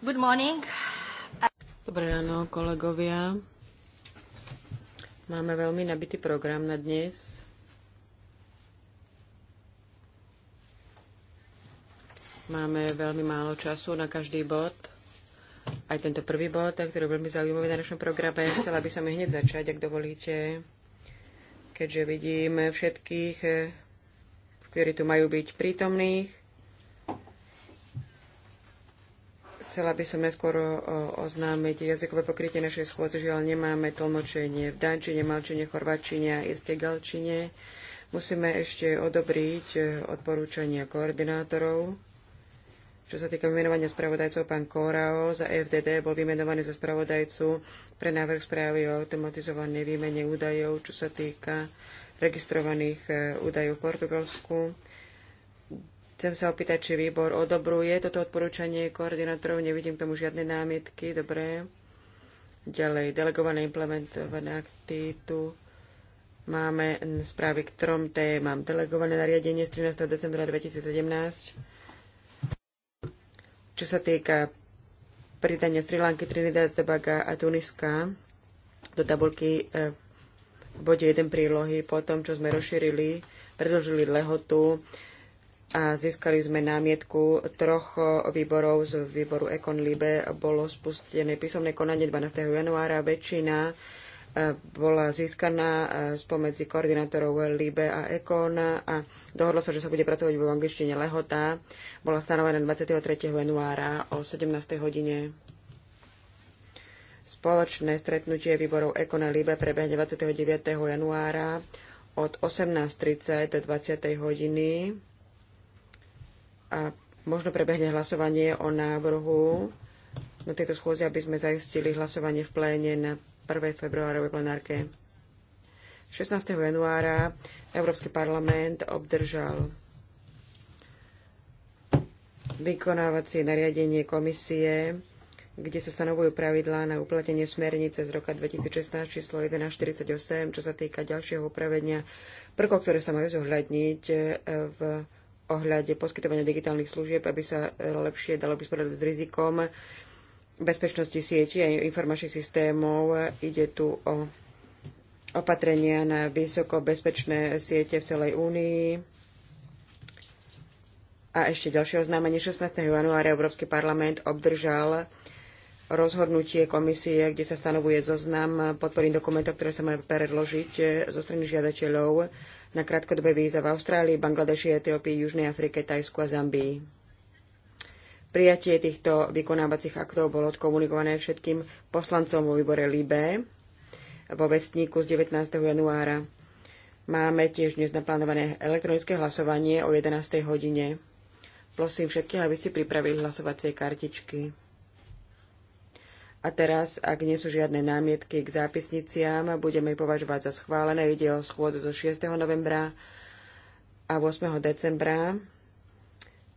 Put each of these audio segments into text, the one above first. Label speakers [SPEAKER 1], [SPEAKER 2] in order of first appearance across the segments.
[SPEAKER 1] Good morning.
[SPEAKER 2] Dobré ráno, kolegovia. Máme veľmi nabitý program na dnes. Máme veľmi málo času na každý bod. Aj tento prvý bod, ktorý je veľmi zaujímavý na našom programe. Chcela by som hneď začať, ak dovolíte, keďže vidím všetkých, ktorí tu majú byť prítomných Chcela by som najskôr oznámiť jazykové pokrytie našej schôdze. ale nemáme tlmočenie v dančine, malčine, chorvačine a irskej galčine. Musíme ešte odobriť e, odporúčania koordinátorov. Čo sa týka vymenovania spravodajcov, pán Korao za FDD bol vymenovaný za spravodajcu pre návrh správy o automatizovanej výmene údajov, čo sa týka registrovaných e, údajov v Portugalsku Chcem sa opýtať, či výbor odobruje toto odporúčanie koordinátorov. Nevidím tomu žiadne námietky. Dobre. Ďalej, delegované implementované akty. Tu máme správy k trom témam. Delegované nariadenie z 13. decembra 2017. Čo sa týka pridania Sri Lanky, Trinidad, Tobaga a Tuniska do tabulky eh, v bode 1 prílohy po tom, čo sme rozšírili, predložili lehotu a získali sme námietku troch výborov z výboru Econ Libe. Bolo spustené písomné konanie 12. januára. Väčšina e, bola získaná e, spomedzi koordinátorov Libe a Econ a dohodlo sa, že sa bude pracovať v angličtine lehota. Bola stanovená 23. januára o 17. hodine. Spoločné stretnutie výborov Econ a Libe prebehne 29. januára od 18.30 do 20. hodiny a možno prebehne hlasovanie o návrhu na tejto schôdzi, aby sme zaistili hlasovanie v pléne na 1. februárovej plenárke. 16. januára Európsky parlament obdržal vykonávacie nariadenie komisie, kde sa stanovujú pravidlá na uplatnenie smernice z roka 2016 číslo 1148, čo sa týka ďalšieho upravenia prvkov, ktoré sa majú zohľadniť v ohľade poskytovania digitálnych služieb, aby sa lepšie dalo vysporiadať s rizikom bezpečnosti sieti a informačných systémov. Ide tu o opatrenia na vysoko bezpečné siete v celej únii. A ešte ďalšie oznámenie. 16. januára Európsky parlament obdržal rozhodnutie komisie, kde sa stanovuje zoznam podporných dokumentov, ktoré sa majú predložiť zo strany žiadateľov na krátkodobé víza v Austrálii, Bangladeši, Etiópii, Južnej Afrike, Tajsku a Zambii. Prijatie týchto vykonávacích aktov bolo odkomunikované všetkým poslancom vo výbore LIBE vo vestníku z 19. januára. Máme tiež dnes naplánované elektronické hlasovanie o 11. hodine. Prosím všetkých, aby ste pripravili hlasovacie kartičky. A teraz, ak nie sú žiadne námietky k zápisniciam, budeme ich považovať za schválené. Ide o schôdze zo 6. novembra a 8. decembra.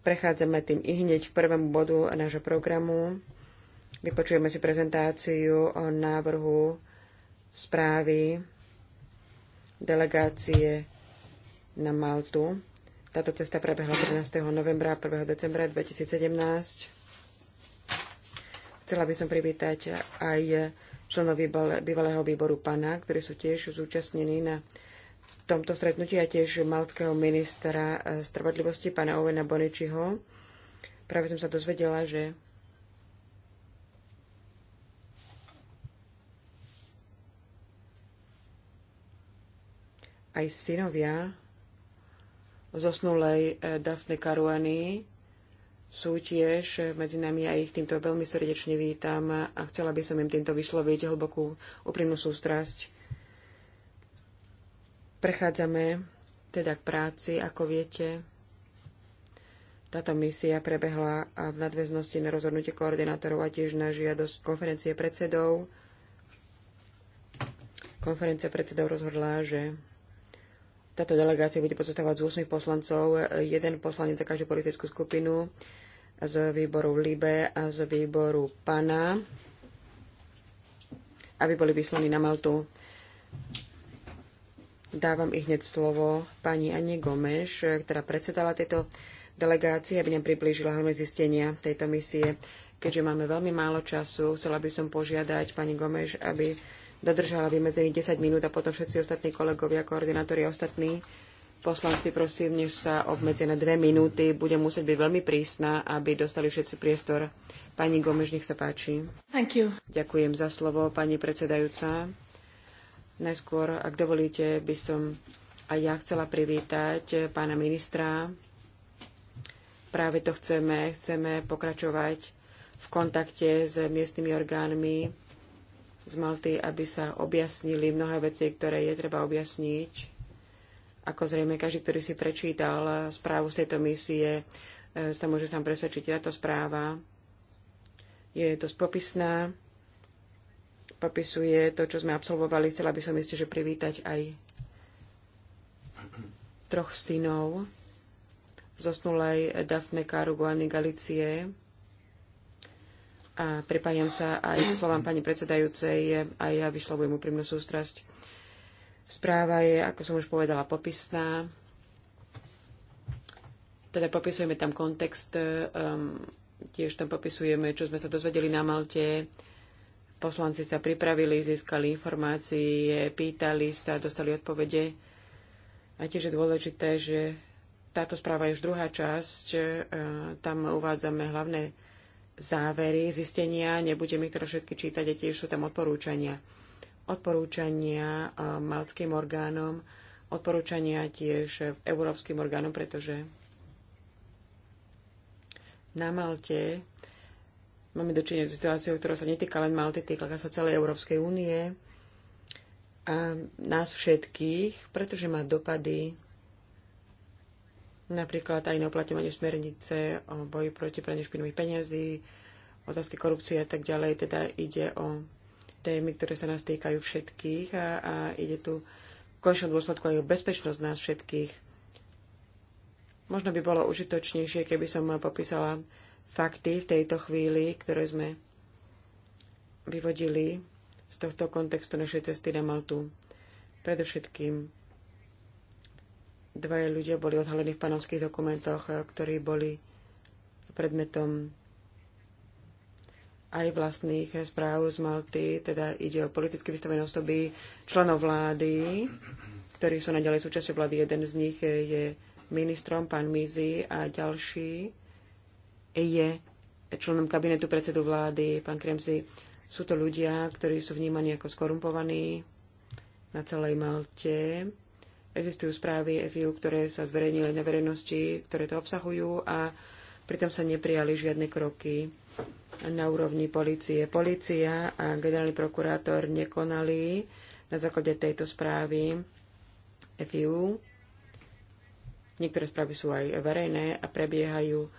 [SPEAKER 2] Prechádzame tým i hneď k prvému bodu nášho programu. Vypočujeme si prezentáciu o návrhu správy delegácie na Maltu. Táto cesta prebehla 13. novembra a 1. decembra 2017 Chcela by som privítať aj členov bývalého výboru PANA, ktorí sú tiež zúčastnení na tomto stretnutí a tiež maltského ministra eh, strvodlivosti pána Ovena Boničiho. Práve som sa dozvedela, že aj synovia zosnulej eh, Dafne Karuany sú tiež medzi nami a ich týmto veľmi srdečne vítam a chcela by som im týmto vysloviť hlbokú úprimnú sústrasť. Prechádzame teda k práci, ako viete. Táto misia prebehla a v nadväznosti na rozhodnutie koordinátorov a tiež na žiadosť konferencie predsedov. Konferencia predsedov rozhodla, že táto delegácia bude pozostávať z 8 poslancov, jeden poslanec za každú politickú skupinu z výboru Libe a z výboru Pana, aby boli vyslaní na Maltu. Dávam ich hneď slovo pani Anne Gomeš, ktorá predsedala tejto delegácii, aby nám priblížila hlavné zistenia tejto misie. Keďže máme veľmi málo času, chcela by som požiadať pani Gomeš, aby dodržala vymedzených 10 minút a potom všetci ostatní kolegovia, koordinátori a ostatní Poslanci, prosím, než sa obmedze na dve minúty, budem musieť byť veľmi prísna, aby dostali všetci priestor. Pani Gomež, nech sa páči. Thank you. Ďakujem za slovo, pani predsedajúca. Najskôr, ak dovolíte, by som aj ja chcela privítať pána ministra. Práve to chceme. Chceme pokračovať v kontakte s miestnymi orgánmi z Malty, aby sa objasnili mnohé veci, ktoré je treba objasniť ako zrejme každý, ktorý si prečítal správu z tejto misie, e, sa môže sám presvedčiť. Táto správa je dosť popisná, popisuje to, čo sme absolvovali. Chcela by som ešte, že privítať aj troch synov zosnulej Daphne Karuguany Galicie. A pripájam sa aj slovám pani predsedajúcej a ja vyslovujem úprimnú sústrasť Správa je, ako som už povedala, popisná. Teda popisujeme tam kontext, um, tiež tam popisujeme, čo sme sa dozvedeli na Malte. Poslanci sa pripravili, získali informácie, pýtali sa, dostali odpovede. A tiež je dôležité, že táto správa je už druhá časť. Eh, tam uvádzame hlavné závery, zistenia. Nebudem ich teraz všetky čítať, a tiež sú tam odporúčania odporúčania eh, malckým orgánom, odporúčania tiež európskym orgánom, pretože na Malte máme dočinenie s situáciou, ktorá sa netýka len Malty, týka sa celej Európskej únie a nás všetkých, pretože má dopady napríklad aj na uplatňovanie smernice o boji proti praniu špinových peňazí, otázky korupcie a tak ďalej. Teda ide o témy, ktoré sa nás týkajú všetkých a, a ide tu v končnom dôsledku aj o bezpečnosť nás všetkých. Možno by bolo užitočnejšie, keby som popísala fakty v tejto chvíli, ktoré sme vyvodili z tohto kontextu našej cesty na Maltu. Predovšetkým dvaja ľudia boli odhalení v panovských dokumentoch, ktorí boli predmetom aj vlastných správ z Malty, teda ide o politicky vystavené osoby členov vlády, ktorí sú naďalej súčasťou vlády. Jeden z nich je ministrom, pán Mizi, a ďalší je členom kabinetu predsedu vlády, pán Kremzi. Sú to ľudia, ktorí sú vnímaní ako skorumpovaní na celej Malte. Existujú správy FIU, ktoré sa zverejnili na verejnosti, ktoré to obsahujú a pritom sa neprijali žiadne kroky na úrovni policie. Polícia a generálny prokurátor nekonali na základe tejto správy FIU. Niektoré správy sú aj verejné a prebiehajú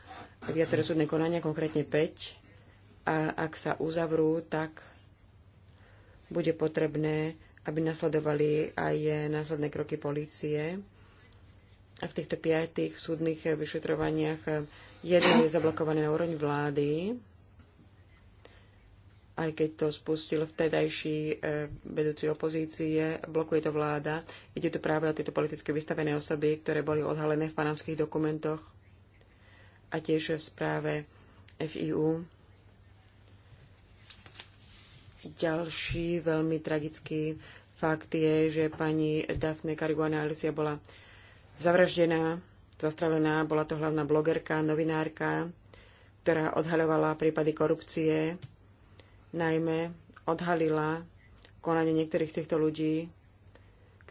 [SPEAKER 2] viaceré súdne konania, konkrétne 5. A ak sa uzavrú, tak bude potrebné, aby nasledovali aj následné kroky polície. A v týchto piatých súdnych vyšetrovaniach jedno je zablokované na úroveň vlády, aj keď to spustil vtedajší e, vedúci opozície, blokuje to vláda. Ide tu práve o tieto politicky vystavené osoby, ktoré boli odhalené v panamských dokumentoch a tiež v správe FIU. Ďalší veľmi tragický fakt je, že pani Daphne Caruana Alicia bola zavraždená, zastrelená. Bola to hlavná blogerka, novinárka, ktorá odhaľovala prípady korupcie najmä odhalila konanie niektorých z týchto ľudí,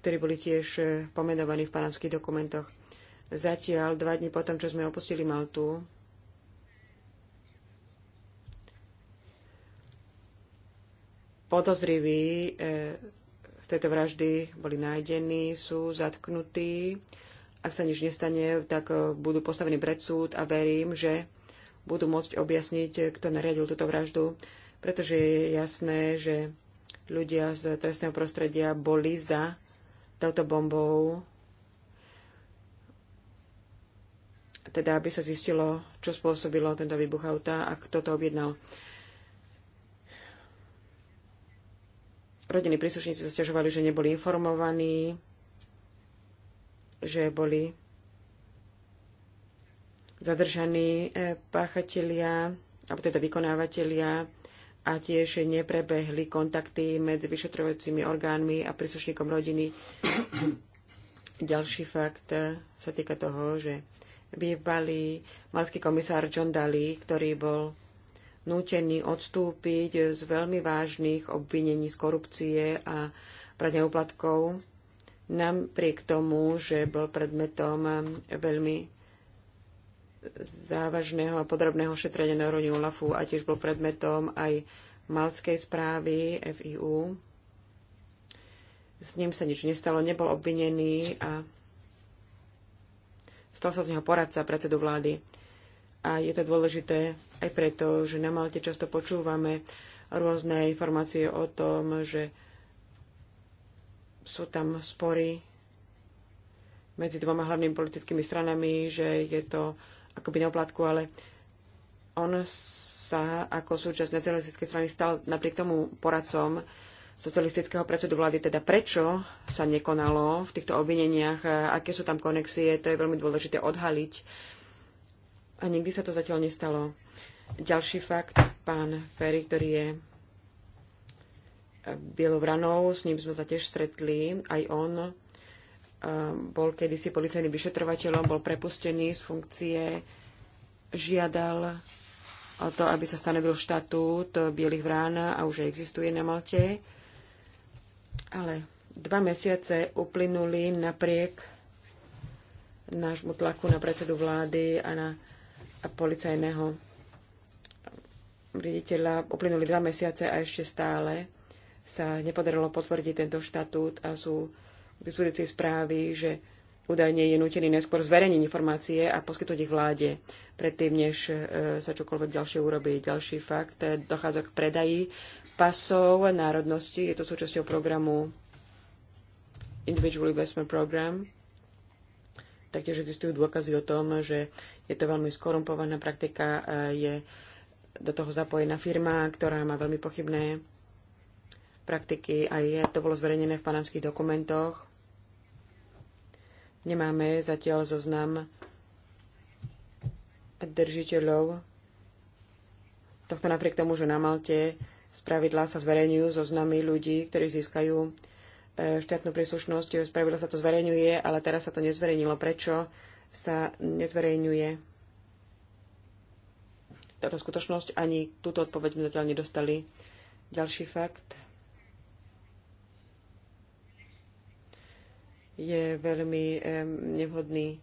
[SPEAKER 2] ktorí boli tiež e, pomenovaní v panamských dokumentoch. Zatiaľ, dva dní potom, čo sme opustili Maltu, podozriví e, z tejto vraždy boli nájdení, sú zatknutí. Ak sa nič nestane, tak e, budú postavení pred súd a verím, že budú môcť objasniť, kto nariadil túto vraždu pretože je jasné, že ľudia z trestného prostredia boli za touto bombou, teda aby sa zistilo, čo spôsobilo tento výbuch auta a kto to objednal. Rodiny príslušníci sa stiažovali, že neboli informovaní, že boli zadržaní eh, páchatelia, alebo teda vykonávateľia a tiež neprebehli kontakty medzi vyšetrovacími orgánmi a príslušníkom rodiny. Ďalší fakt sa týka toho, že bývalý malský komisár John Daly, ktorý bol nútený odstúpiť z veľmi vážnych obvinení z korupcie a prania úplatkov, napriek tomu, že bol predmetom veľmi závažného a podrobného šetrenia na úrovni ULAFu a tiež bol predmetom aj malckej správy FIU. S ním sa nič nestalo, nebol obvinený a stal sa z neho poradca predsedu vlády. A je to dôležité aj preto, že na Malte často počúvame rôzne informácie o tom, že sú tam spory medzi dvoma hlavnými politickými stranami, že je to akoby na oplatku, ale on sa ako súčasť nacionalistickej strany stal napriek tomu poradcom socialistického predsedu vlády. Teda prečo sa nekonalo v týchto obvineniach, aké sú tam konexie, to je veľmi dôležité odhaliť. A nikdy sa to zatiaľ nestalo. Ďalší fakt, pán Ferry, ktorý je e, Bielovranou, s ním sme sa tiež stretli, aj on bol kedysi policajným vyšetrovateľom, bol prepustený z funkcie, žiadal o to, aby sa stanovil štatút Bielých vrán a už existuje na Malte. Ale dva mesiace uplynuli napriek nášmu tlaku na predsedu vlády a na policajného riaditeľa. Uplynuli dva mesiace a ešte stále sa nepodarilo potvrdiť tento štatút a sú k dispozícii správy, že údajne je nutený neskôr zverejniť informácie a poskytnúť ich vláde, predtým, než e, sa čokoľvek ďalšie urobí. Ďalší fakt, e, dochádza k predaji pasov národnosti, je to súčasťou programu Individual Investment Program. Taktiež existujú dôkazy o tom, že je to veľmi skorumpovaná praktika, e, je do toho zapojená firma, ktorá má veľmi pochybné praktiky a je, to bolo zverejnené v panamských dokumentoch Nemáme zatiaľ zoznam držiteľov tohto napriek tomu, že na Malte z pravidla sa zverejňujú zoznamy ľudí, ktorí získajú e, štátnu príslušnosť. Z pravidla sa to zverejňuje, ale teraz sa to nezverejnilo. Prečo sa nezverejňuje táto skutočnosť? Ani túto odpoveď sme zatiaľ nedostali. Ďalší fakt. je veľmi nevhodný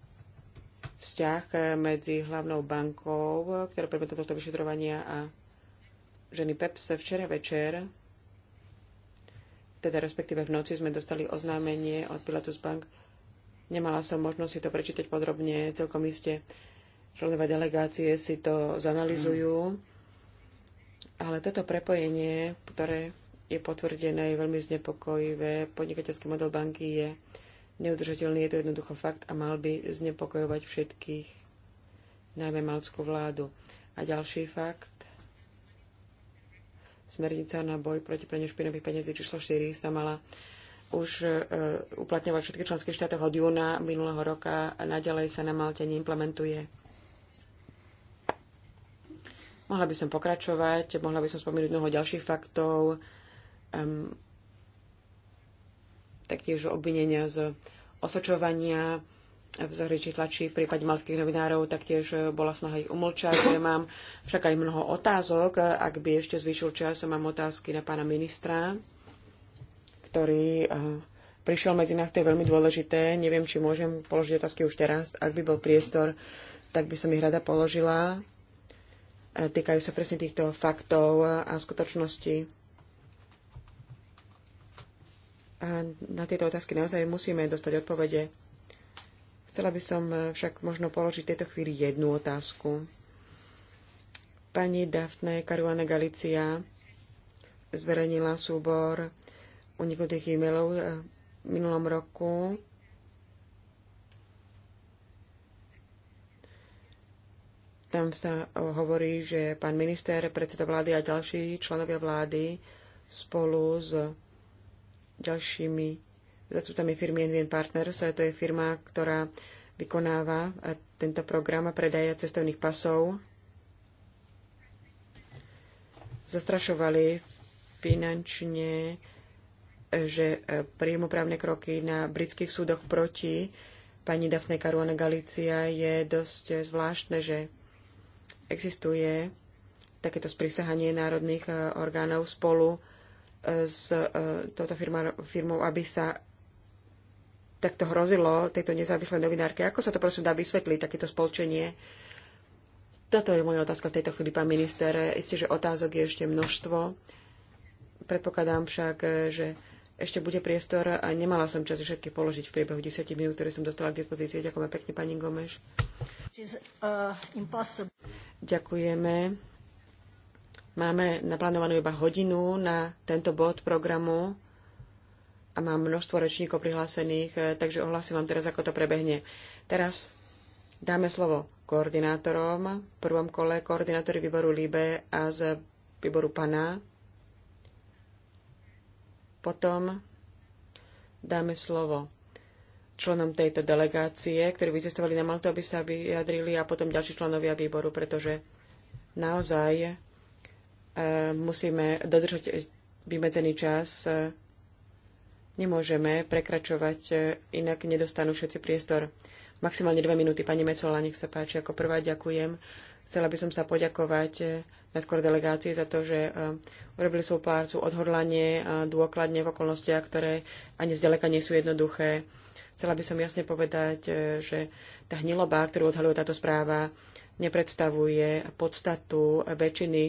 [SPEAKER 2] vzťah eh, medzi hlavnou bankou, ktorá predmetom tohto vyšetrovania a ženy Peps. Včera večer, teda respektíve v noci, sme dostali oznámenie od Pilatus Bank. Nemala som možnosť si to prečítať podrobne, celkom iste členové delegácie si to zanalizujú, ale toto prepojenie, ktoré je potvrdené, je veľmi znepokojivé. Podnikateľský model banky je neudržateľný, je to jednoducho fakt a mal by znepokojovať všetkých, najmä malckú vládu. A ďalší fakt, smernica na boj proti praniu špinových peniazí číslo 4 sa mala už uh, uplatňovať všetky členské štáty od júna minulého roka a naďalej sa na Malte neimplementuje. Mohla by som pokračovať, mohla by som spomenúť mnoho ďalších faktov. Um, taktiež obvinenia z osočovania v zahraničí tlačí v prípade malských novinárov, taktiež e, bola snaha ich umlčať. Mám však aj mnoho otázok. Ak by ešte zvýšil čas, mám otázky na pána ministra, ktorý e, prišiel medzi nás, to je veľmi dôležité. Neviem, či môžem položiť otázky už teraz. Ak by bol priestor, tak by som ich rada položila. E, týkajú sa presne týchto faktov a skutočnosti. A na tieto otázky naozaj musíme dostať odpovede. Chcela by som však možno položiť v tejto chvíli jednu otázku. Pani Daphne Caruana Galicia zverejnila súbor uniknutých e-mailov e, v minulom roku. Tam sa hovorí, že pán minister, predseda vlády a ďalší členovia vlády spolu s ďalšími zastupcami firmy Envien Partners. To je firma, ktorá vykonáva eh, tento program predaja cestovných pasov. Zastrašovali finančne, eh, že eh, príjmoprávne kroky na britských súdoch proti pani Dafne Caruana Galicia je dosť zvláštne, že existuje takéto sprisahanie národných orgánov spolu s e, touto firma, firmou, aby sa takto hrozilo tejto nezávislej novinárke. Ako sa to prosím dá vysvetliť, takéto spolčenie? Toto je moja otázka v tejto chvíli, pán minister. Isté, že otázok je ešte množstvo. Predpokladám však, že ešte bude priestor a nemala som čas všetky položiť v priebehu 10 minút, ktoré som dostala k dispozícii. Ďakujeme pekne, pani Gomeš.
[SPEAKER 3] Is, uh, Ďakujeme.
[SPEAKER 2] Máme naplánovanú iba hodinu na tento bod programu a mám množstvo rečníkov prihlásených, eh, takže ohlasím vám teraz, ako to prebehne. Teraz dáme slovo koordinátorom. V prvom kole koordinátory výboru Líbe a z výboru Pana. Potom dáme slovo členom tejto delegácie, ktorí vycestovali na Malto, aby sa vyjadrili a potom ďalší členovia výboru, pretože naozaj musíme dodržať vymedzený čas. Nemôžeme prekračovať, inak nedostanú všetci priestor. Maximálne dve minúty. Pani Mecola, nech sa páči. Ako prvá ďakujem. Chcela by som sa poďakovať eh, najskôr delegácii za to, že eh, urobili svoju plácu odhodlanie a dôkladne v okolnostiach, ktoré ani zďaleka nie sú jednoduché. Chcela by som jasne povedať, eh, že tá hniloba, ktorú odhaluje táto správa, nepredstavuje podstatu väčšiny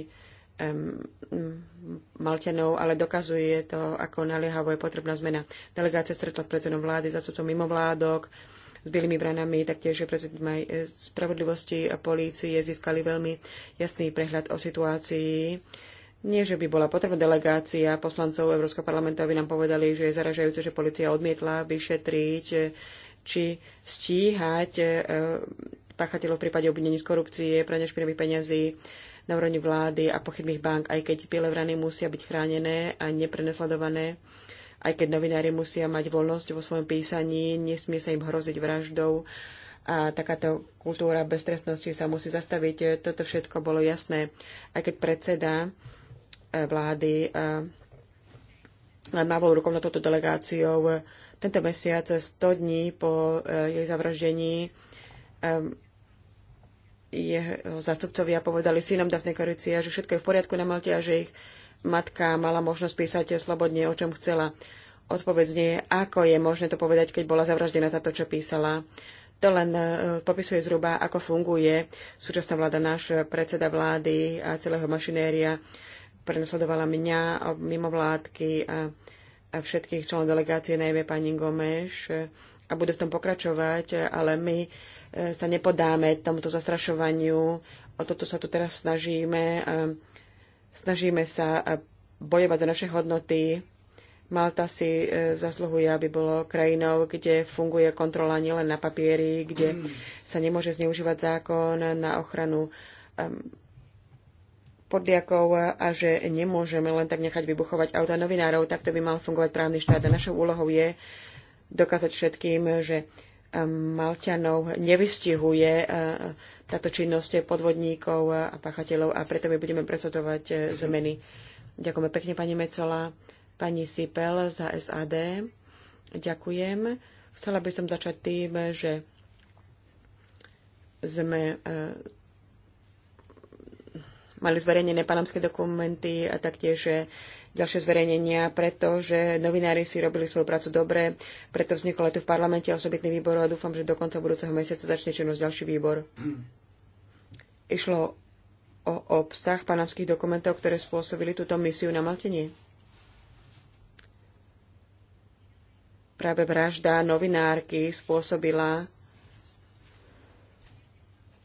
[SPEAKER 2] Malťanov, ale dokazuje to, ako naliehavo je potrebná zmena. Delegácia stretla s predsedom vlády, mimo mimovládok, s bielými branami, taktiež prezident maj eh, spravodlivosti a polície získali veľmi jasný prehľad o situácii. Nie, že by bola potrebná delegácia poslancov Európskeho parlamentu, aby nám povedali, že je zaražajúce, že policia odmietla vyšetriť či stíhať eh, páchateľov v prípade obvinení z korupcie, pre nešpinových peňazí, na úrovni vlády a pochybných bank, aj keď pielevrany musia byť chránené a neprenesledované, aj keď novinári musia mať voľnosť vo svojom písaní, nesmie sa im hroziť vraždou a takáto kultúra beztrestnosti sa musí zastaviť. Toto všetko bolo jasné, aj keď predseda e, vlády e, mávol rukou na toto delegáciou. Tento mesiac, 100 dní po e, jej zavraždení, jeho eh, zastupcovia povedali synom Daphne Karucia, že všetko je v poriadku na Malte a že ich matka mala možnosť písať slobodne, o čom chcela. Odpoveď nie je, ako je možné to povedať, keď bola zavraždená táto, čo písala. To len eh, popisuje zhruba, ako funguje súčasná vláda, náš predseda vlády a celého mašinéria prenasledovala mňa, mimo vládky a, a všetkých členov delegácie, najmä pani Gomeš eh, a bude v tom pokračovať, ale my sa nepodáme tomuto zastrašovaniu. O toto sa tu teraz snažíme. Snažíme sa bojovať za naše hodnoty. Malta si e, zasluhuje, aby bolo krajinou, kde funguje kontrola nielen na papieri, kde sa nemôže zneužívať zákon na ochranu podliakov a že nemôžeme len tak nechať vybuchovať auta novinárov, takto by mal fungovať právny štát. A našou úlohou je dokázať všetkým, že Malťanov nevystihuje e, táto činnosť podvodníkov a pachateľov a preto my budeme presadzovať e, zmeny. Ďakujeme pekne pani Mecola, pani Sipel za SAD. Ďakujem. Chcela by som začať tým, že sme e, mali zverejnené panamské dokumenty a taktiež ďalšie zverejnenia, pretože novinári si robili svoju prácu dobre, preto vznikol aj tu v parlamente osobitný výbor a dúfam, že do konca budúceho mesiaca začne činnosť ďalší výbor. Išlo o obsah panamských dokumentov, ktoré spôsobili túto misiu na Maltenie. Práve vražda novinárky spôsobila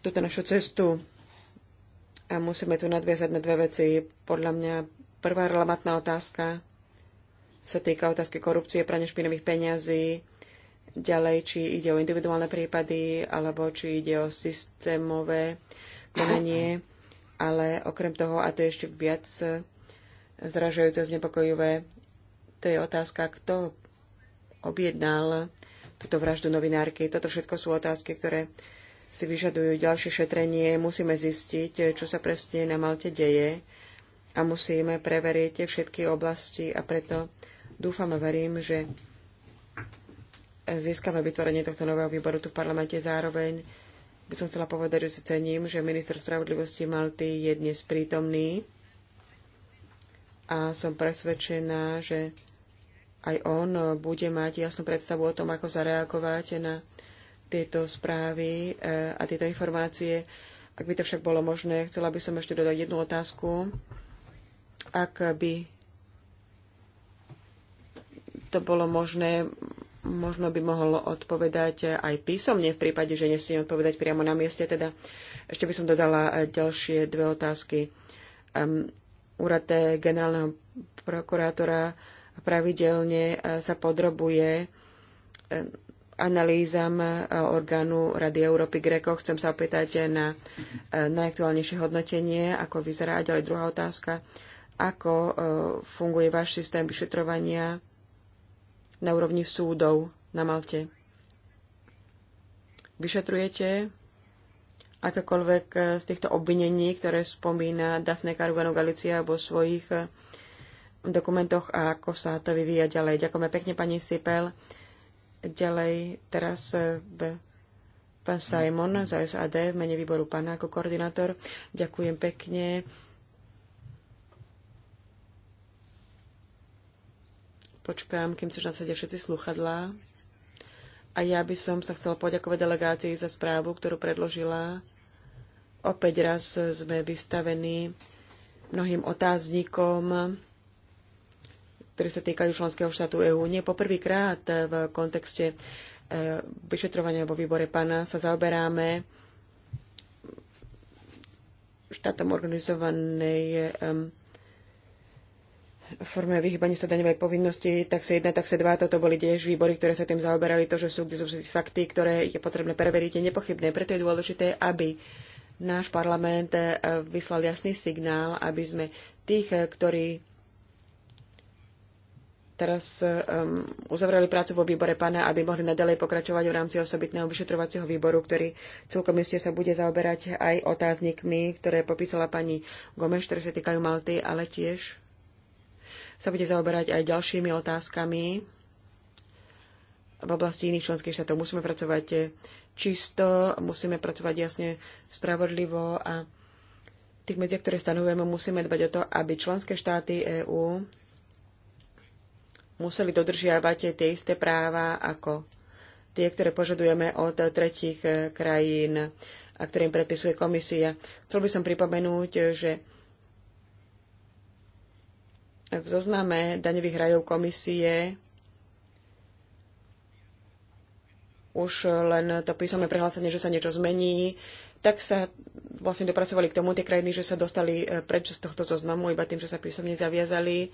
[SPEAKER 2] túto našu cestu a musíme tu nadviazať na dve veci. Podľa mňa Prvá relevantná otázka sa týka otázky korupcie, prania špinových peňazí, ďalej, či ide o individuálne prípady, alebo či ide o systémové konanie, ale okrem toho, a to je ešte viac zražajúce, znepokojivé, to je otázka, kto objednal túto vraždu novinárky. Toto všetko sú otázky, ktoré si vyžadujú ďalšie šetrenie. Musíme zistiť, čo sa presne na Malte deje a musíme preveriť všetky oblasti a preto dúfam a verím, že získame vytvorenie tohto nového výboru tu v parlamente. Zároveň by som chcela povedať, že si cením, že minister spravodlivosti Malty je dnes prítomný a som presvedčená, že aj on bude mať jasnú predstavu o tom, ako zareagovať na tieto správy e, a tieto informácie. Ak by to však bolo možné, chcela by som ešte dodať jednu otázku ak by to bolo možné, možno by mohol odpovedať aj písomne v prípade, že nesmie odpovedať priamo na mieste. Teda ešte by som dodala ďalšie dve otázky. Um, úrad generálneho prokurátora pravidelne eh, sa podrobuje analýzam eh, orgánu Rady Európy Greko. Chcem sa opýtať na eh, najaktuálnejšie hodnotenie, ako vyzerá. Ďalej druhá otázka ako e, funguje váš systém vyšetrovania na úrovni súdov na Malte. Vyšetrujete akékoľvek e, z týchto obvinení, ktoré spomína Daphne Caruano Galicia vo svojich e, dokumentoch a ako sa to vyvíja ďalej. Ďakujeme pekne, pani Sipel. Ďalej teraz v pán Simon za SAD v mene výboru pána ako koordinátor. Ďakujem pekne. Počkám, kým sa nasadia všetci sluchadlá. A ja by som sa chcela poďakovať delegácii za správu, ktorú predložila. Opäť raz sme vystavení mnohým otáznikom, ktoré sa týkajú členského štátu EÚ. Nie poprvýkrát v kontexte e, vyšetrovania vo výbore pána sa zaoberáme štátom organizovanej forme vyhybania sa daňovej povinnosti, tak sa jedna, tak sa dva, toto boli tiež výbory, ktoré sa tým zaoberali, to, že sú kde sú fakty, ktoré je potrebné preveriť, je nepochybné. Preto je dôležité, aby náš parlament eh, vyslal jasný signál, aby sme tých, eh, ktorí teraz um, uzavreli prácu vo výbore pána, aby mohli nadalej pokračovať v rámci osobitného vyšetrovacieho výboru, ktorý celkom iste sa bude zaoberať aj otáznikmi, ktoré popísala pani Gomeš, ktoré sa týkajú Malty, ale tiež sa bude zaoberať aj ďalšími otázkami v oblasti iných členských štátov. Musíme pracovať čisto, musíme pracovať jasne, spravodlivo a v tých medziach, ktoré stanovujeme, musíme dbať o to, aby členské štáty EÚ museli dodržiavať tie isté práva ako tie, ktoré požadujeme od tretich eh, krajín a ktorým predpisuje komisia. Chcel by som pripomenúť, že v zozname daňových rajov komisie už len to písomné prehlásenie, že sa niečo zmení, tak sa vlastne dopracovali k tomu tie krajiny, že sa dostali e, preč z tohto zoznamu iba tým, že sa písomne zaviazali.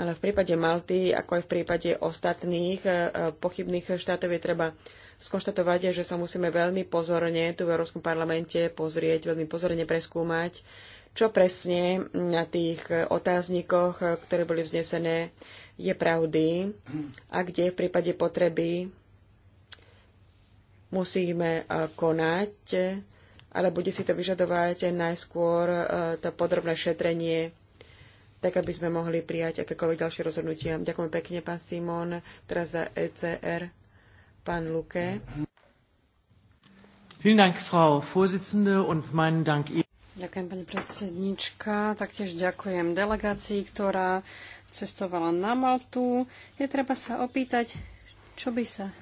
[SPEAKER 2] Ale v prípade Malty, ako aj v prípade ostatných e, pochybných štátov, je treba skonštatovať, že sa musíme veľmi pozorne tu v Európskom parlamente pozrieť, veľmi pozorne preskúmať, čo presne na tých otáznikoch, ktoré boli vznesené, je pravdy a kde v prípade potreby musíme eh, konať, ale bude si to vyžadovať najskôr eh, to podrobné šetrenie tak aby sme mohli prijať akékoľvek ďalšie rozhodnutia. Ďakujem pekne, pán Simon. Teraz za ECR,
[SPEAKER 3] pán Luke.
[SPEAKER 2] Vielen Dank, Frau Vorsitzende, und meinen
[SPEAKER 3] Dank Ďakujem, pani predsednička. Taktiež ďakujem delegácii, ktorá cestovala na Maltu. Je treba sa opýtať, čo by sa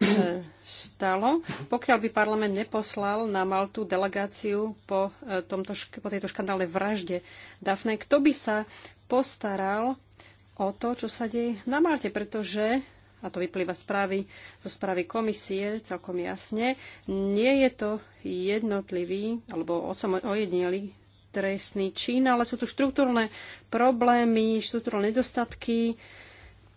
[SPEAKER 3] e, stalo, pokiaľ by parlament neposlal na Maltu delegáciu po, e, tomto, po tejto škandále vražde Dafne. Kto by sa postaral o to, čo sa deje na Malte, pretože a to vyplýva správy, zo správy komisie celkom jasne, nie je to jednotlivý alebo ojedinelý trestný čin, ale sú tu štruktúrne problémy, štruktúrne nedostatky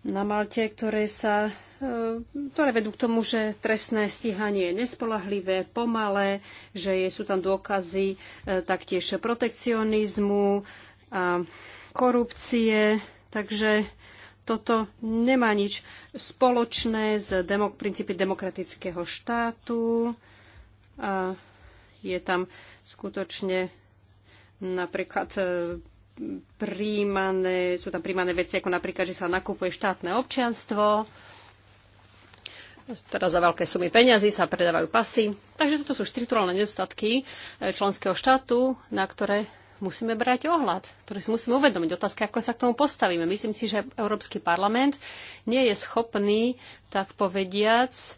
[SPEAKER 3] na Malte, ktoré sa e, ktoré vedú k tomu, že trestné stíhanie je nespolahlivé, pomalé, že sú tam dôkazy e, taktiež protekcionizmu a korupcie. Takže toto nemá nič spoločné s demok- princípy demokratického štátu. A je tam skutočne napríklad e, príjmané, sú tam príjmané veci ako napríklad, že sa nakupuje štátne občianstvo, teda za veľké sumy peniazy sa predávajú pasy. Takže toto sú štruktúrálne nedostatky e, členského štátu, na ktoré musíme brať ohľad, ktorý si musíme uvedomiť. Otázka, ako sa k tomu postavíme. Myslím si, že Európsky parlament nie je schopný, tak povediac, e,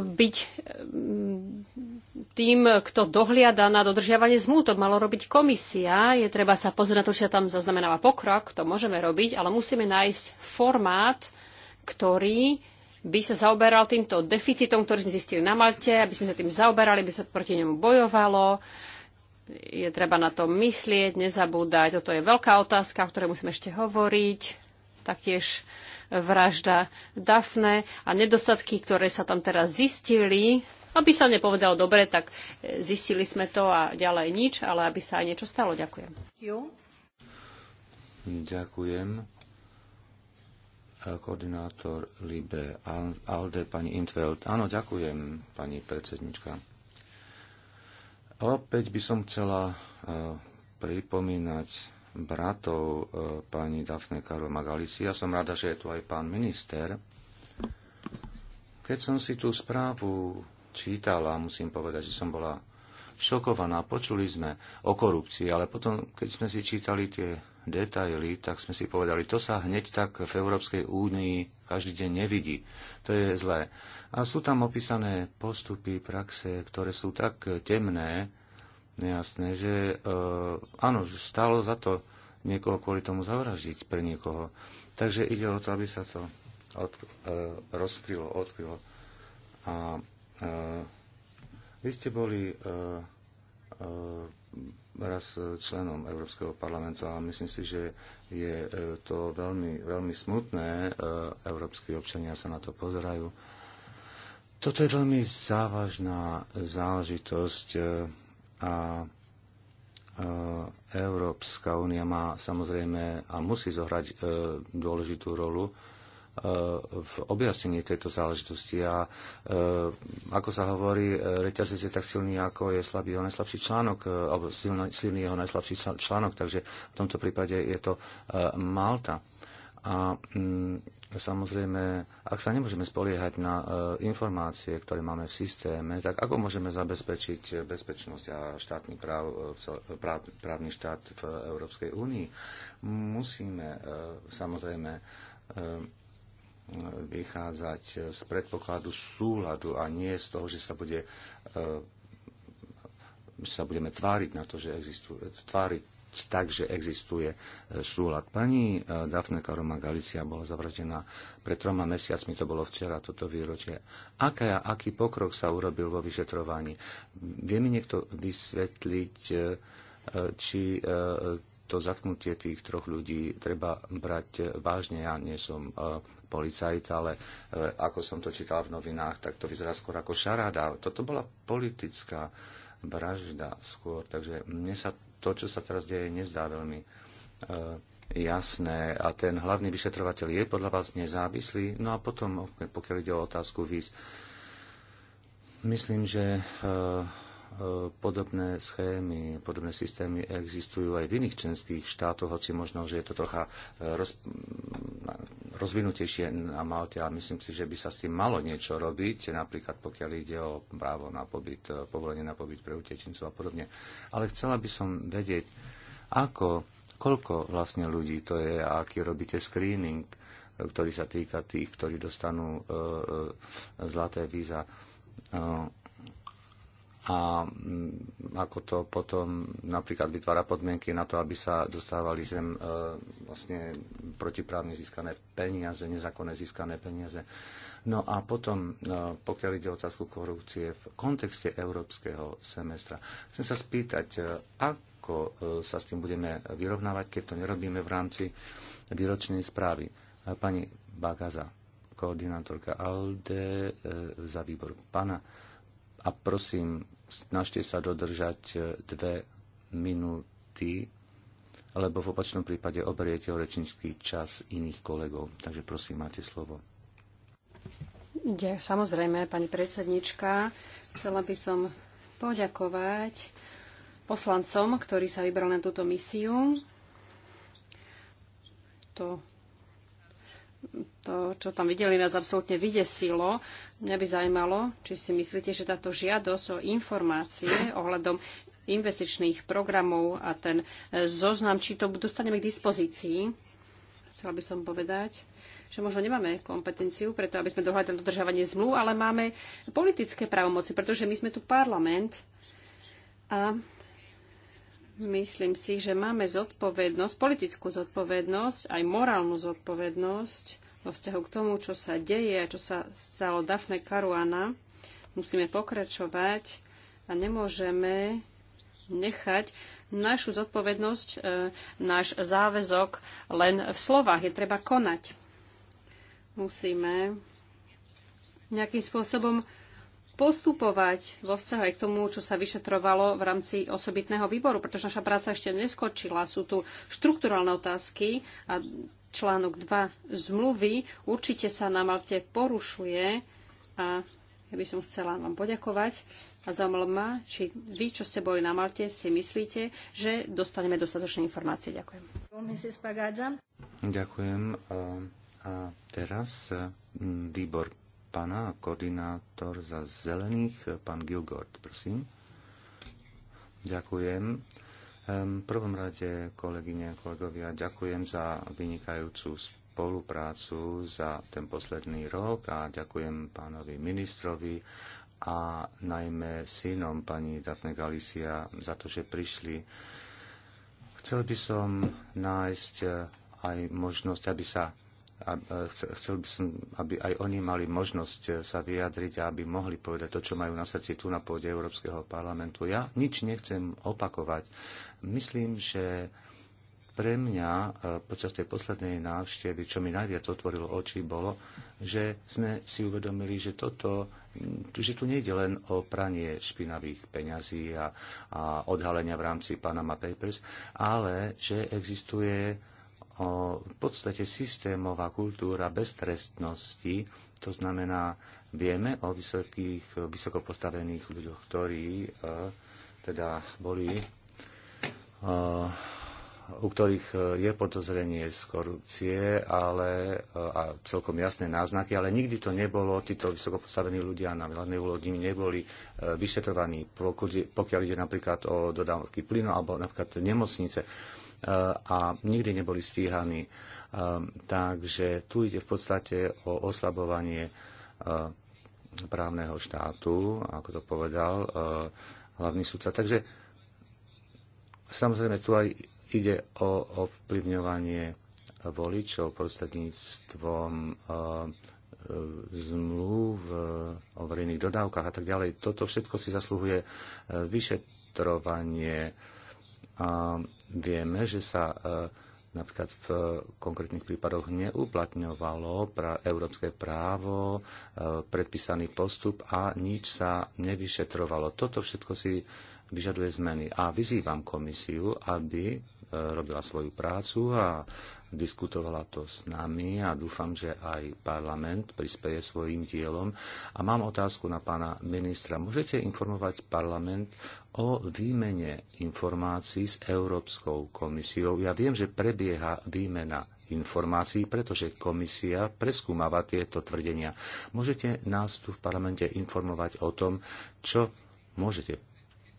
[SPEAKER 3] byť e, tým, kto dohliada na dodržiavanie zmluv. To malo robiť komisia. Je treba sa pozrieť na to, či sa tam zaznamenáva pokrok. To môžeme robiť, ale musíme nájsť formát, ktorý by sa zaoberal týmto deficitom, ktorý sme zistili na Malte, aby sme sa tým zaoberali, aby sa proti nemu bojovalo, je treba na to myslieť, nezabúdať. Toto je veľká otázka, o ktorej musíme ešte hovoriť. Taktiež vražda Dafne a nedostatky, ktoré sa tam teraz zistili, aby sa nepovedalo dobre, tak e, zistili sme to a ďalej nič, ale aby sa aj niečo stalo. Ďakujem.
[SPEAKER 1] Ďakujem. Koordinátor Libe Alde, pani Intveld. Áno, ďakujem, pani predsednička. Opäť by som chcela e, pripomínať bratov e, pani Dafne Karol Magalici. Ja som rada, že je tu aj pán minister. Keď som si tú správu čítala, musím povedať, že som bola šokovaná. Počuli sme o korupcii, ale potom, keď sme si čítali tie detaily, tak sme si povedali, to sa hneď tak v Európskej únii každý deň nevidí. To je zlé. A sú tam opísané postupy, praxe, ktoré sú tak temné, nejasné, že e, áno, stálo za to niekoho kvôli tomu zavražiť pre niekoho. Takže ide o to, aby sa to od, e, rozkrylo, odkrylo. A e, vy ste boli e, e, raz e, členom Európskeho parlamentu a myslím si, že je e, to veľmi, veľmi smutné. E, európsky občania sa na to pozerajú. Toto je veľmi závažná záležitosť a Európska únia má samozrejme a musí zohrať dôležitú rolu Eh, v objasnení tejto záležitosti. A eh, ako sa hovorí, eh, reťazec je tak silný, ako je slabý jeho najslabší článok, alebo silný, silný jeho najslabší článok, takže v tomto prípade je to Malta. A mm, samozrejme, ak sa nemôžeme spoliehať na informácie, ktoré máme v systéme, tak ako môžeme zabezpečiť bezpečnosť a štátny práv, práv, právny štát v Európskej únii? Musíme samozrejme vychádzať z predpokladu súladu a nie z toho, že sa bude e, že sa budeme tváriť na to, že existuje, tváriť tak, že existuje e, súlad. Pani e, Dafne Karoma Galicia bola zavraždená pred troma mesiacmi, to bolo včera, toto výročie. Aká, aký pokrok sa urobil vo vyšetrovaní? Vie mi niekto vysvetliť, či to zatknutie tých troch ľudí treba brať vážne. Ja nie som policajt, ale e, ako som to čítal v novinách, tak to vyzerá skôr ako šaráda. Toto bola politická vražda skôr, takže mne sa to, čo sa teraz deje, nezdá veľmi e, jasné. A ten hlavný vyšetrovateľ je podľa vás nezávislý? No a potom, pokiaľ ide o otázku víz, myslím, že e, podobné schémy, podobné systémy existujú aj v iných členských štátoch, hoci možno, že je to trocha roz, rozvinutejšie na Malte a myslím si, že by sa s tým malo niečo robiť, napríklad pokiaľ ide o právo na pobyt, e, povolenie na pobyt pre utečencov a podobne. Ale chcela by som vedieť, ako, koľko vlastne ľudí to je a aký robíte screening, e, ktorý sa týka tých, ktorí dostanú e, e, zlaté víza. E, a mm, ako to potom napríklad vytvára podmienky na to, aby sa dostávali zem e, vlastne protiprávne získané peniaze, nezákonné získané peniaze. No a potom, e, pokiaľ ide o otázku korupcie v kontexte európskeho semestra, chcem sa spýtať, e, ako e, sa s tým budeme vyrovnávať, keď to nerobíme v rámci výročnej správy. E, pani Bagaza, koordinátorka ALDE e, za výbor pana. A prosím, snažte sa dodržať e, dve minúty, lebo v opačnom prípade oberiete o rečnícky čas iných kolegov. Takže prosím, máte slovo.
[SPEAKER 3] Ja, samozrejme, pani predsednička, chcela by som poďakovať poslancom, ktorí sa vybrali na túto misiu. To to, čo tam videli, nás absolútne vydesilo. Mňa by zajímalo, či si myslíte, že táto žiadosť o informácie ohľadom investičných programov a ten e, zoznam, či to dostaneme k dispozícii. Chcela by som povedať, že možno nemáme kompetenciu preto, aby sme dohľadali dodržávanie zmluv, ale máme politické právomoci, pretože my sme tu parlament a Myslím si, že máme zodpovednosť, politickú zodpovednosť, aj morálnu zodpovednosť vo vzťahu k tomu, čo sa deje a čo sa stalo Dafne Karuana. Musíme pokračovať a nemôžeme nechať našu zodpovednosť, e, náš záväzok len v slovách. Je treba konať. Musíme nejakým spôsobom postupovať vo vzťahu aj k tomu, čo sa vyšetrovalo v rámci osobitného výboru, pretože naša práca ešte neskočila. Sú tu štruktúralne otázky a článok 2 zmluvy určite sa na Malte porušuje a ja by som chcela vám poďakovať a zaujímalo ma, či vy, čo ste boli na Malte, si myslíte, že dostaneme dostatočné informácie. Ďakujem.
[SPEAKER 1] Ďakujem. A teraz mm, výbor Pana koordinátor za zelených, pán Gilgord, prosím. Ďakujem. V prvom rade, kolegyne a kolegovia, ďakujem za vynikajúcu spoluprácu za ten posledný rok a ďakujem pánovi ministrovi a najmä synom pani Daphne Galicia za to, že prišli. Chcel by som nájsť eh, aj možnosť, aby sa a chcel by som, aby aj oni mali možnosť e, sa vyjadriť a aby mohli povedať to, čo majú na srdci tu na pôde Európskeho parlamentu. Ja nič nechcem opakovať. Myslím, že pre mňa e, počas tej poslednej návštevy, čo mi najviac otvorilo oči, bolo, že sme si uvedomili, že toto že tu nejde len o pranie špinavých peňazí a, a odhalenia v rámci Panama Papers, ale že existuje o v podstate systémová kultúra beztrestnosti. To znamená, vieme o vysokých, vysoko postavených ľuďoch, ktorí e, teda boli e, u ktorých e, je podozrenie z korupcie, ale, a celkom jasné náznaky, ale nikdy to nebolo, títo vysokopostavení ľudia na vládnej úlohy neboli vyšetrovaní, pokiaľ ide napríklad o dodávky plynu alebo napríklad nemocnice a nikdy neboli stíhaní. Takže tu ide v podstate o oslabovanie právneho štátu, ako to povedal hlavný sudca. Takže samozrejme tu aj ide o ovplyvňovanie voličov prostredníctvom zmluv e, o verejných dodávkach a tak ďalej. Toto všetko si zasluhuje e, vyšetrovanie. A vieme, že sa e, napríklad v konkrétnych prípadoch neuplatňovalo pra, európske právo, e, predpísaný postup a nič sa nevyšetrovalo. Toto všetko si vyžaduje zmeny. A vyzývam komisiu, aby robila svoju prácu a diskutovala to s nami a dúfam, že aj parlament prispieje svojim dielom. A mám otázku na pána ministra. Môžete informovať parlament o výmene informácií s Európskou komisiou? Ja viem, že prebieha výmena informácií, pretože komisia preskúmava tieto tvrdenia. Môžete nás tu v parlamente informovať o tom, čo môžete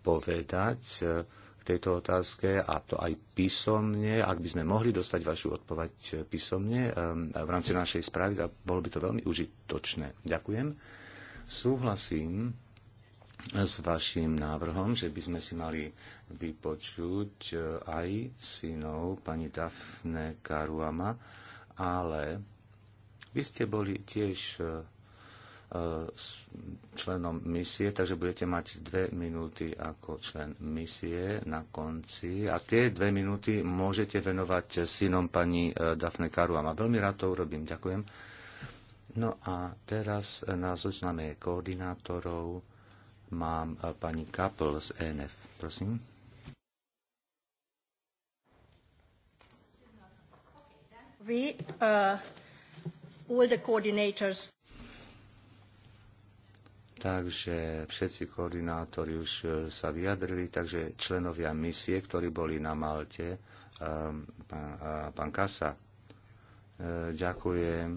[SPEAKER 1] povedať eh, tejto otázke a to aj písomne. Ak by sme mohli dostať vašu odpoveď písomne v rámci našej správy, tak bolo by to veľmi užitočné. Ďakujem. Súhlasím s vašim návrhom, že by sme si mali vypočuť e, aj synov pani Dafne Karuama, ale vy ste boli tiež e, členom misie, takže budete mať dve minúty ako člen misie na konci a tie dve minúty môžete venovať synom pani e, Dafne Karuam a veľmi rád to urobím. Ďakujem. No a teraz na zozname koordinátorov mám e, pani Kapl z ENF. Prosím.
[SPEAKER 3] We, uh, all the coordinators
[SPEAKER 1] Takže všetci koordinátori už e, sa vyjadrili, takže členovia misie, ktorí boli na Malte, e, e, pán, Kasa, ďakujem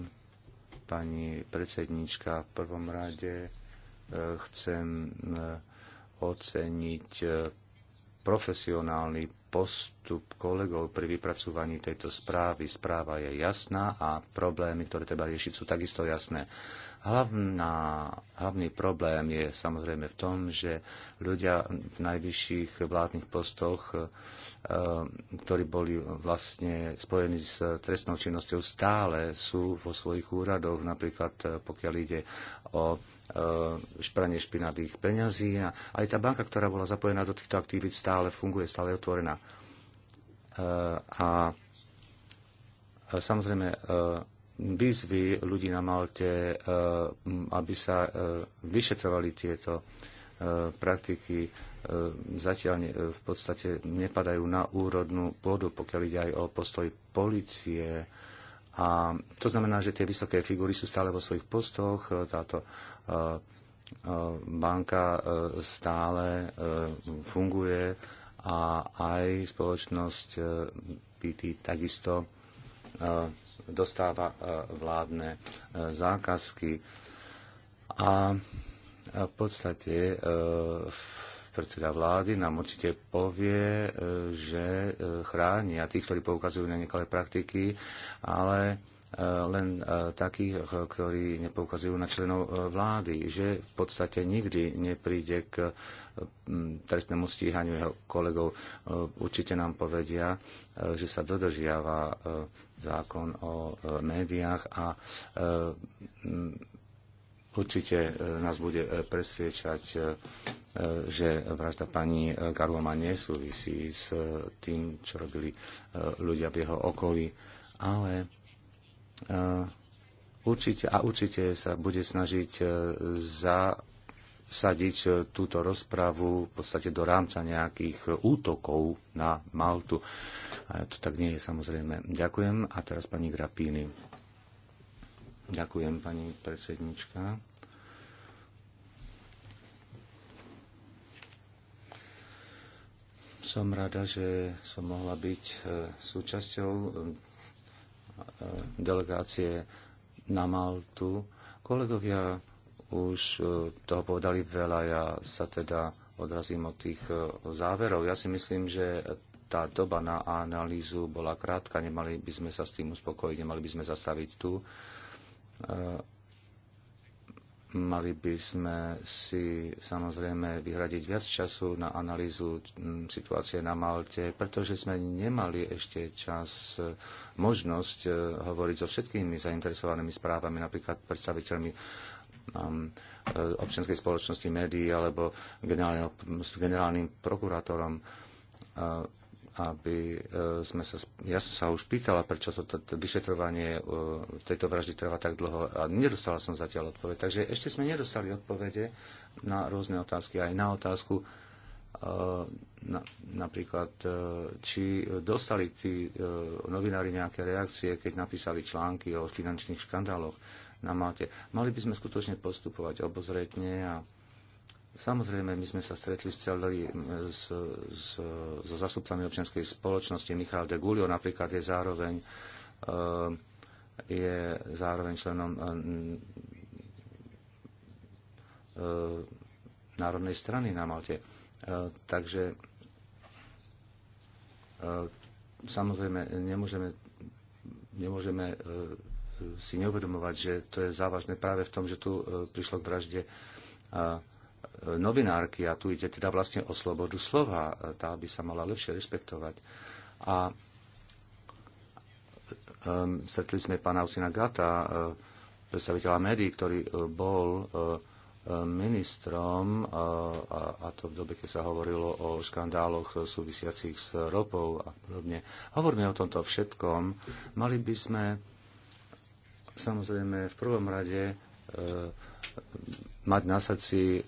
[SPEAKER 1] pani predsednička v prvom rade. Chcem oceniť profesionálny postup kolegov pri vypracovaní tejto správy. Správa je jasná a problémy, ktoré treba riešiť, sú takisto jasné. Hlavná, hlavný problém je samozrejme v tom, že ľudia v najvyšších vládnych postoch, eh, ktorí boli vlastne spojení s trestnou činnosťou, stále sú vo svojich úradoch, napríklad eh, pokiaľ ide o Eh, špranie špinavých peňazí a aj tá banka, ktorá bola zapojená do týchto aktivít, stále funguje, stále je otvorená. Eh, a samozrejme eh, výzvy ľudí na Malte, aby sa vyšetrovali tieto praktiky, zatiaľ v podstate nepadajú na úrodnú pôdu, pokiaľ ide aj o postoj policie a to znamená, že tie vysoké figury sú stále vo svojich postoch, e, táto e, e, banka stále funguje a aj spoločnosť PT takisto dostáva vládne zákazky. A v podstate v predseda vlády nám určite povie, e, že e, chránia tých, ktorí poukazujú na nekalé praktiky, ale e, len takých, ktorí nepoukazujú na členov vlády, že v podstate nikdy nepríde k trestnému stíhaniu jeho kolegov. Určite nám povedia, že sa dodržiava zákon o médiách a Určite e, nás bude e, presviečať, e, že vražda pani Karloma nesúvisí s tým, čo robili ľudia v jeho okolí, ale určite, a určite sa bude snažiť zasadiť túto rozpravu v podstate do rámca nejakých útokov na Maltu. A to tak nie je samozrejme. Ďakujem. A teraz pani Grapíny. Ďakujem, pani predsednička. Som rada, že som mohla byť e, súčasťou e, e, delegácie na Maltu. Kolegovia už toho povedali veľa, ja sa teda odrazím od tých záverov. Ja si myslím, že tá doba na analýzu bola krátka, nemali by sme sa s tým uspokojiť, nemali by sme zastaviť tu. E, mali by sme si samozrejme vyhradiť viac času na analýzu situácie na Malte, pretože sme nemali ešte čas, e, možnosť e, hovoriť so všetkými zainteresovanými správami, napríklad predstaviteľmi občianskej spoločnosti médií alebo generálnym prokurátorom aby e, sme sa... Ja som sa už pýtala, prečo to, to, to vyšetrovanie e, tejto vraždy trvá tak dlho a nedostala som zatiaľ odpoveď. Takže ešte sme nedostali odpovede na rôzne otázky, aj na otázku e, na, napríklad, či dostali tí novinári nejaké reakcie, keď napísali články o finančných škandáloch na Malte. Mali by sme skutočne postupovať obozretne a Samozrejme, my sme sa stretli s, celý, s, s, so zastupcami občianskej spoločnosti. Michal de Gulio napríklad je zároveň, e, je zároveň členom e, e, Národnej strany na Malte. Takže samozrejme nemôžeme, nemôžeme si neuvedomovať, že to je závažné práve v tom, že tu prišlo k vražde novinárky a tu ide teda vlastne o slobodu slova. E, tá by sa mala lepšie rešpektovať. A um, stretli sme pána Usina Gata, e, predstaviteľa médií, ktorý e, bol ministrom, a to v dobe, keď sa hovorilo o škandáloch súvisiacich s ropou a podobne. Hovoríme o tomto všetkom. Mali by sme samozrejme v prvom rade mať na srdci e,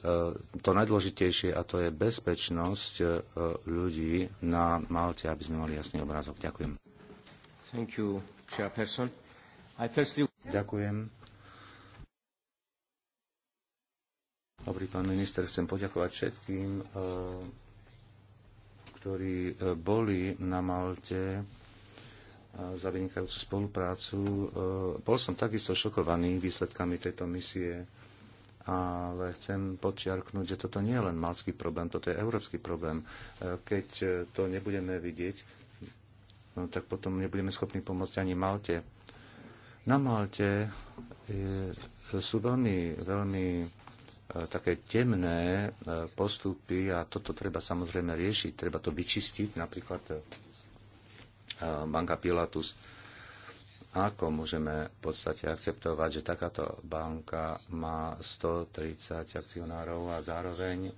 [SPEAKER 1] to najdôležitejšie a to je bezpečnosť e, ľudí na Malte, aby sme mali jasný obrázok. Ďakujem. Thank you, chairperson. I firstly... Ďakujem. Dobrý pán minister, chcem poďakovať všetkým, e, ktorí boli na Malte za vynikajúcu spoluprácu. Bol som takisto šokovaný výsledkami tejto misie ale chcem počiarknúť, že toto nie je len malský problém, toto je európsky problém. E, keď e, to nebudeme vidieť, no, tak potom nebudeme schopní pomôcť ani Malte. Na Malte e, sú veľmi, veľmi také temné postupy a toto treba samozrejme riešiť, treba to vyčistiť, napríklad banka Pilatus ako môžeme v podstate akceptovať, že takáto banka má 130 akcionárov a zároveň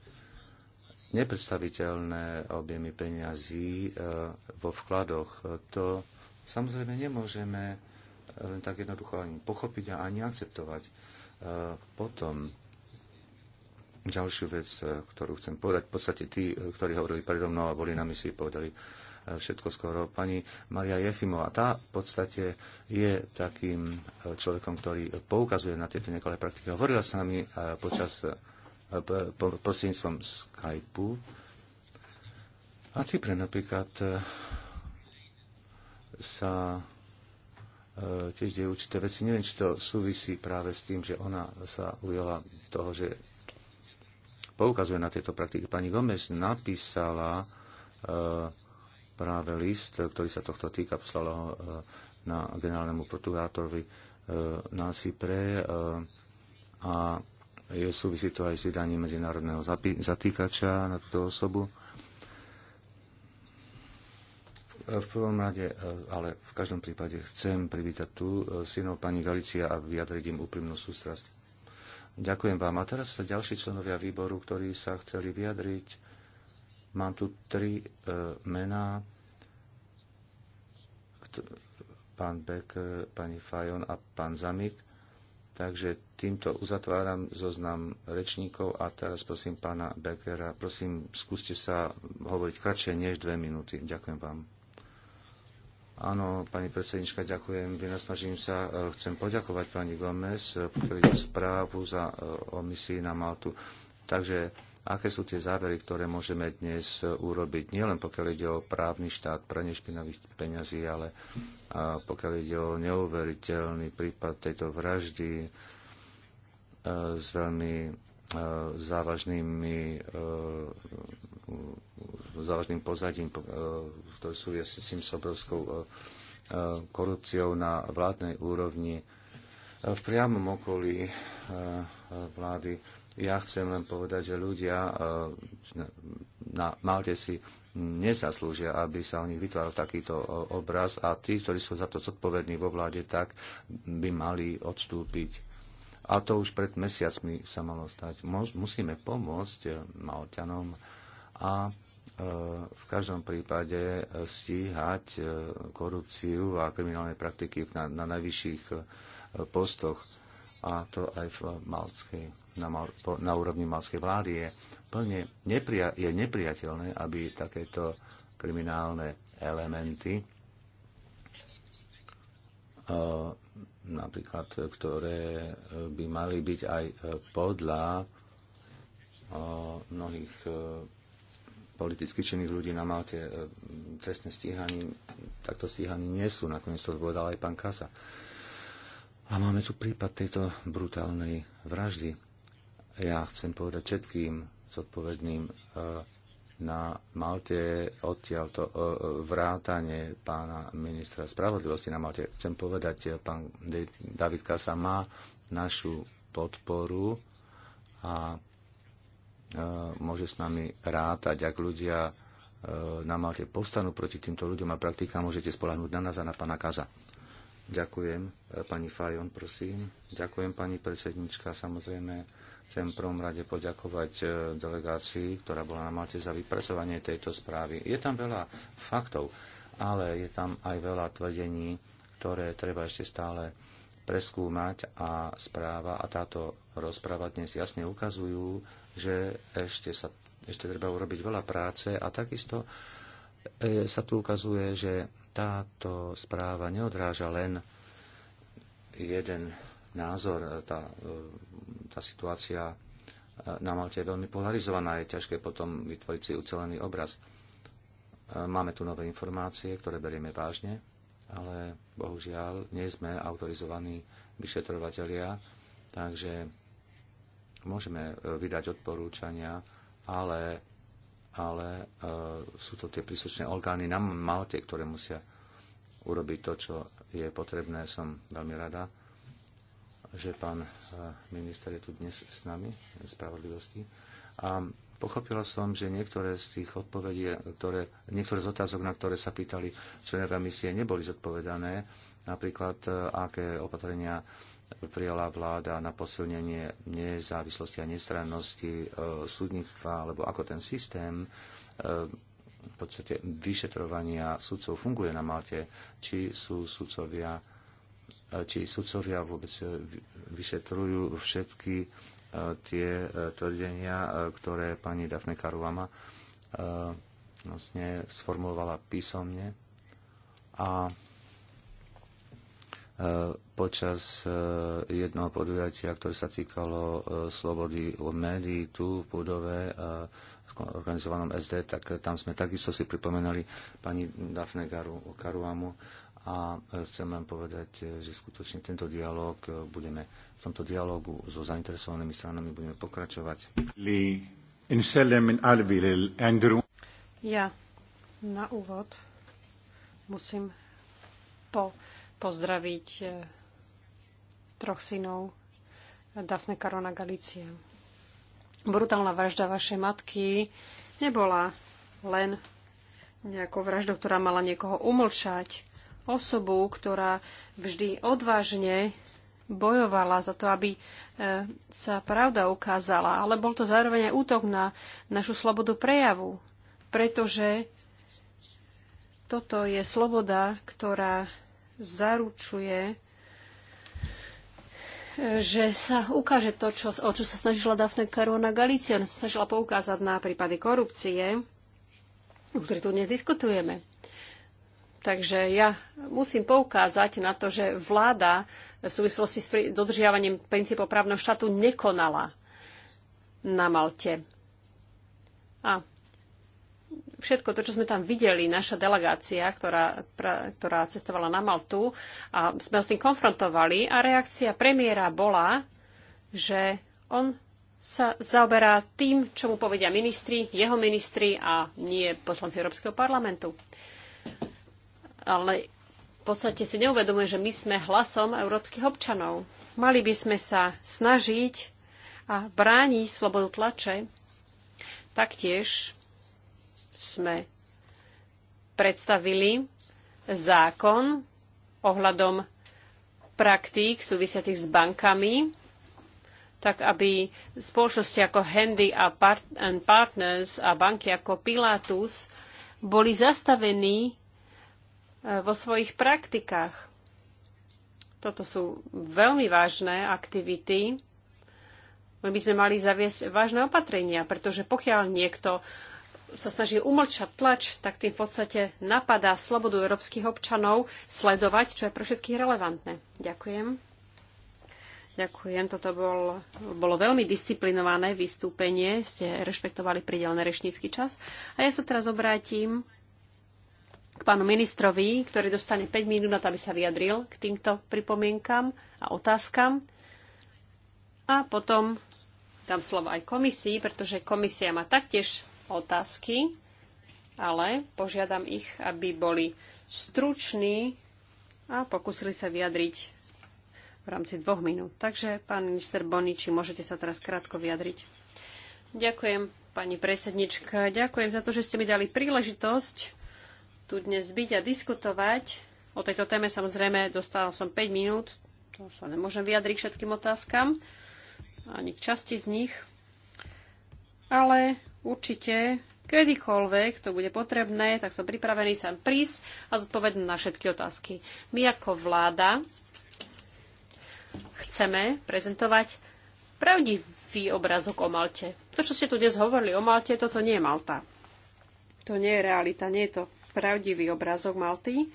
[SPEAKER 1] nepredstaviteľné objemy peňazí e, vo vkladoch. To samozrejme nemôžeme e, len tak jednoducho ani pochopiť a ani akceptovať. E, potom ďalšiu vec, ktorú chcem povedať, v podstate tí, ktorí hovorili predo mnou a boli na misii, povedali, všetko skoro. Pani Maria Jefimová, tá v podstate je takým eh, človekom, ktorý poukazuje na tieto nekalé praktiky. Hovorila s nami eh, počas eh, prostredníctvom Skypeu. A Cypre napríklad sa tiež deje určité veci. Neviem, či to súvisí práve s tým, že ona sa ujela toho, že poukazuje na tieto praktiky. Pani Gomez napísala práve list, ktorý sa tohto týka, poslala ho e, na generálnemu protugátorovi e, na Pre e, a je súvisí to aj s vydaním medzinárodného zatýkača na túto osobu. V prvom rade, ale v každom prípade chcem privítať tu synov pani Galicia a vyjadriť im úprimnú sústrasť. Ďakujem vám. A teraz sa ďalší členovia výboru, ktorí sa chceli vyjadriť. Mám tu tri e, mená. Pán Becker, pani Fajon a pán Zamit. Takže týmto uzatváram zoznam rečníkov a teraz prosím pána Beckera, prosím, skúste sa hovoriť kratšie než dve minúty. Ďakujem vám. Áno, pani predsednička, ďakujem. Vynasnažím sa. E, chcem poďakovať pani Gomez, e, pokiaľ správu za e, o misii na Maltu. Takže aké sú tie závery, ktoré môžeme dnes urobiť, nielen pokiaľ ide o právny štát, pre nešpinavých peňazí, ale pokiaľ ide o neuveriteľný prípad tejto vraždy e, s veľmi e, závažnými e, závažným pozadím, ktoré súvisí s obrovskou korupciou na vládnej úrovni v priamom okolí vlády ja chcem len povedať, že ľudia e, na Malte si nezaslúžia, aby sa o nich vytváral takýto e, obraz a tí, ktorí sú za to zodpovední vo vláde, tak by mali odstúpiť. A to už pred mesiacmi sa malo stať. Musíme pomôcť e, Malťanom a v každom prípade stíhať korupciu a kriminálne praktiky na, na najvyšších postoch a to aj v Malckej, na, na úrovni malskej vlády je plne nepria, je nepriateľné, aby takéto kriminálne elementy e, napríklad, ktoré e, by mali byť aj e, podľa mnohých politicky činných ľudí na Malte trestne stíhaní, takto stíhaní nie sú. Nakoniec to povedal aj pán Kasa. A máme tu prípad tejto brutálnej vraždy. Ja chcem povedať všetkým zodpovedným e, na Malte odtiaľ to e, vrátanie pána ministra spravodlivosti na Malte. Chcem povedať, e, pán David Kasa má našu podporu a môže s nami rátať, ak ľudia na Malte povstanú proti týmto ľuďom a praktikám, môžete spolahnúť na nás a na pána Kaza. Ďakujem. E, pani Fajon, prosím. Ďakujem, pani predsednička. Samozrejme, chcem prvom rade poďakovať e, delegácii, ktorá bola na Malte za vypracovanie tejto správy. Je tam veľa faktov, ale je tam aj veľa tvrdení, ktoré treba ešte stále preskúmať a správa a táto rozpráva dnes jasne ukazujú, že ešte, sa, ešte treba urobiť veľa práce a takisto e, sa tu ukazuje, že táto správa neodráža len jeden názor. Tá, e, tá situácia e, na Malte je veľmi polarizovaná, je ťažké potom vytvoriť si ucelený obraz. E, máme tu nové informácie, ktoré berieme vážne, ale bohužiaľ nie sme autorizovaní vyšetrovateľia, takže môžeme vydať odporúčania, ale ale e, sú to tie príslušné orgány na Malte, ktoré musia urobiť to, čo je potrebné. Som veľmi rada, že pán e, minister je tu dnes s nami, spravodlivosti. A pochopila som, že niektoré z tých odpovedí, ktoré, niektoré z otázok, na ktoré sa pýtali členovia misie, neboli zodpovedané. Napríklad, e, aké opatrenia prijala vláda na posilnenie nezávislosti a nestrannosti e, súdnictva, alebo ako ten systém e, v podstate vyšetrovania sudcov funguje na Malte, či sú sudcovia, e, či sudcovia vôbec vyšetrujú všetky tie tvrdenia, ktoré pani Dafne Karuama vlastne sformulovala písomne. A Eh, počas eh, jedného podujatia, ktoré sa týkalo eh, slobody médií tu v budove organizovanom SD, tak tam sme takisto si pripomenali pani Dafne Garu, Karuamu a chcem len povedať, že skutočne tento dialog budeme v tomto dialogu so zainteresovanými stranami budeme pokračovať. Ja
[SPEAKER 3] na úvod musím po pozdraviť e, troch synov e, Dafne Karona Galícia. Brutálna vražda vašej matky nebola len nejakou vraždou, ktorá mala niekoho umlčať. Osobu, ktorá vždy odvážne bojovala za to, aby e, sa pravda ukázala. Ale bol to zároveň aj útok na našu slobodu prejavu, pretože toto je sloboda, ktorá zaručuje, že sa ukáže to, čo, o čo sa snažila Daphne Caruana Galicia. Ona sa snažila poukázať na prípady korupcie, o ktorých tu nediskutujeme. Takže ja musím poukázať na to, že vláda v súvislosti s dodržiavaním princípov právneho štátu nekonala na Malte. A všetko to, čo sme tam videli, naša delegácia, ktorá, pra, ktorá cestovala na Maltu a sme s tým konfrontovali a reakcia premiéra bola, že on sa zaoberá tým, čo mu povedia ministri, jeho ministri a nie poslanci Európskeho parlamentu. Ale v podstate si neuvedomuje, že my sme hlasom európskych občanov. Mali by sme sa snažiť a brániť slobodu tlače. Taktiež sme predstavili zákon ohľadom praktík súvisiatých s bankami, tak aby spoločnosti ako Handy a Part- and Partners a banky ako Pilatus boli zastavení e, vo svojich praktikách. Toto sú veľmi vážne aktivity. My by sme mali zaviesť vážne opatrenia, pretože pokiaľ niekto sa snaží umlčať tlač, tak tým v podstate napadá slobodu európskych občanov sledovať, čo je pre všetkých relevantné. Ďakujem. Ďakujem, toto bol, bolo veľmi disciplinované vystúpenie, ste rešpektovali pridelený rečnícky čas. A ja sa teraz obrátim k pánu ministrovi, ktorý dostane 5 minút na to, aby sa vyjadril k týmto pripomienkam a otázkam. A potom dám slovo aj komisii, pretože komisia má taktiež otázky, ale požiadam ich, aby boli struční a pokúsili sa vyjadriť v rámci dvoch minút. Takže, pán minister Boniči, môžete sa teraz krátko vyjadriť. Ďakujem, pani predsednička. Ďakujem za to, že ste mi dali príležitosť tu dnes byť a diskutovať. O tejto téme samozrejme dostal som 5 minút, to sa nemôžem vyjadriť všetkým otázkam, ani k časti z nich. Ale určite kedykoľvek to bude potrebné, tak som pripravený sem prísť a zodpovedať na všetky otázky. My ako vláda chceme prezentovať pravdivý obrazok o Malte. To, čo ste tu dnes hovorili o Malte, toto nie je Malta. To nie je realita, nie je to pravdivý obrazok Malty.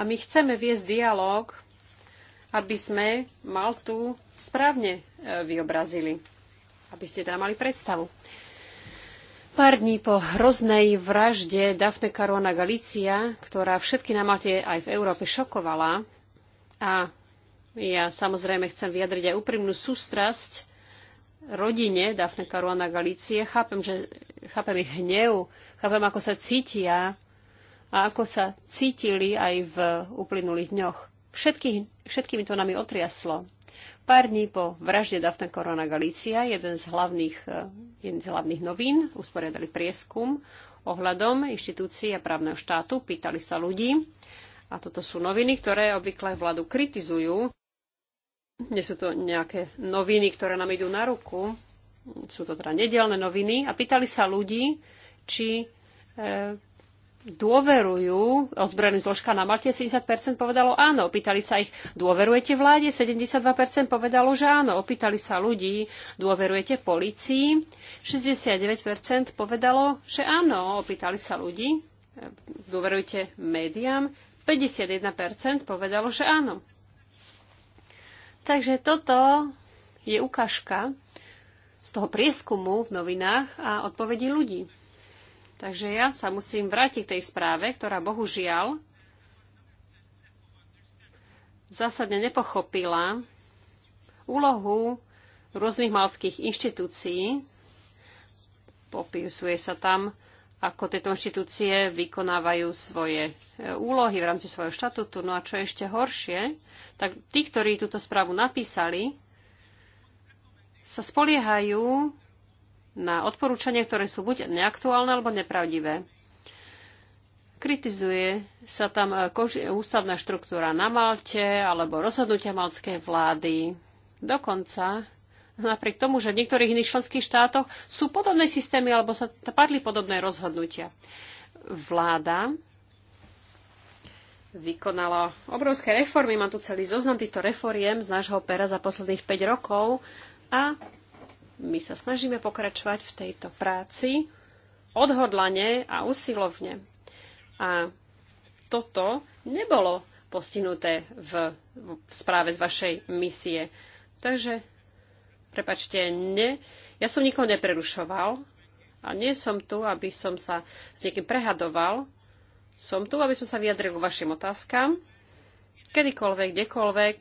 [SPEAKER 3] A my chceme viesť dialog, aby sme Maltu správne e, vyobrazili. Aby ste tam mali predstavu. Pár dní po hroznej vražde Dafne Caruana Galicia, ktorá všetky na Malte aj v Európe šokovala, a ja samozrejme chcem vyjadriť aj úprimnú sústrasť rodine Dafne Caruana Galície. Chápem, že, chápem ich hnev, chápem, ako sa cítia a ako sa cítili aj v uplynulých dňoch. Všetky, všetkými to nami otriaslo. Pár dní po vražde Daphne Korona Galícia, jeden z hlavných, eh, jeden z hlavných novín, usporiadali prieskum ohľadom inštitúcií a právneho štátu, pýtali sa ľudí. A toto sú noviny, ktoré obvykle vládu kritizujú. Nie sú to nejaké noviny, ktoré nám idú na ruku. Sú to teda nedelné noviny. A pýtali sa ľudí, či eh, dôverujú ozbrojeným zložkám na Malte, 70% povedalo áno. Opýtali sa ich, dôverujete vláde? 72% povedalo, že áno. Opýtali sa ľudí, dôverujete policii? 69% povedalo, že áno. Opýtali sa ľudí, dôverujete médiám? 51% povedalo, že áno. Takže toto je ukážka z toho prieskumu v novinách a odpovedí ľudí. Takže ja sa musím vrátiť k tej správe, ktorá bohužiaľ zásadne nepochopila úlohu rôznych malckých inštitúcií. Popisuje sa tam, ako tieto inštitúcie vykonávajú svoje e, úlohy v rámci svojho štatútu. No a čo je ešte horšie, tak tí, ktorí túto správu napísali, sa spoliehajú na odporúčania, ktoré sú buď neaktuálne alebo nepravdivé. Kritizuje sa tam e, ústavná štruktúra na Malte alebo rozhodnutia maltskej vlády. Dokonca napriek tomu, že v niektorých iných členských štátoch sú podobné systémy alebo sa padli podobné rozhodnutia. Vláda vykonala obrovské reformy. Mám tu celý zoznam týchto reforiem z nášho pera za posledných 5 rokov a my sa snažíme pokračovať v tejto práci odhodlane a usilovne. A toto nebolo postihnuté v, v správe z vašej misie. Takže, prepačte, ne, ja som nikoho neprerušoval a nie som tu, aby som sa s niekým prehadoval. Som tu, aby som sa vyjadril k vašim otázkam. Kedykoľvek, kdekoľvek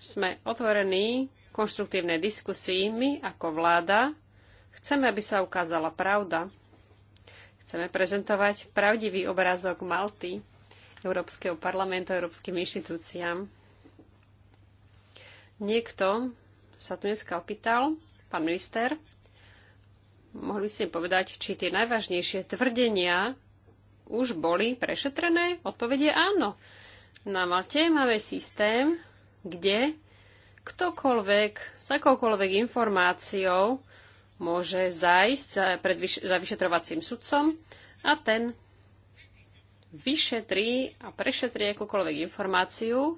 [SPEAKER 3] sme otvorení konštruktívnej diskusii my ako vláda chceme, aby sa ukázala pravda. Chceme prezentovať pravdivý obrázok Malty Európskeho parlamentu a európskym inštitúciám. Niekto sa tu dneska opýtal, pán minister, mohli ste povedať, či tie najvážnejšie tvrdenia už boli prešetrené? Odpovede áno. Na Malte máme systém, kde ktokoľvek s akoukoľvek informáciou môže zájsť za, pred vyš- za vyšetrovacím sudcom a ten vyšetrí a prešetrí akúkoľvek informáciu,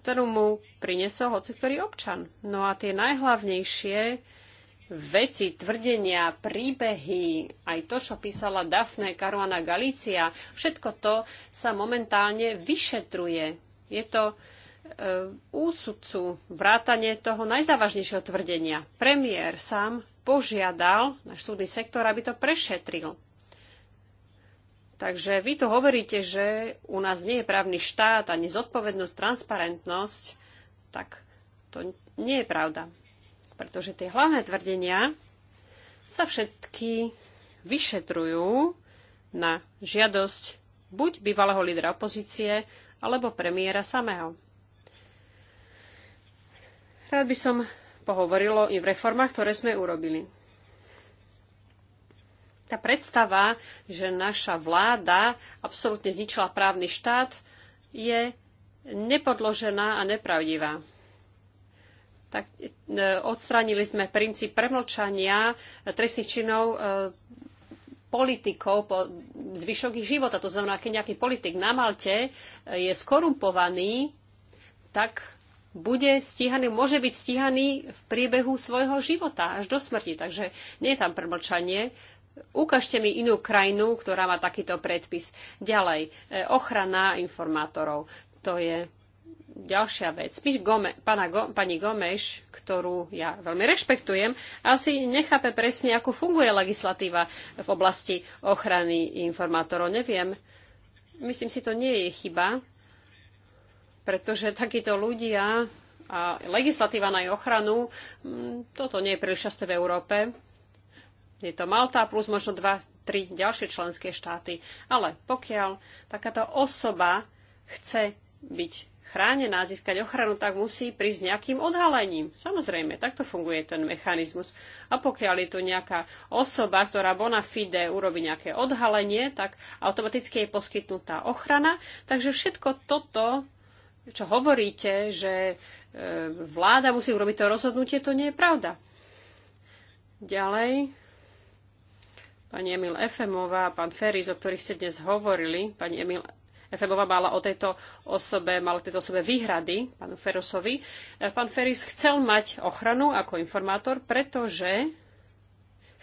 [SPEAKER 3] ktorú mu prinesol hoci ktorý občan. No a tie najhlavnejšie veci, tvrdenia, príbehy, aj to, čo písala Dafne Caruana Galícia, všetko to sa momentálne vyšetruje. Je to úsudcu, vrátane toho najzávažnejšieho tvrdenia. Premiér sám požiadal náš súdny sektor, aby to prešetril. Takže vy tu hovoríte, že u nás nie je právny štát, ani zodpovednosť, transparentnosť, tak to nie je pravda. Pretože tie hlavné tvrdenia sa všetky vyšetrujú na žiadosť buď bývalého lídra opozície, alebo premiéra samého. Rád by som i v reformách, ktoré sme urobili. Tá predstava, že naša vláda absolútne zničila právny štát, je nepodložená a nepravdivá. Tak, e, odstránili sme princíp premlčania e, trestných činov e, politikov po zvyšok ich života. To znamená, keď nejaký politik na Malte je skorumpovaný, tak bude stíhaný, môže byť stíhaný v priebehu svojho života až do smrti. Takže nie je tam premlčanie. Ukážte mi inú krajinu, ktorá má takýto predpis. Ďalej, e, ochrana informátorov. To je ďalšia vec. Spíš Gome, pana Go, pani Gomeš, ktorú ja veľmi rešpektujem, asi nechápe presne, ako funguje legislatíva v oblasti ochrany informátorov. Neviem. Myslím si, to nie je chyba, pretože takíto ľudia a legislatíva na ich ochranu, mm, toto nie je príliš často v Európe. Je to Malta plus možno dva, tri ďalšie členské štáty. Ale pokiaľ takáto osoba chce byť chránená, získať ochranu, tak musí prísť nejakým odhalením. Samozrejme, takto funguje ten mechanizmus. A pokiaľ je tu nejaká osoba, ktorá bona fide urobi nejaké odhalenie, tak automaticky je poskytnutá ochrana. Takže všetko toto čo hovoríte, že e, vláda musí urobiť to rozhodnutie, to nie je pravda. Ďalej, pani Emil Efemová, pán Feris, o ktorých ste dnes hovorili, pani Emil Efemová mala o tejto osobe, mala tejto osobe výhrady, pánu Ferosovi. E, pán Feris chcel mať ochranu ako informátor, pretože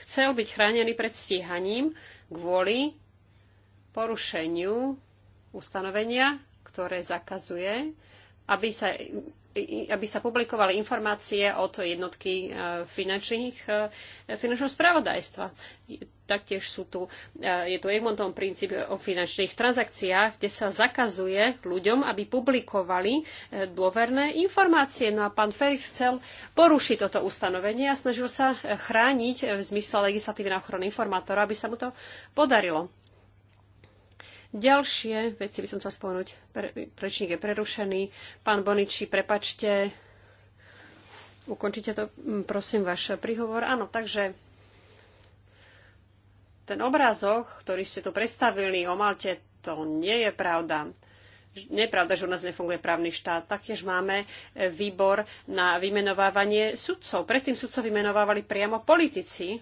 [SPEAKER 3] chcel byť chránený pred stíhaním kvôli porušeniu ustanovenia ktoré zakazuje, aby sa, aby sa publikovali informácie od jednotky e, finančných, e, finančného spravodajstva. Taktiež sú tu, e, je tu Egmontov princíp o finančných transakciách, kde sa zakazuje ľuďom, aby publikovali dôverné informácie. No a pán Ferix chcel porušiť toto ustanovenie a snažil sa chrániť v zmysle legislatívy na ochranu informátora, aby sa mu to podarilo. Ďalšie veci by som chcel spomenúť. prečník je prerušený. Pán Boniči, prepačte. Ukončite to, prosím, váš príhovor. Áno, takže ten obrázok, ktorý ste tu predstavili o Malte, to nie je pravda nie je pravda, že u nás nefunguje právny štát. Taktiež máme e, výbor na vymenovávanie sudcov. Predtým sudcov vymenovávali priamo politici.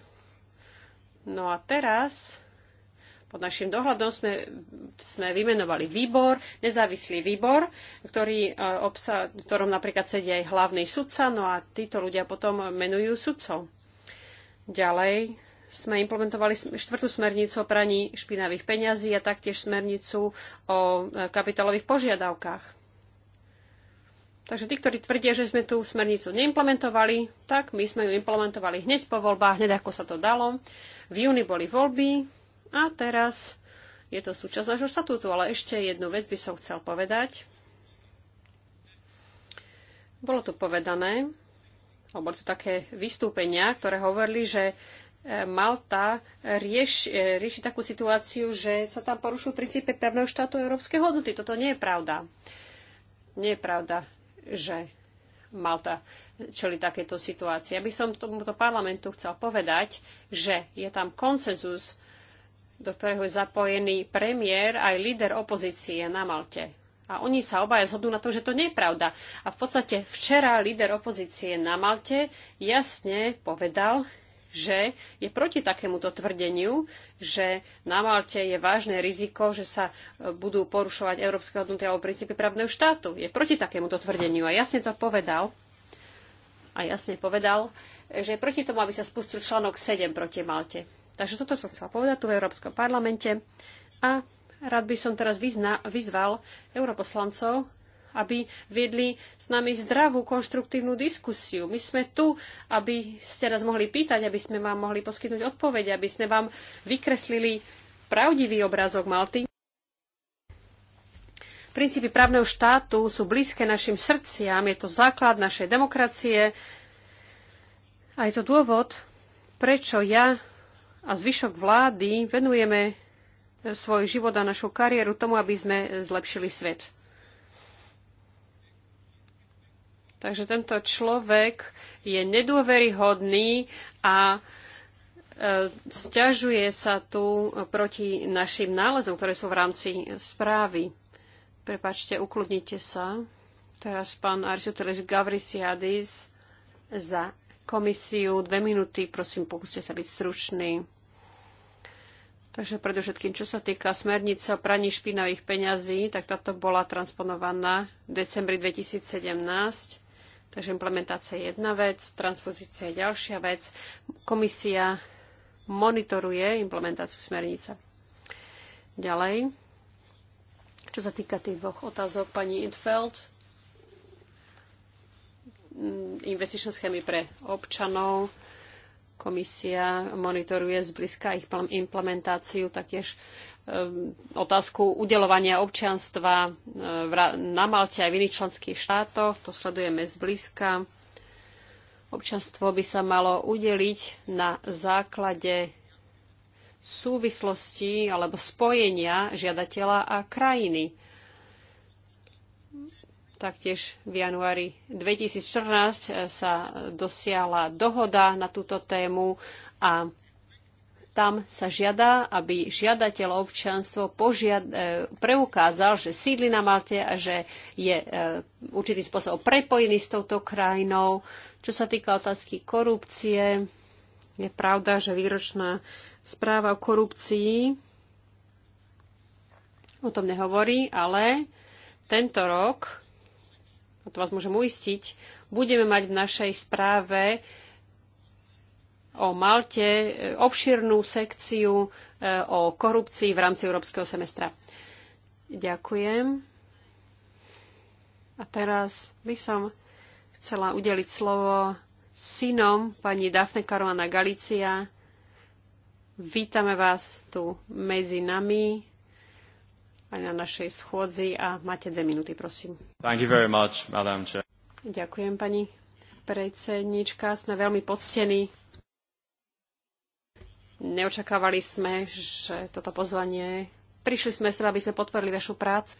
[SPEAKER 3] No a teraz pod našim dohľadom sme, sme vymenovali výbor, nezávislý výbor, ktorý, e, obsa, v ktorom napríklad sedí aj hlavný sudca, no a títo ľudia potom menujú sudcov. Ďalej sme implementovali štvrtú smernicu o praní špinavých peňazí a taktiež smernicu o e, kapitálových požiadavkách. Takže tí, ktorí tvrdia, že sme tú smernicu neimplementovali, tak my sme ju implementovali hneď po voľbách, hneď ako sa to dalo. V júni boli voľby, a teraz je to súčasť nášho štatútu, ale ešte jednu vec by som chcel povedať. Bolo tu povedané, alebo tu také vystúpenia, ktoré hovorili, že e, Malta rieš, e, rieši takú situáciu, že sa tam porušujú princípy právneho štátu európskej hodnoty. Toto nie je pravda. Nie je pravda, že Malta čeli takéto Ja Aby som tomuto parlamentu chcel povedať, že je tam konsenzus do ktorého je zapojený premiér aj líder opozície na Malte. A oni sa obaja zhodnú na tom, že to nie je pravda. A v podstate včera líder opozície na Malte jasne povedal, že je proti takémuto tvrdeniu, že na Malte je vážne riziko, že sa e, budú porušovať európske hodnoty alebo princípy právneho štátu. Je proti takémuto tvrdeniu a jasne to povedal. A jasne povedal, že je proti tomu, aby sa spustil článok 7 proti Malte. Takže toto som chcela povedať tu v Európskom parlamente a rád by som teraz vyzna, vyzval europoslancov, aby viedli s nami zdravú, konštruktívnu diskusiu. My sme tu, aby ste nás mohli pýtať, aby sme vám mohli poskytnúť odpovede, aby sme vám vykreslili pravdivý obrázok Malty. Princípy právneho štátu sú blízke našim srdciam, je to základ našej demokracie a je to dôvod, prečo ja a zvyšok vlády venujeme svoj život a našu kariéru tomu, aby sme zlepšili svet. Takže tento človek je nedôveryhodný a e, sťažuje sa tu proti našim nálezom, ktoré sú v rámci správy. Prepačte, ukludnite sa. Teraz pán Aristoteles Gavrisiadis za komisiu. Dve minúty, prosím, pokúste sa byť stručný. Takže predovšetkým, čo sa týka smernice o praní špinavých peňazí, tak táto bola transponovaná v decembri 2017. Takže implementácia je jedna vec, transpozícia je ďalšia vec. Komisia monitoruje implementáciu smernice. Ďalej, čo sa týka tých dvoch otázok pani Infeld, Mm, investičné schémy pre občanov. Komisia monitoruje zblízka ich implementáciu, taktiež otázku udelovania občianstva na Malte aj v iných členských štátoch. To sledujeme zblízka. Občanstvo by sa malo udeliť na základe súvislosti alebo spojenia žiadateľa a krajiny. Taktiež v januári 2014 eh, sa dosiahla dohoda na túto tému a tam sa žiada, aby žiadateľ občanstvo požiad, eh, preukázal, že sídli na Malte a že je eh, určitým spôsobom prepojený s touto krajinou. Čo sa týka otázky korupcie, je pravda, že výročná správa o korupcii o tom nehovorí, ale tento rok a to vás môžem uistiť, budeme mať v našej správe o Malte e, obširnú sekciu e, o korupcii v rámci Európskeho semestra. Ďakujem. A teraz by som chcela udeliť slovo synom pani Dafne Karovana Galicia. Vítame vás tu medzi nami na našej schôdzi a máte dve minúty, prosím.
[SPEAKER 2] Thank you very much,
[SPEAKER 1] Madam Chair.
[SPEAKER 3] Ďakujem, pani predsednička. Sme veľmi poctení. Neočakávali sme, že toto pozvanie... Prišli sme sa, aby sme potvorili vašu prácu.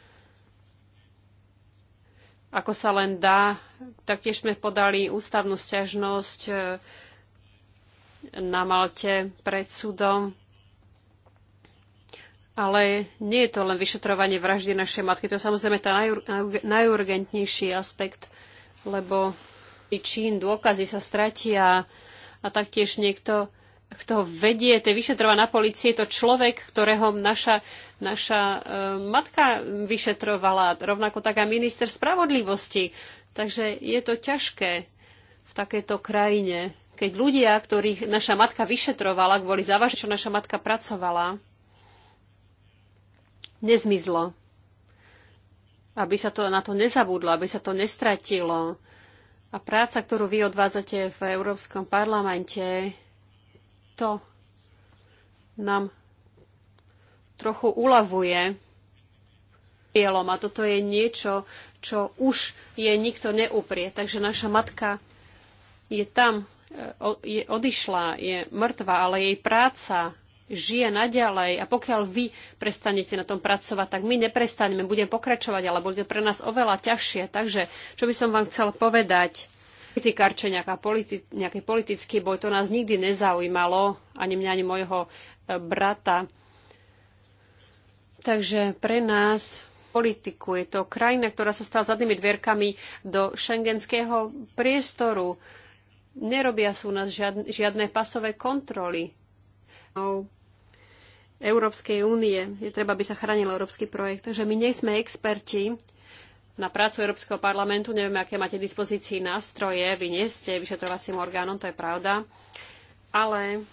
[SPEAKER 3] Ako sa len dá, taktiež sme podali ústavnú stiažnosť eh, na Malte pred súdom ale nie je to len vyšetrovanie vraždy našej matky, to je samozrejme tá najur- najurgentnejší aspekt, lebo čím dôkazy sa stratia a taktiež niekto, kto vedie tie vyšetrova na policii, je to človek, ktorého naša, naša e, matka vyšetrovala, rovnako tak a minister spravodlivosti. Takže je to ťažké v takejto krajine, keď ľudia, ktorých naša matka vyšetrovala, kvôli závažne, čo naša matka pracovala, nezmizlo. Aby sa to, na to nezabudlo, aby sa to nestratilo. A práca, ktorú vy odvádzate v Európskom parlamente, to nám trochu uľavuje bielom. A toto je niečo, čo už je nikto neuprie. Takže naša matka je tam, e, je odišla, je mŕtva, ale jej práca, žije naďalej a pokiaľ vy prestanete na tom pracovať, tak my neprestaneme, budeme pokračovať, ale bude pre nás oveľa ťažšie. Takže, čo by som vám chcel povedať, politikárče, politi- nejaký politický boj, to nás nikdy nezaujímalo, ani mňa, ani môjho e, brata. Takže pre nás politiku je to krajina, ktorá sa stala zadnými dvierkami do šengenského priestoru. Nerobia sú nás žiadne, žiadne pasové kontroly. No, Európskej únie. Je treba, aby sa chránil európsky projekt. Takže my nie sme experti na prácu Európskeho parlamentu. Neviem, aké máte dispozícii nástroje. Vy nie ste vyšetrovacím orgánom, to je pravda. Ale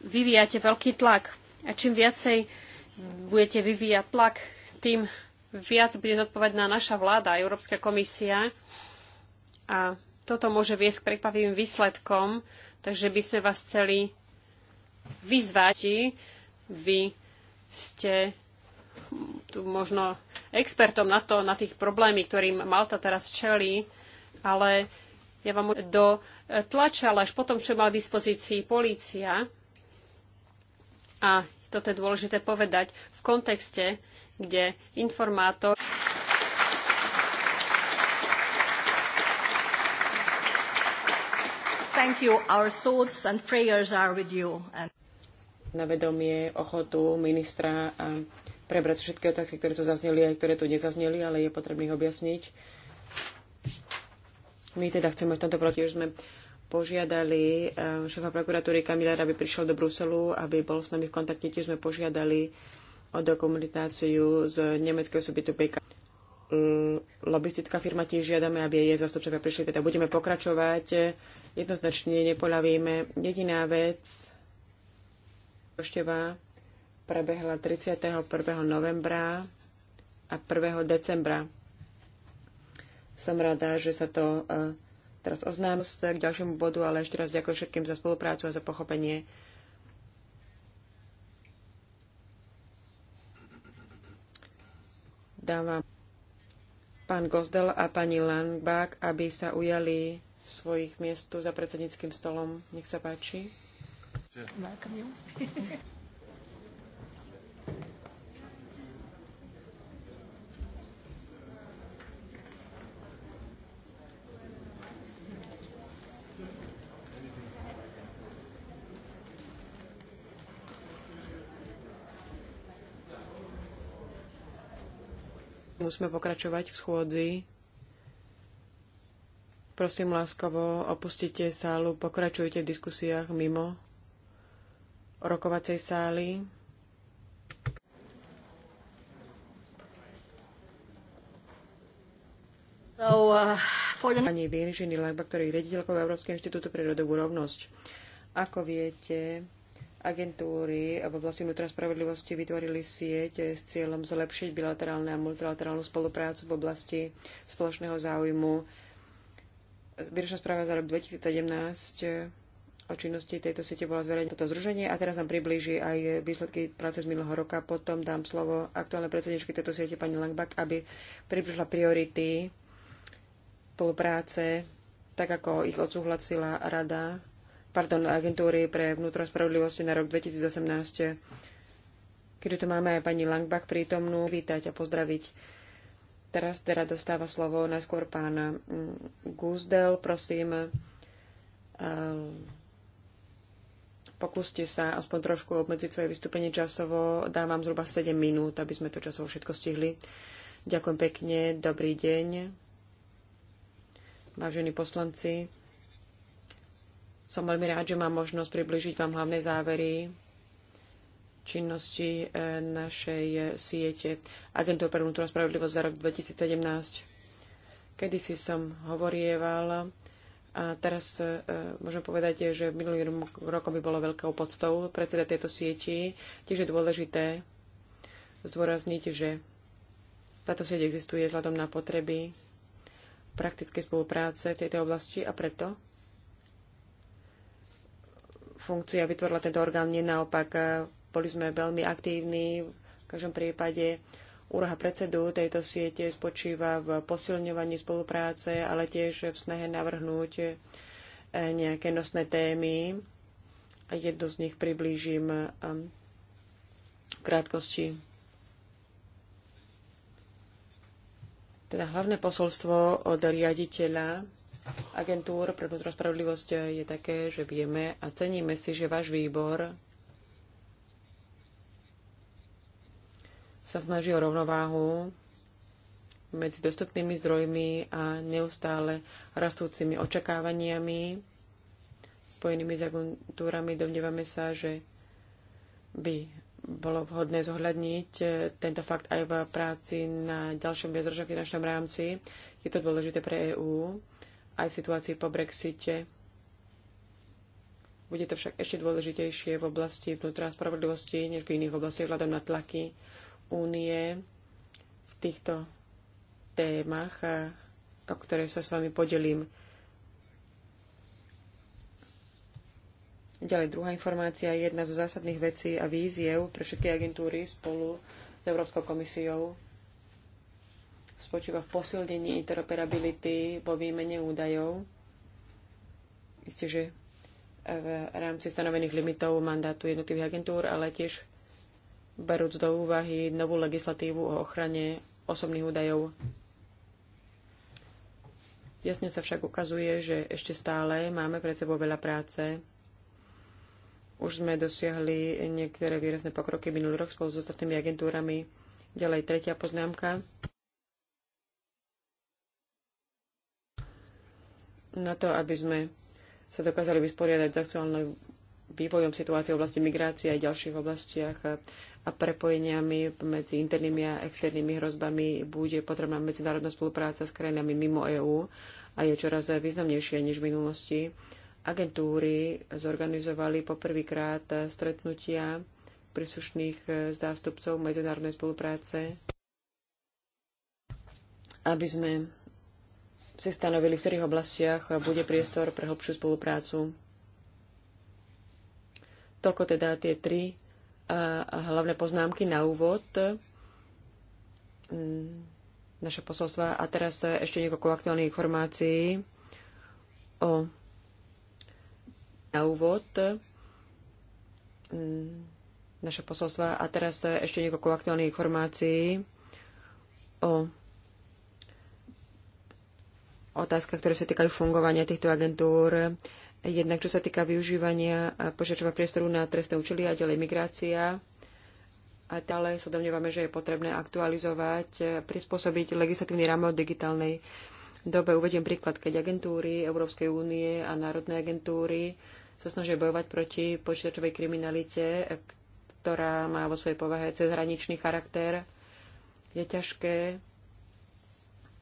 [SPEAKER 3] vyvíjate veľký tlak. A čím viacej budete vyvíjať tlak, tým viac bude zodpovedná naša vláda, Európska komisia. A toto môže viesť k prekvapivým výsledkom, takže by sme vás chceli vyzvať, vy ste tu možno expertom na to, na tých problémy, ktorým Malta teraz čelí, ale ja vám do tlača, ale až potom, čo mal v dispozícii polícia. A toto je dôležité povedať v kontexte, kde informátor Thank you. Our thoughts and prayers are with you. And
[SPEAKER 2] na vedomie ochotu ministra a prebrať všetky otázky, ktoré tu zazneli aj ktoré tu nezazneli, ale je potrebné ich objasniť. My teda chceme v tomto že sme požiadali eh, šéfa prokuratúry Kamila, aby prišiel do Bruselu, aby bol s nami v kontakte. Tiež sme požiadali o dokumentáciu z nemeckej osoby. PK. Lobistická firma tiež žiadame, aby jej zastupcovia prišli. Teda budeme pokračovať. Eh, jednoznačne nepoľavíme. Jediná vec, návšteva prebehla 31. novembra a 1. decembra. Som rada, že sa to e, teraz oznám k ďalšiemu bodu, ale ešte raz ďakujem všetkým za spoluprácu a za pochopenie. Dávam pán Gozdel a pani Langbach, aby sa ujali svojich miest za predsedníckým stolom. Nech sa páči welcome you. Musíme pokračovať v schôdzi. Prosím láskavo, opustite sálu, pokračujte v diskusiách mimo rokovacej sály. So, uh, for the... Pani Virginie Langba, ktorý je riaditeľkou Európskeho inštitútu pre rodovú rovnosť. Ako viete, agentúry v oblasti vnútra spravodlivosti vytvorili sieť s cieľom zlepšiť bilaterálne a multilaterálnu spoluprácu v oblasti spoločného záujmu. Výročná správa za rok 2017 o činnosti tejto siete bola zverejnené toto združenie a teraz nám priblíži aj výsledky práce z minulého roka. Potom dám slovo aktuálnej predsedničky tejto siete pani Langbach, aby približila priority spolupráce, tak ako ich odsúhlasila rada, pardon, agentúry pre vnútro spravodlivosti na rok 2018. Keďže tu máme aj pani Langbach prítomnú, vítať a pozdraviť. Teraz teda dostáva slovo najskôr pán mm, Guzdel, prosím Pokúste sa aspoň trošku obmedziť svoje vystúpenie časovo. Dám vám zhruba 7 minút, aby sme to časovo všetko stihli. Ďakujem pekne, dobrý deň. Vážení poslanci, som veľmi rád, že mám možnosť približiť vám hlavné závery činnosti eh, našej eh, siete Agentúr pre vnútornú spravodlivosť za rok 2017. Kedy si som hovorieval a teraz e, môžem povedať, že minulý rok by bolo veľkou podstou predseda tejto sieti. Tiež je dôležité zdôrazniť, že táto sieť existuje vzhľadom na potreby praktickej spolupráce v tejto oblasti a preto funkcia vytvorila tento orgán. Nie naopak, e, boli sme veľmi aktívni v každom prípade Úloha predsedu tejto siete spočíva v posilňovaní spolupráce, ale tiež v snahe navrhnúť eh, nejaké nosné témy. A jednu z nich priblížim ehm, v krátkosti. Teda hlavné posolstvo od riaditeľa agentúr pre vnútro spravodlivosť je také, že vieme a ceníme si, že váš výbor sa snaží o rovnováhu medzi dostupnými zdrojmi a neustále rastúcimi očakávaniami spojenými s agentúrami. Domnievame sa, že by bolo vhodné zohľadniť eh, tento fakt aj v práci na ďalšom bezročnom finančnom rámci. Je to dôležité pre EÚ aj v situácii po Brexite. Bude to však ešte dôležitejšie v oblasti vnútra spravodlivosti než v iných oblastiach vzhľadom na tlaky únie v týchto témach, o ktoré sa s vami podelím. Ďalej druhá informácia, je jedna zo zásadných vecí a víziev pre všetky agentúry spolu s Európskou komisiou spočíva v posilnení interoperability po výmene údajov. Isté, že v rámci stanovených limitov mandátu jednotlivých agentúr, ale tiež berúc do úvahy novú legislatívu o ochrane osobných údajov. Jasne sa však ukazuje, že ešte stále máme pred sebou veľa práce. Už sme dosiahli niektoré výrazné pokroky minulý rok spolu s so ostatnými agentúrami. Ďalej tretia poznámka. Na to, aby sme sa dokázali vysporiadať s aktuálnym vývojom situácie v oblasti migrácie a ďalších oblastiach, a prepojeniami medzi internými a externými hrozbami bude potrebná medzinárodná spolupráca s krajinami mimo EÚ a je čoraz významnejšia než v minulosti. Agentúry zorganizovali poprvýkrát stretnutia príslušných eh, zástupcov medzinárodnej spolupráce, aby sme si stanovili, v ktorých oblastiach bude priestor pre hlbšiu spoluprácu. Toľko teda tie tri hlavné poznámky na úvod mm, naše posolstva. A teraz ešte niekoľko aktuálnych informácií o na úvod mm, naše posolstva. A teraz ešte niekoľko aktuálnych informácií o otázkach, ktoré sa týkajú fungovania týchto agentúr. Jednak čo sa týka využívania požiačova priestoru na trestné účely a ďalej migrácia. A ďalej sa domnievame, že je potrebné aktualizovať, prispôsobiť legislatívny rámec digitálnej dobe. Uvediem príklad, keď agentúry Európskej únie a národné agentúry sa snažia bojovať proti počítačovej kriminalite, ktorá má vo svojej povahe cezhraničný charakter, je ťažké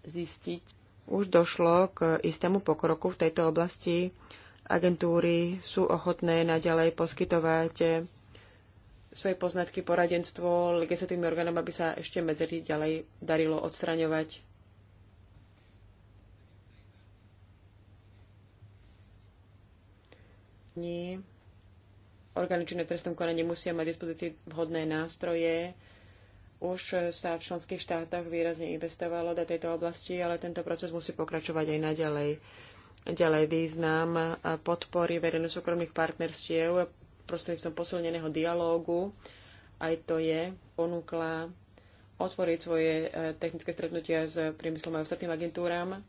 [SPEAKER 2] zistiť. Už došlo k istému pokroku v tejto oblasti agentúry sú ochotné naďalej poskytovať eh, svoje poznatky, poradenstvo legislatívnym orgánom, aby sa ešte medzery ďalej darilo odstraňovať. Nie. Orgány činné trestnom konaní musia mať dispozícii vhodné nástroje. Už sa v členských štátach výrazne investovalo do tejto oblasti, ale tento proces musí pokračovať aj naďalej. Ďalej význam podpory verejno-súkromných partnerstiev prostredníctvom posilneného dialógu. Aj to je ponúkla otvoriť svoje e, technické stretnutia s priemyslom a ostatným agentúram.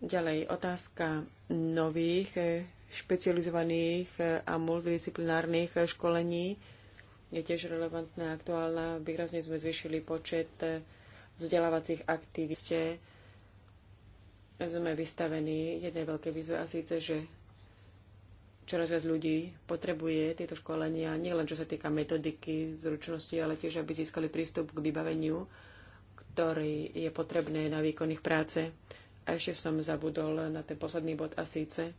[SPEAKER 2] Ďalej otázka nových e, špecializovaných e, a multidisciplinárnych školení je tiež relevantná a aktuálna. Výrazne sme zvýšili počet vzdelávacích aktivít sme vystavení jednej veľkej výzve a síce, že čoraz viac ľudí potrebuje tieto školenia, nielen čo sa týka metodiky, zručnosti, ale tiež, aby získali prístup k vybaveniu, ktorý je potrebné na výkonných práce. A ešte som zabudol na ten posledný bod a síce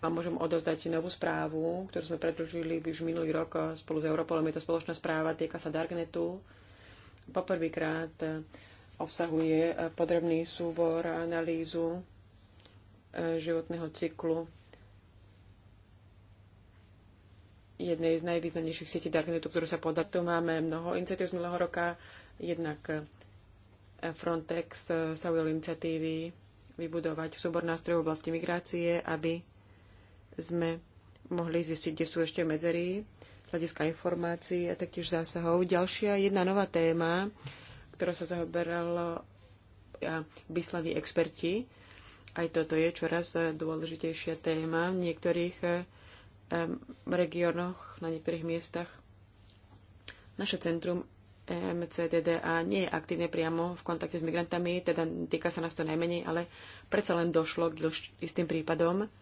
[SPEAKER 2] a môžem odozdať novú správu, ktorú sme predložili už minulý rok spolu s Europolom. Je to spoločná správa, týka sa Darknetu. Poprvýkrát obsahuje e, podrobný súbor a analýzu e, životného cyklu jednej z najvýznamnejších sietí Darknetu, ktorú sa podá. Tu máme mnoho iniciatív z minulého roka, jednak e, Frontex sa ujel iniciatívy vybudovať súbor nástrojov v oblasti migrácie, aby sme mohli zistiť, kde sú ešte medzery, hľadiska informácií a taktiež zásahov. Ďalšia jedna nová téma ktorou sa zaoberalo vyslaní experti. Aj toto je čoraz dôležitejšia téma v niektorých e, regiónoch, na niektorých miestach. Naše centrum MCDDA nie je aktívne priamo v kontakte s migrantami, teda týka sa nás to najmenej, ale predsa len došlo k istým prípadom.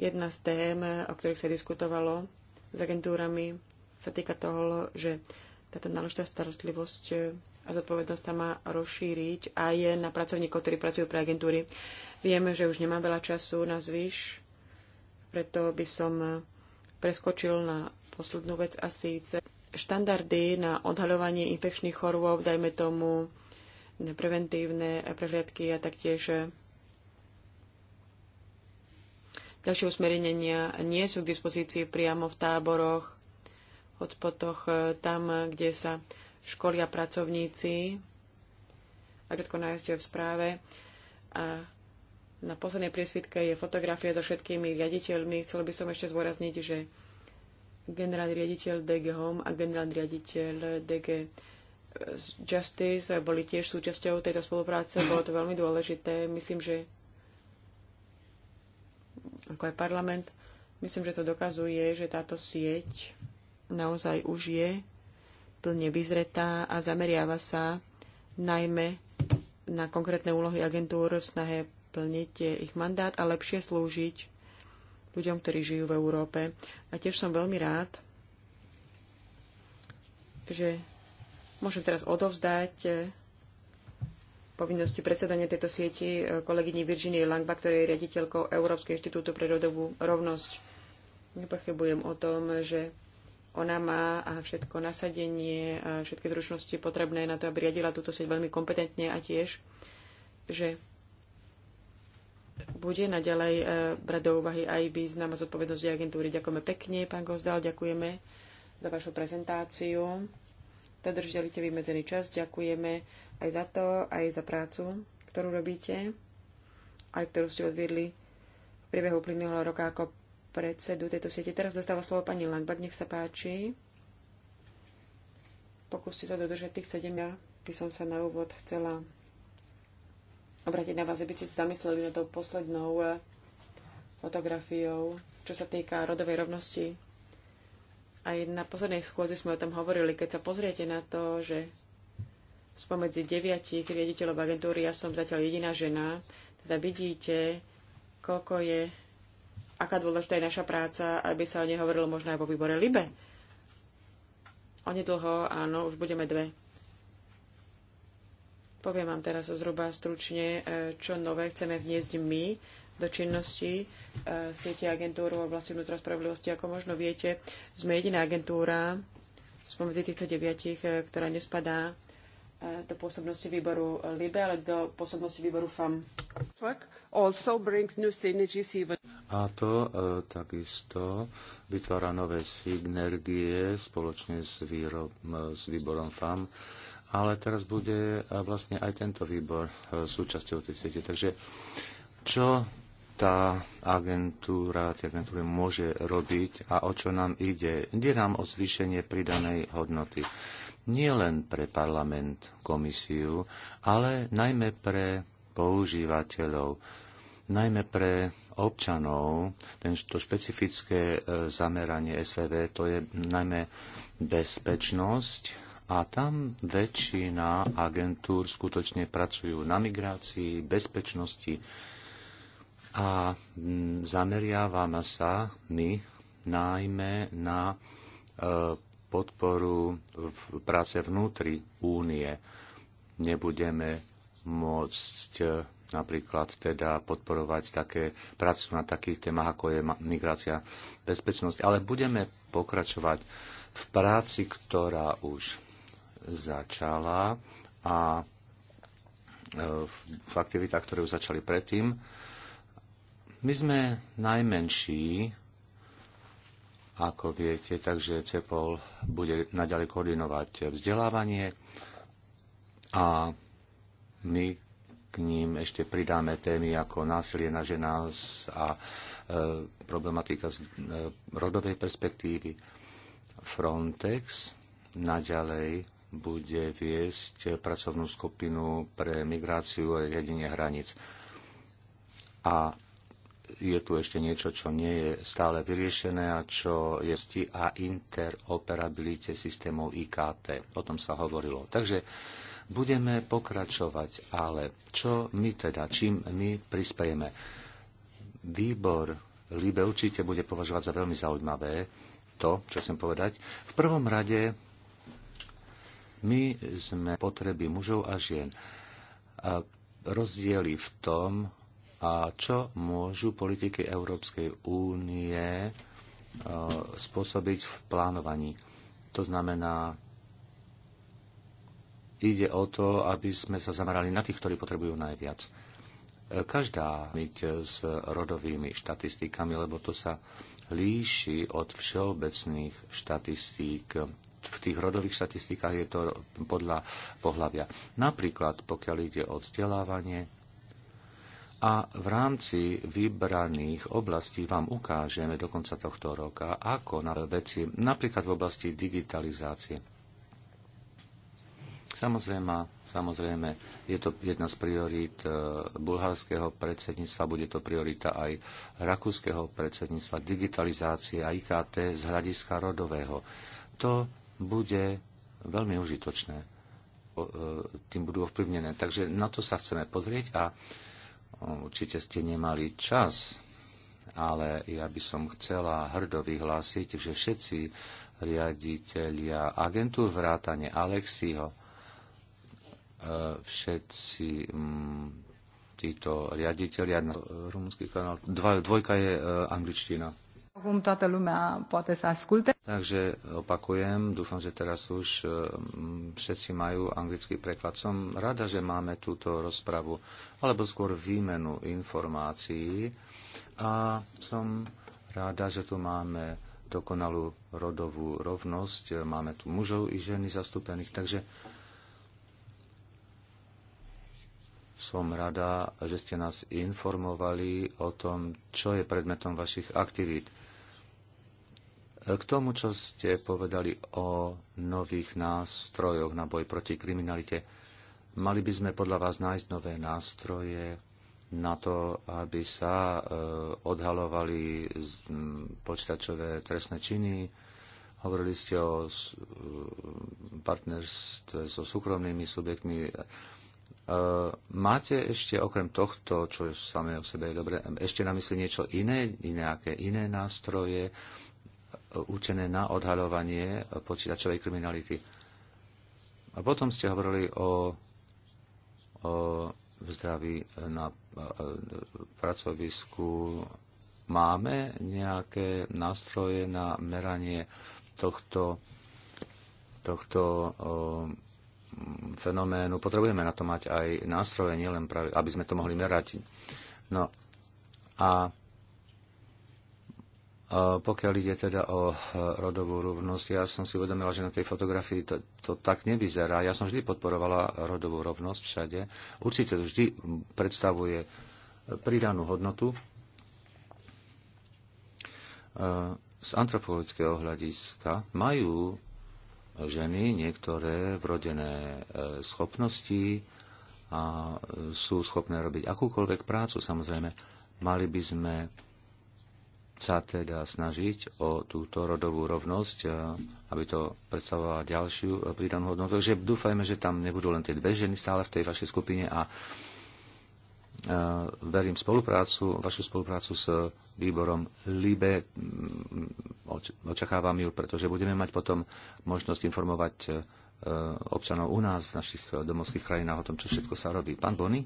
[SPEAKER 2] Jedna z tém, o ktorých sa diskutovalo s agentúrami, sa týka toho, že tá náročná starostlivosť e, a zodpovednosť sa má rozšíriť a je na pracovníkov, ktorí pracujú pre agentúry. Vieme, že už nemá veľa času na zvyš, preto by som e, preskočil na poslednú vec a síce štandardy na odhaľovanie infekčných chorôb, dajme tomu preventívne prehliadky a taktiež e, ďalšie usmerenia nie sú k dispozícii priamo v táboroch hotspotoch, e, tam, e, kde sa školia pracovníci, a všetko nájsť v správe. A na poslednej priesvitke je fotografia so všetkými riaditeľmi. Chcel by som ešte zvorazniť, že generálny riaditeľ DG Home a generálny riaditeľ DG e, Justice boli tiež súčasťou tejto spolupráce. Bolo to veľmi dôležité. Myslím, že ako aj parlament, myslím, že to dokazuje, že táto sieť naozaj už je plne vyzretá a zameriava sa najmä na konkrétne úlohy agentúr v snahe plniť ich mandát a lepšie slúžiť ľuďom, ktorí žijú v Európe. A tiež som veľmi rád, že môžem teraz odovzdať eh, povinnosti predsedania tejto sieti eh, kolegyni Virginie Langba, ktorá je riaditeľkou Európskej inštitútu pre rodovú rovnosť. Nepochybujem o tom, že ona má všetko nasadenie, a všetky zručnosti potrebné na to, aby riadila túto sieť veľmi kompetentne a tiež, že bude naďalej e, brať do úvahy aj význam a zodpovednosť agentúry. Ďakujeme pekne, pán Gozdal, ďakujeme za vašu prezentáciu. Držali ste vymedzený čas, ďakujeme aj za to, aj za prácu, ktorú robíte, aj ktorú ste odviedli v priebehu plynulého roka ako predsedu tejto siete. Teraz dostáva slovo pani Langbad, nech sa páči. Pokúste sa dodržať tých 7. Ja by som sa na úvod chcela obrátiť na vás, aby ste sa zamysleli na tou poslednou eh, fotografiou, čo sa týka rodovej rovnosti. Aj na poslednej schôzi sme o tom hovorili, keď sa pozriete na to, že spomedzi deviatich riaditeľov agentúry ja som zatiaľ jediná žena, teda vidíte, koľko je aká dôležitá je naša práca, aby sa o nej hovorilo možno aj vo výbore LIBE. O nedlho áno, už budeme dve. Poviem vám teraz zhruba stručne, e, čo nové chceme vniesť my do činnosti e, siete agentúr v oblasti vnútra spravodlivosti. Ako možno viete, sme jediná agentúra spomedzi týchto deviatich, e, ktorá nespadá do pôsobnosti výboru LIBE, ale do pôsobnosti výboru FAM.
[SPEAKER 1] A to e, takisto vytvára nové synergie spoločne s, výrob, s výborom FAM, ale teraz bude e, vlastne aj tento výbor e, súčasťou tej siete. Takže čo tá agentúra, tie agentúry môže robiť a o čo nám ide? Ide nám o zvýšenie pridanej hodnoty nie len pre parlament, komisiu, ale najmä pre používateľov, najmä pre občanov. To špecifické e, zameranie SVV to je najmä bezpečnosť a tam väčšina agentúr skutočne pracujú na migrácii, bezpečnosti a zameriavame sa my najmä na e, podporu v práce vnútri únie. Nebudeme môcť e, napríklad teda podporovať také prácu na takých témach, ako je migrácia, bezpečnosť, ale budeme pokračovať v práci, ktorá už začala a e, v aktivitách, ktoré už začali predtým. My sme najmenší ako viete, takže CEPOL bude naďalej koordinovať vzdelávanie a my k ním ešte pridáme témy ako násilie na ženách a e, problematika z e, rodovej perspektívy. Frontex naďalej bude viesť pracovnú skupinu pre migráciu a riadenie hranic A je tu ešte niečo, čo nie je stále vyriešené a čo je a interoperabilite systémov IKT. O tom sa hovorilo. Takže budeme pokračovať, ale čo my teda, čím my prispejeme? Výbor Líbe určite bude považovať za veľmi zaujímavé to, čo chcem povedať. V prvom rade my sme potreby mužov a žien. A rozdiely v tom, a čo môžu politiky Európskej únie e, spôsobiť v plánovaní. To znamená, ide o to, aby sme sa zamerali na tých, ktorí potrebujú najviac. E, každá myť s rodovými štatistikami, lebo to sa líši od všeobecných štatistík. V tých rodových štatistikách je to podľa pohľavia. Napríklad, pokiaľ ide o vzdelávanie, a v rámci vybraných oblastí vám ukážeme do konca tohto roka, ako na veci, napríklad v oblasti digitalizácie. Samozrejme, samozrejme je to jedna z priorít e, bulharského predsedníctva, bude to priorita aj rakúskeho predsedníctva, digitalizácie a IKT z hľadiska rodového. To bude veľmi užitočné. E, tým budú ovplyvnené. Takže na to sa chceme pozrieť a Určite ste nemali čas, ale ja by som chcela hrdo vyhlásiť, že všetci riaditeľia agentúr vrátane Alexiho, e, všetci mm, títo riaditeľia na rumúnsky kanál, dvojka je e, angličtina
[SPEAKER 2] acum toată lumea poate să asculte.
[SPEAKER 1] Takže opakujem, dúfam, že teraz už všetci mm, majú anglický preklad. Som rada, že máme túto rozpravu, alebo skôr výmenu informácií. A som rada, že tu máme dokonalú rodovú rovnosť. Máme tu mužov i ženy zastúpených, takže som rada, že ste nás informovali o tom, čo je predmetom vašich aktivít. K tomu, čo ste povedali o nových nástrojoch na boj proti kriminalite, mali by sme podľa vás nájsť nové nástroje na to, aby sa eh, odhalovali hm, počítačové trestné činy. Hovorili ste o eh, partnerstve so súkromnými subjektmi. Eh, máte ešte okrem tohto, čo samé o sebe je dobre, ešte na mysli niečo iné, nejaké iné nástroje? určené na odhaľovanie počítačovej kriminality. A potom ste hovorili o, o zdraví na pracovisku. Máme nejaké nástroje na meranie tohto, tohto o, fenoménu? Potrebujeme na to mať aj nástroje, nielen práve, aby sme to mohli merať. No a pokiaľ ide teda o e, rodovú rovnosť, ja som si uvedomila, že na tej fotografii to, to tak nevyzerá. Ja som vždy podporovala rodovú rovnosť všade. Určite to vždy predstavuje e, pridanú hodnotu. E, z antropologického hľadiska majú ženy niektoré vrodené schopnosti a sú schopné robiť akúkoľvek prácu, samozrejme. Mali by sme sa teda snažiť o túto rodovú rovnosť, aby to predstavovala ďalšiu prídanú hodnotu. Takže dúfajme, že tam nebudú len tie dve ženy stále v tej vašej skupine a verím spoluprácu, vašu spoluprácu s výborom LIBE. Mm, očakávam ju, pretože budeme mať potom možnosť informovať e, občanov u nás, v našich domovských krajinách o tom, čo všetko sa robí. Pán Bony?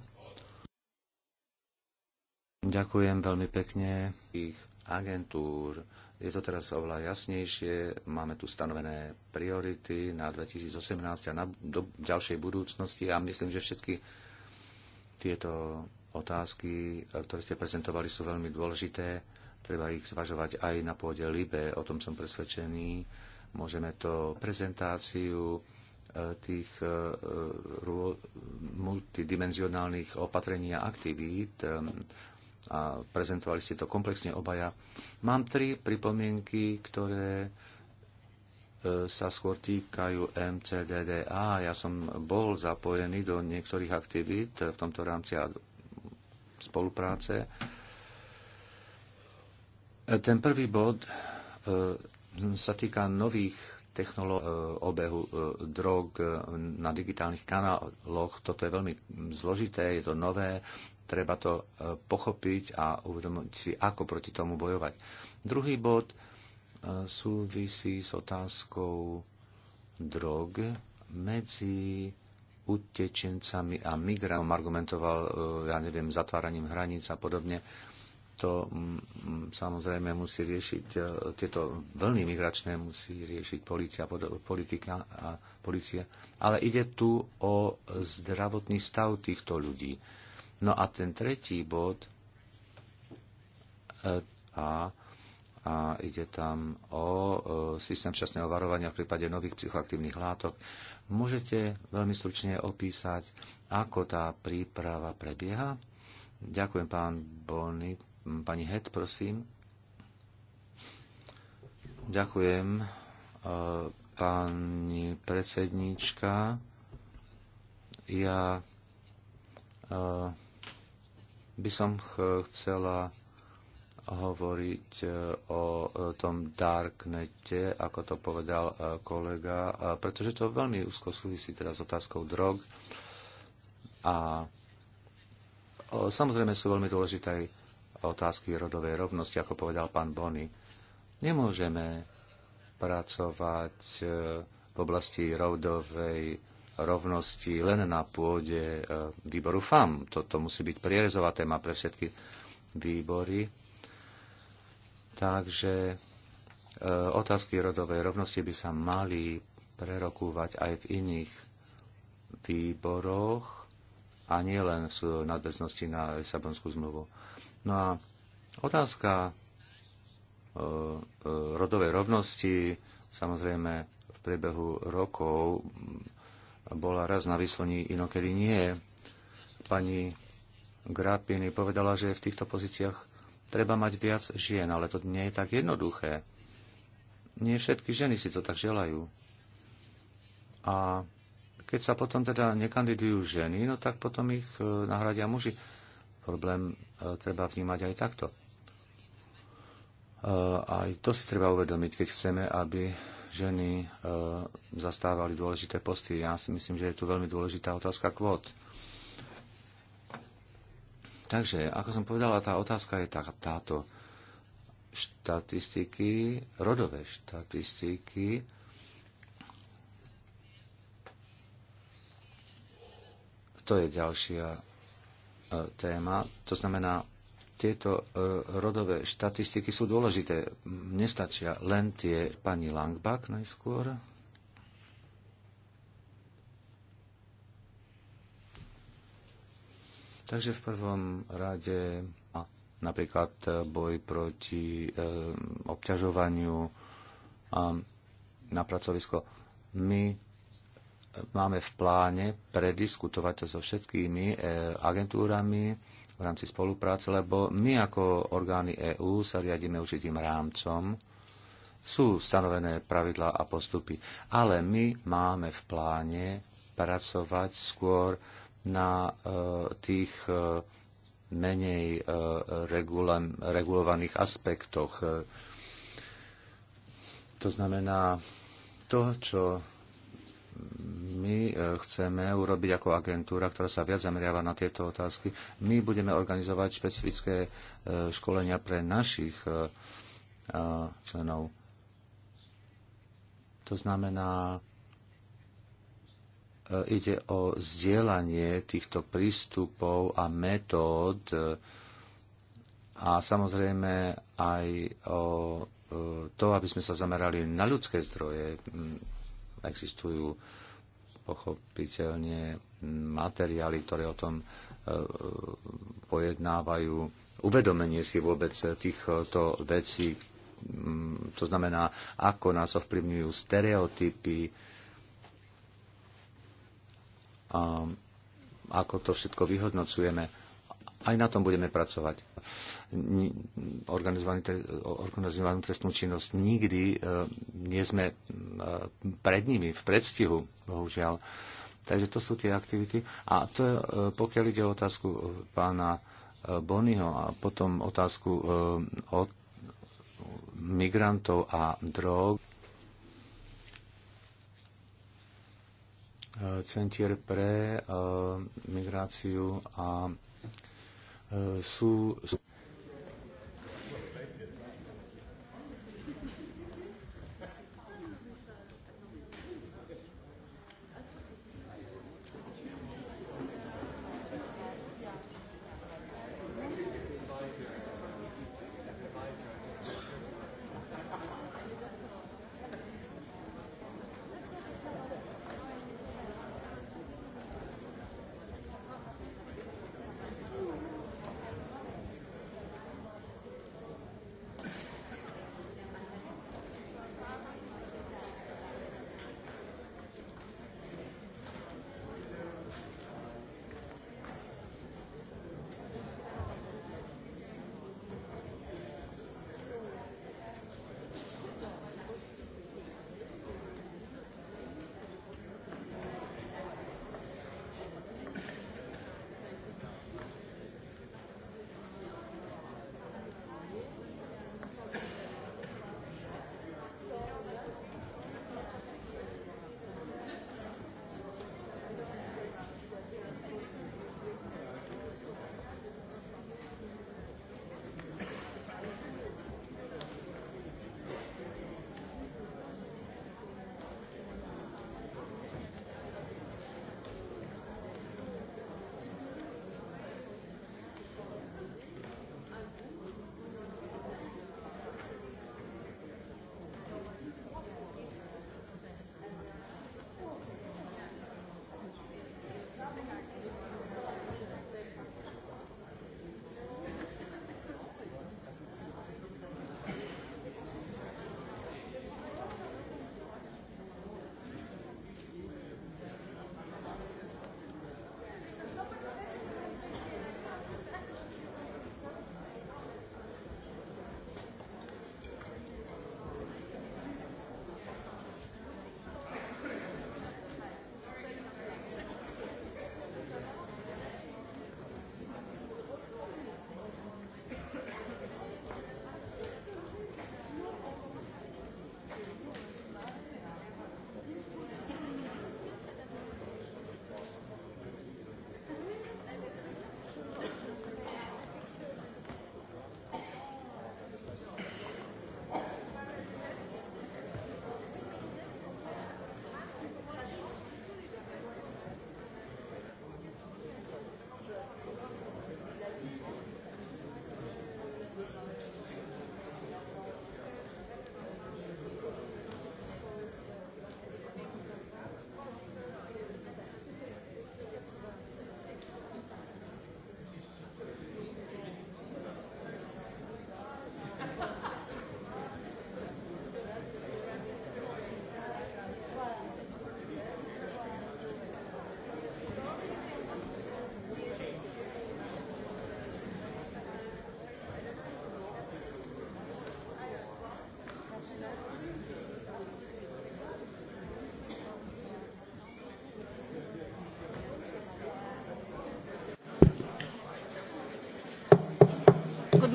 [SPEAKER 1] Ďakujem veľmi pekne. Ich agentúr. Je to teraz oveľa jasnejšie, máme tu stanovené priority na 2018 a na do ďalšej budúcnosti a myslím, že všetky tieto otázky, ktoré ste prezentovali, sú veľmi dôležité. Treba ich zvažovať aj na pôde LIBE, o tom som presvedčený. Môžeme to prezentáciu e, tých e, e, multidimenzionálnych opatrení a aktivít a prezentovali ste to komplexne obaja. Mám tri pripomienky, ktoré e, sa skôr týkajú MCDDA. Ja som bol zapojený do niektorých aktivít v tomto rámci a spolupráce. E, ten prvý bod e, sa týka nových technológií obehu drog na digitálnych kanáloch. Toto je veľmi zložité, je to nové, treba to e, pochopiť a uvedomiť si, ako proti tomu bojovať. Druhý bod e, súvisí s otázkou drog medzi utečencami a migrantom. Argumentoval, e, ja neviem, zatváraním hraníc a podobne. To samozrejme musí riešiť, tieto vlny migračné musí riešiť policia, politika a policia. Ale ide tu o zdravotný stav týchto ľudí No a ten tretí bod e, a, a ide tam o e, systém včasného varovania v prípade nových psychoaktívnych látok. Môžete veľmi stručne opísať, ako tá príprava prebieha? Ďakujem, pán Bony. Pani Het, prosím. Ďakujem, e, pani predsednička. Ja by som chcela hovoriť e, o e, tom darknete, ako to povedal e, kolega, pretože to veľmi úzko súvisí teraz s otázkou drog. A samozrejme sú veľmi dôležité aj otázky rodovej rovnosti, ako povedal pán Bony. Nemôžeme pracovať v oblasti rodovej rovnosti len na pôde e, výboru FAM. Toto musí byť prierezová téma pre všetky výbory. Takže e, otázky rodovej rovnosti by sa mali prerokúvať aj v iných výboroch a nie len v nadväznosti na Lisabonskú zmluvu. No a otázka e, rodovej rovnosti samozrejme v priebehu rokov bola raz na vyslení, inokedy nie. Pani Grapiny povedala, že v týchto pozíciách treba mať viac žien, ale to nie je tak jednoduché. Nie všetky ženy si to tak želajú. A keď sa potom teda nekandidujú ženy, no tak potom ich e, nahradia muži. Problém e, treba vnímať aj takto. E, aj to si treba uvedomiť, keď chceme, aby ženy e, zastávali dôležité posty. Ja si myslím, že je tu veľmi dôležitá otázka kvót. Takže, ako som povedala, tá otázka je tá, táto. Štatistiky, rodové štatistiky, to je ďalšia e, téma. To znamená, tieto e, rodové štatistiky sú dôležité. Nestačia len tie pani Langbach najskôr. Takže v prvom rade napríklad boj proti e, obťažovaniu na pracovisko. My máme v pláne prediskutovať to so všetkými e, agentúrami, v rámci spolupráce, lebo my ako orgány EÚ sa riadíme určitým rámcom. Sú stanovené pravidlá a postupy, ale my máme v pláne pracovať skôr na e, tých e, menej e, regulovaných aspektoch. To znamená, to, čo my e, chceme urobiť ako agentúra, ktorá sa viac zameriava na tieto otázky. My budeme organizovať špecifické e, školenia pre našich e, členov. To znamená, ide o zdieľanie týchto prístupov a metód a samozrejme aj o to, aby sme sa zamerali na ľudské zdroje existujú pochopiteľne materiály, ktoré o tom e, e, pojednávajú, uvedomenie si vôbec e, týchto vecí, mm, to znamená, ako nás ovplyvňujú stereotypy, a ako to všetko vyhodnocujeme. Aj na tom budeme pracovať. Organizovanú trestnú činnosť nikdy e, nie sme e, pred nimi, v predstihu, bohužiaľ. Takže to sú tie aktivity. A to je, e, pokiaľ ide o otázku pána Bonyho a potom otázku o migrantov a drog. Centier pre migráciu a sú, sú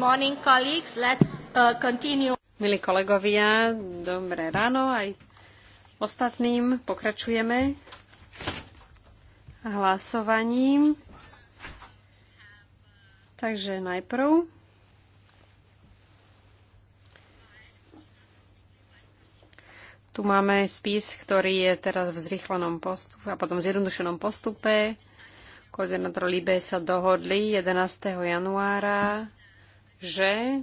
[SPEAKER 3] morning, colleagues. Let's uh, continue. Milí kolegovia, dobré ráno aj ostatným. Pokračujeme hlasovaním. Takže najprv Tu máme spis, ktorý je teraz v zrýchlenom postupe a potom v zjednodušenom postupe. Koordinátor Libe sa dohodli 11. januára že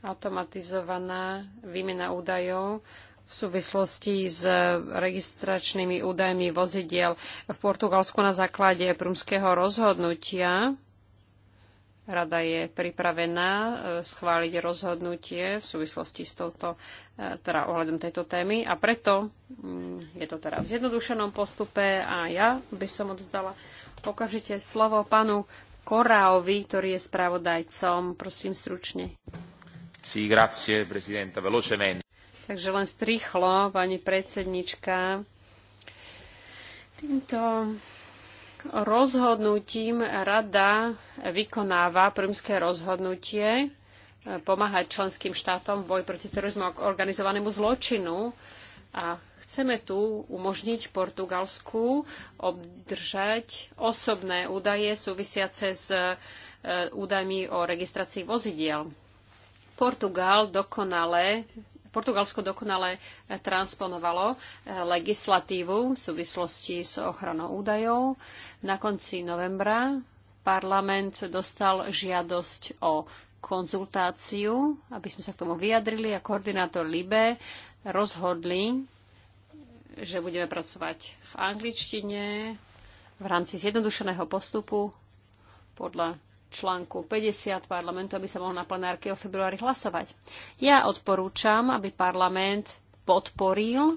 [SPEAKER 3] automatizovaná výmena údajov v súvislosti s registračnými údajmi vozidiel v Portugalsku na základe prúmského rozhodnutia. Rada je pripravená e, schváliť rozhodnutie v súvislosti s touto, e, teda ohľadom tejto témy a preto mm, je to teda v zjednodušenom postupe a ja by som odzdala pokažite slovo panu Koráovi, ktorý je spravodajcom. Prosím stručne.
[SPEAKER 1] Sí, grazie, prezidenta, velocemente.
[SPEAKER 3] Takže len strýchlo, pani predsednička. Týmto rozhodnutím rada vykonáva prímske rozhodnutie e, pomáhať členským štátom v boji proti terorizmu a organizovanému zločinu. A Chceme tu umožniť Portugalsku obdržať osobné údaje súvisiace s e, údajmi o registrácii vozidiel. Portugal dokonale Portugalsko dokonale transponovalo e, legislatívu v súvislosti s ochranou údajov. Na konci novembra parlament dostal žiadosť o konzultáciu, aby sme sa k tomu vyjadrili a koordinátor LIBE rozhodli že budeme pracovať v angličtine v rámci zjednodušeného postupu podľa článku 50 parlamentu, aby sa mohol na plenárke o februári hlasovať. Ja odporúčam, aby parlament podporil e,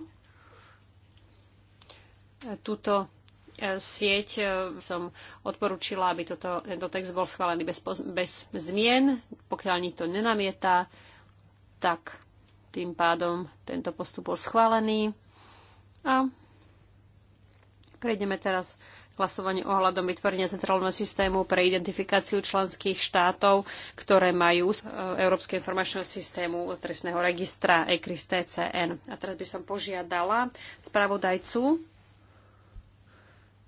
[SPEAKER 3] túto e, sieť. E, som odporúčila, aby toto, tento text bol schválený bez, bez zmien. Pokiaľ nikto nenamieta, tak tým pádom tento postup bol schválený. A prejdeme teraz k hlasovaniu ohľadom vytvorenia centrálneho systému pre identifikáciu členských štátov, ktoré majú Európskeho informačného systému trestného registra ECRIS TCN. A teraz by som požiadala spravodajcu,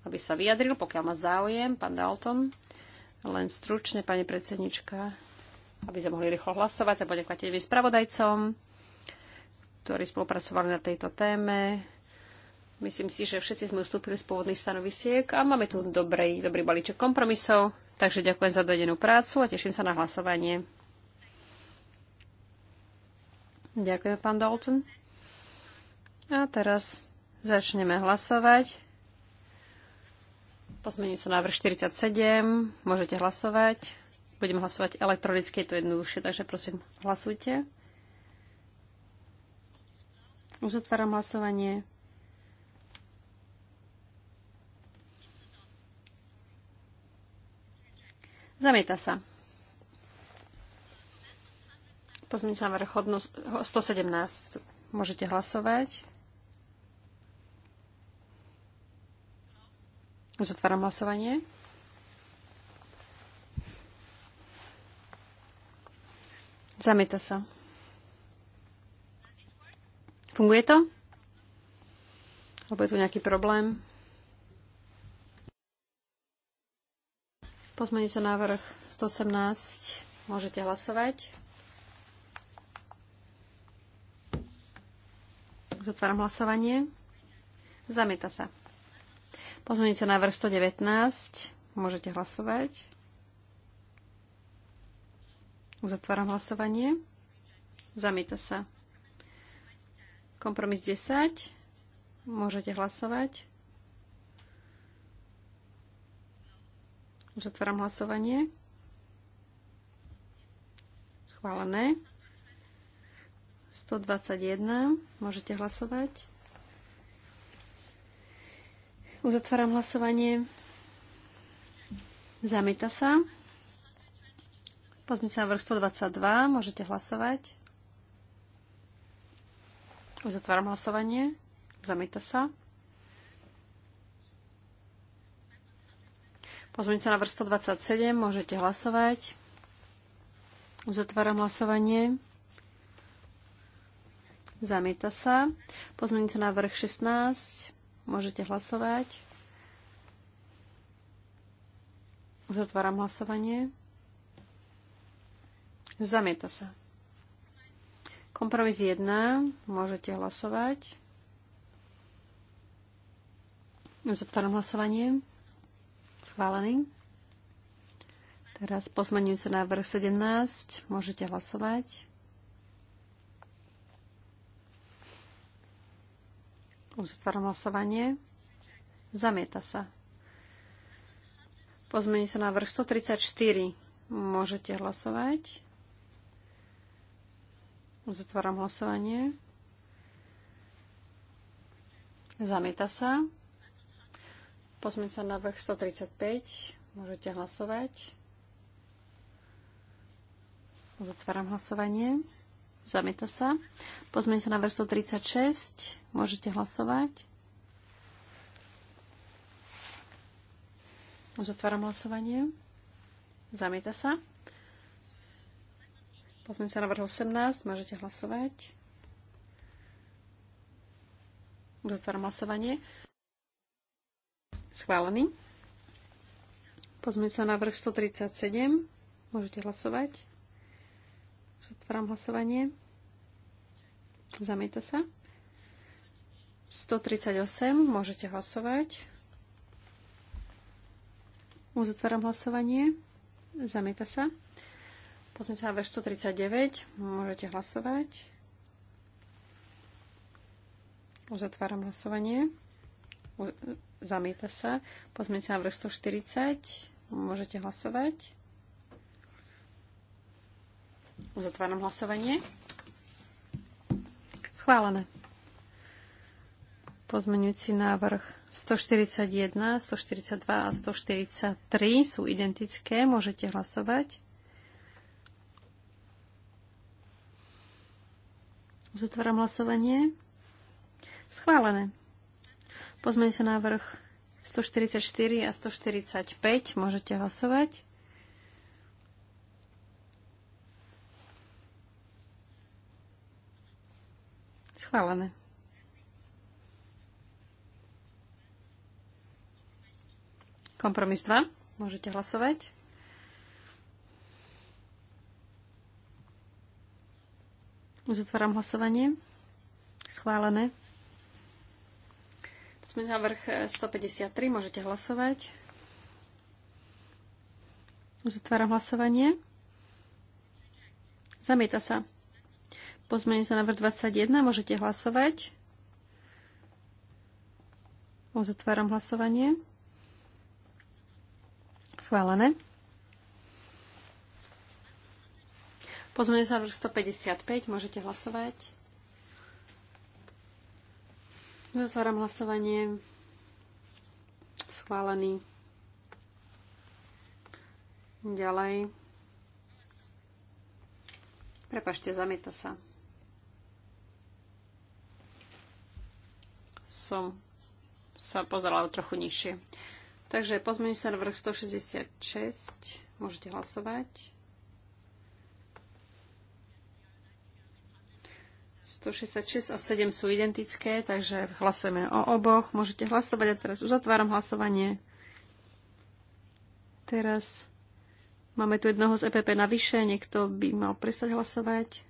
[SPEAKER 3] aby sa vyjadril, pokiaľ má záujem, pán Dalton. Len stručne, pani predsednička, aby sme mohli rýchlo hlasovať a poďakovať tým spravodajcom, ktorí spolupracovali na tejto téme. Myslím si, že všetci sme ustúpili z pôvodných stanovisiek a máme tu dobrý, dobrý balíček kompromisov. Takže ďakujem za dodenú prácu a teším sa na hlasovanie. Ďakujem, pán Dalton. A teraz začneme hlasovať. Pozmením sa návrh 47. Môžete hlasovať. Budem hlasovať elektronicky, je to jednoduchšie, takže prosím, hlasujte. Uzatváram hlasovanie. Zamieta sa. Pozmeňujúci návrh 117. Môžete hlasovať. Uzatváram hlasovanie. Zamieta sa. Funguje to? Alebo je tu nejaký problém? Pozmeniť sa návrh 118. Môžete hlasovať. Zatváram hlasovanie. Zamieta sa. Pozmeniť sa návrh 119. Môžete hlasovať. Zatváram hlasovanie. Zamieta sa. Kompromis 10. Môžete hlasovať. Uzatváram hlasovanie. Schválené. 121. Môžete hlasovať. Uzatváram hlasovanie. Zamieta sa. Pozmite vrch 122. Môžete hlasovať. Uzatváram hlasovanie. Zamieta sa. sa na vrst 127, môžete hlasovať. Uzatváram hlasovanie. Zamieta sa. sa na vrch 16, môžete hlasovať. Uzatváram hlasovanie. Zamieta sa. Kompromis 1, môžete hlasovať. Uzatváram hlasovanie. Schválený. Teraz na návrh 17. Môžete hlasovať. Uzatváram hlasovanie. Zamieta sa. Pozmení sa návrh 134. Môžete hlasovať. Uzatváram hlasovanie. Zamieta sa. Pozmeň sa na vrch 135. Môžete hlasovať. Uzatváram hlasovanie. Zamieta sa. Pozmeň sa na vrch 136. Môžete hlasovať. Uzatváram hlasovanie. Zamieta sa. Pozmeň sa na vrch 18. Môžete hlasovať. Uzatváram hlasovanie. Schválený. Pozme sa návrh 137. Môžete hlasovať. Zatváram hlasovanie. Zamieta sa. 138. Môžete hlasovať. Uzatváram hlasovanie. Zamieta sa. Pozme sa návrh 139. Môžete hlasovať. Uzatváram hlasovanie. Zamieta sa. na návrh 140. Môžete hlasovať. Uzatváram hlasovanie. Schválené. Pozmeňujúci návrh 141, 142 a 143 sú identické. Môžete hlasovať. Uzatváram hlasovanie. Schválené. Pozmeň sa návrh 144 a 145. Môžete hlasovať. Schválené. Kompromis 2. Môžete hlasovať. Uzatváram hlasovanie. Schválené na návrh 153, eh, môžete hlasovať. Zatváram hlasovanie. Zamieta sa. Pozmeň sa návrh 21, môžete hlasovať. Uzatváram hlasovanie. Schválené. Pozmeň sa vrch 155, môžete hlasovať. Zatváram hlasovanie. Schválený. Ďalej. Prepašte, zamieta sa. Som sa pozerala trochu nižšie. Takže pozmeňujem sa vrch 166. Môžete hlasovať. 166 a 7 sú identické, takže hlasujeme o oboch. Môžete hlasovať a teraz už otváram hlasovanie. Teraz máme tu jednoho z EPP navyše, niekto by mal prestať hlasovať.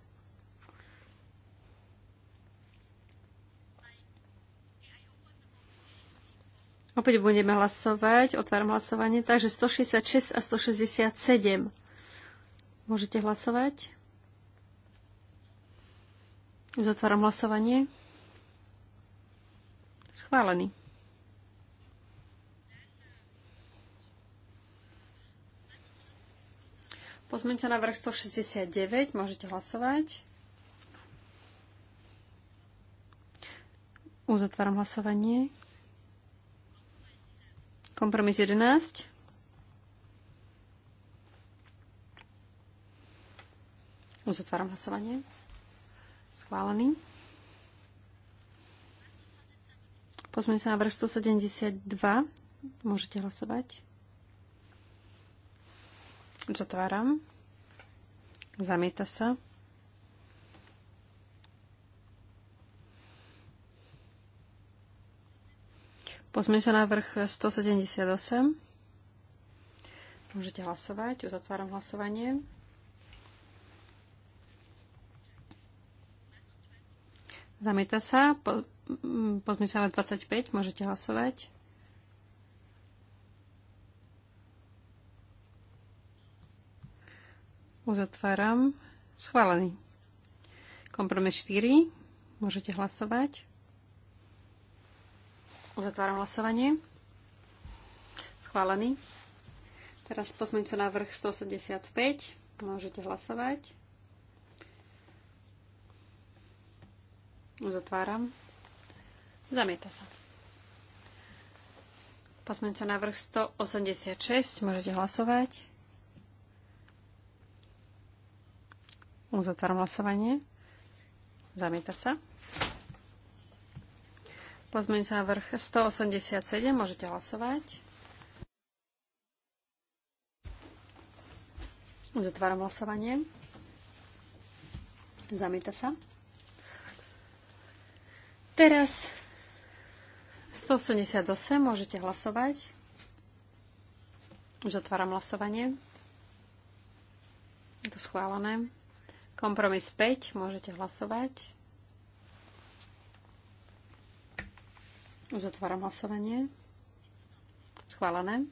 [SPEAKER 3] Opäť budeme hlasovať, otváram hlasovanie, takže 166 a 167. Môžete hlasovať. Uzatváram hlasovanie. Schválený. sa na vrch 169, môžete hlasovať. Uzatváram hlasovanie. Kompromis 11. Uzatváram hlasovanie. Schválený. Pozmeň sa na vrch 172. Môžete hlasovať. Zatváram. Zamieta sa. Pozmeň sa na vrch 178. Môžete hlasovať. Uzatváram hlasovanie. Zamieta sa. Po, mm, pozmyslava 25. Môžete hlasovať. Uzatváram. Schválený. Kompromis 4. Môžete hlasovať. Uzatváram hlasovanie. Schválený. Teraz pozmeňujúci návrh 185. Môžete hlasovať. Uzatváram. Zamieta sa. na vrch 186. Môžete hlasovať. Uzatváram hlasovanie. Zamieta sa. na vrch 187. Môžete hlasovať. Uzatváram hlasovanie. Zamieta sa. Teraz 188, môžete hlasovať. Už otváram hlasovanie. Je to schválené. Kompromis 5, môžete hlasovať. Už otváram hlasovanie. Schválené.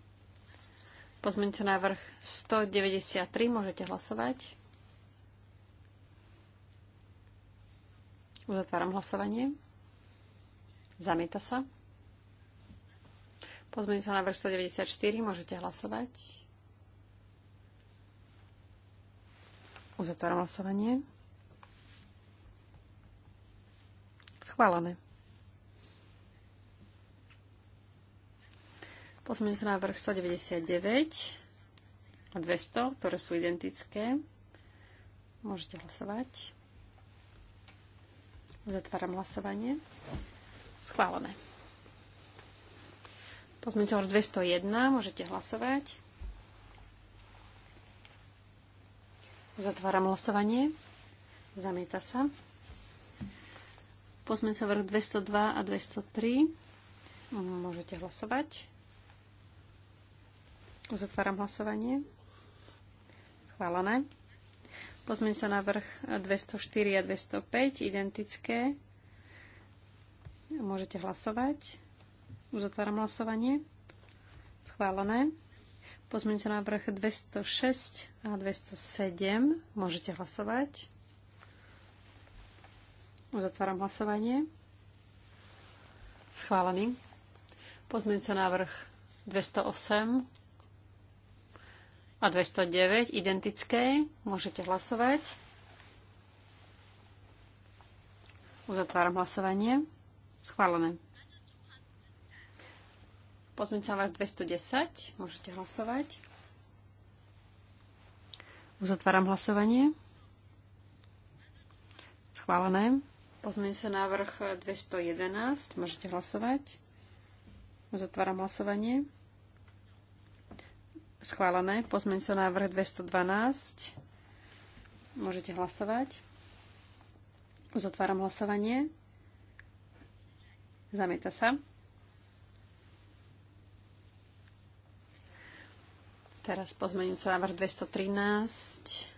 [SPEAKER 3] Pozmeňte návrh 193, môžete hlasovať. Uzatváram hlasovanie. Zamieta sa. na vrch 194, môžete hlasovať. Uzatváram hlasovanie. Schválené. na návrh 199 a 200, ktoré sú identické. Môžete hlasovať. Uzatváram hlasovanie. Schválené. Pozmeňte 201, môžete hlasovať. Zatváram hlasovanie. Zamieta sa. Pozmeňte 202 a 203. Môžete hlasovať. Uzatváram hlasovanie. Schválené. Pozmeň sa na vrch 204 a 205, identické. Môžete hlasovať. Uzatváram hlasovanie. Schválené. Pozmeňte návrh 206 a 207. Môžete hlasovať. Uzatváram hlasovanie. Schválený. Pozmeňte návrh 208 a 209, identické. Môžete hlasovať. Uzatváram hlasovanie. Schválené. Pozmeňte návrh 210. Môžete hlasovať. Uzatváram hlasovanie. Schválené. Pozmeňte sa návrh 211. Môžete hlasovať. Uzatváram hlasovanie. Schválené. Pozmeň sa návrh 212. Môžete hlasovať. Uzatváram hlasovanie. Zamieta sa. Teraz sa návrh 213.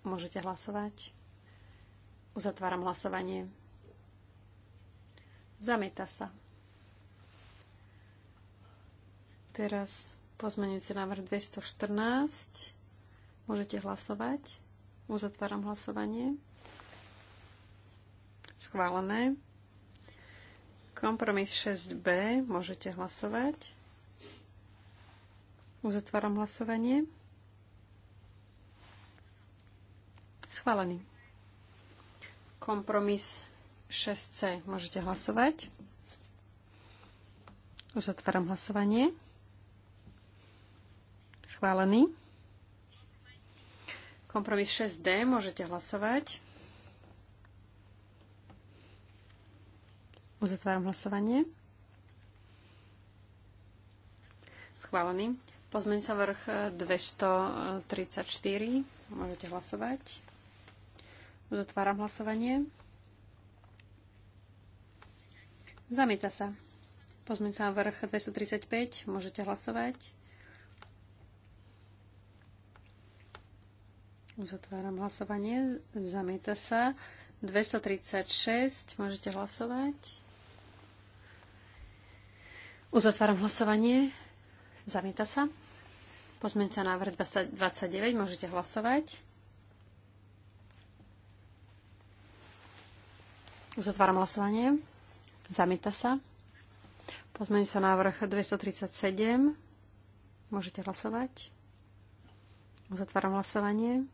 [SPEAKER 3] Môžete hlasovať. Uzatváram hlasovanie. Zamieta sa. Teraz sa návrh 214. Môžete hlasovať. Uzatváram hlasovanie. Schválené. Kompromis 6b, môžete hlasovať. Uzatváram hlasovanie. Schválený. Kompromis 6c, môžete hlasovať. Uzatváram hlasovanie. Schválený. Kompromis 6D, môžete hlasovať. Uzatváram hlasovanie. Schválený. Pozmeňujúci vrch 234. Eh, Môžete hlasovať. Uzatváram hlasovanie. Zamieta sa. Pozmeňujúci vrch 235. Môžete hlasovať. Uzatváram hlasovanie. Zamieta sa. 236. Môžete hlasovať. Uzatváram hlasovanie. Zamieta sa. Pozmeňte návrh 29. Môžete hlasovať. Uzatváram hlasovanie. Zamieta sa. Pozmeniť sa návrh 237. Môžete hlasovať. Uzatváram hlasovanie.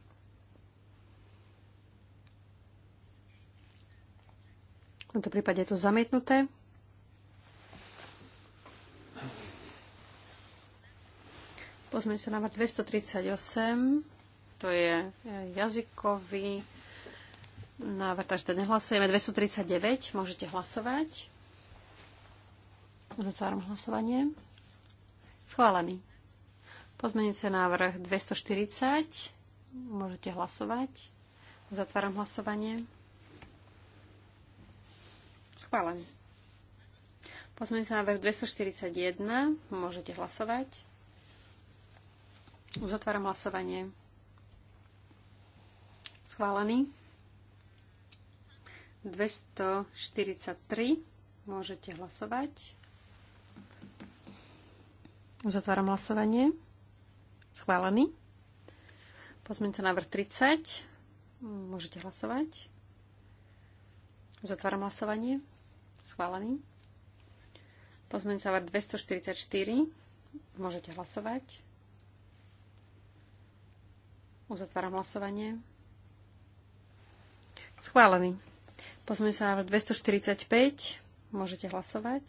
[SPEAKER 3] V tomto prípade je to zamietnuté. Pozme sa na 238. To je e, jazykový návrh, takže nehlasujeme. 239. Môžete hlasovať. Zatváram hlasovanie. Schválený. sa návrh 240. Môžete hlasovať. Zatváram hlasovanie. Schválený. sa návrh 241. Môžete hlasovať otváram hlasovanie. Schválený. 243. Môžete hlasovať. otváram hlasovanie. Schválený. Pozmeňte návrh 30. Môžete hlasovať. Uzatváram hlasovanie. Schválený. Pozmeňte návrh 244. Môžete hlasovať. Uzatváram hlasovanie. Schválený. Pozmeň sa návrh 245. Môžete hlasovať.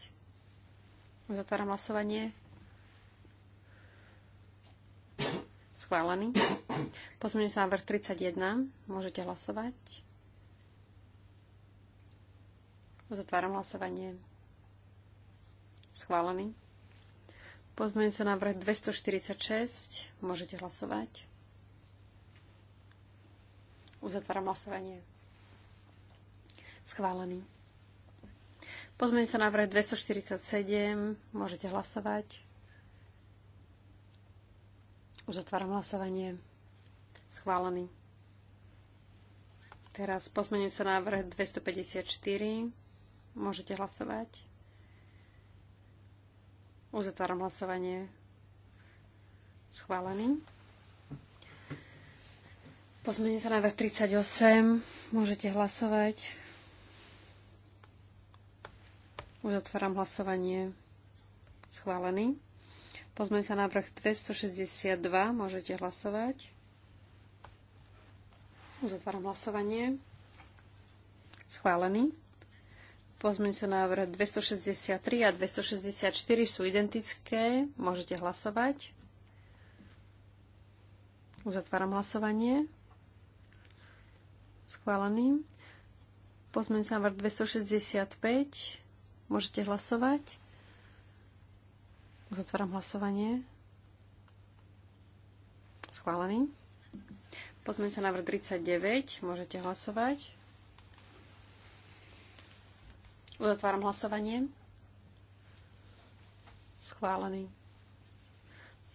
[SPEAKER 3] Uzatváram hlasovanie. Schválený. Pozmeň sa návrh 31. Môžete hlasovať. Uzatváram hlasovanie. Schválený. Pozmeň sa návrh 246. Môžete hlasovať. Uzatváram hlasovanie. Schválený. Pozmeň sa návrh 247. Môžete hlasovať. Uzatváram hlasovanie. Schválený. Teraz pozmením sa návrh 254. Môžete hlasovať. Uzatváram hlasovanie. Schválený. Pozmeniť sa návrh 38. Môžete hlasovať. Už otváram hlasovanie. Schválený. Pozmeň sa návrh 262. Môžete hlasovať. Uzatváram hlasovanie. Schválený. Pozmeň sa návrh 263 a 264 sú identické. Môžete hlasovať. Uzatváram hlasovanie. Schválený. sa návrh 265. Môžete hlasovať. Zotváram hlasovanie. Schválený. sa návrh 39. Môžete hlasovať. Uzatváram hlasovanie. Schválený.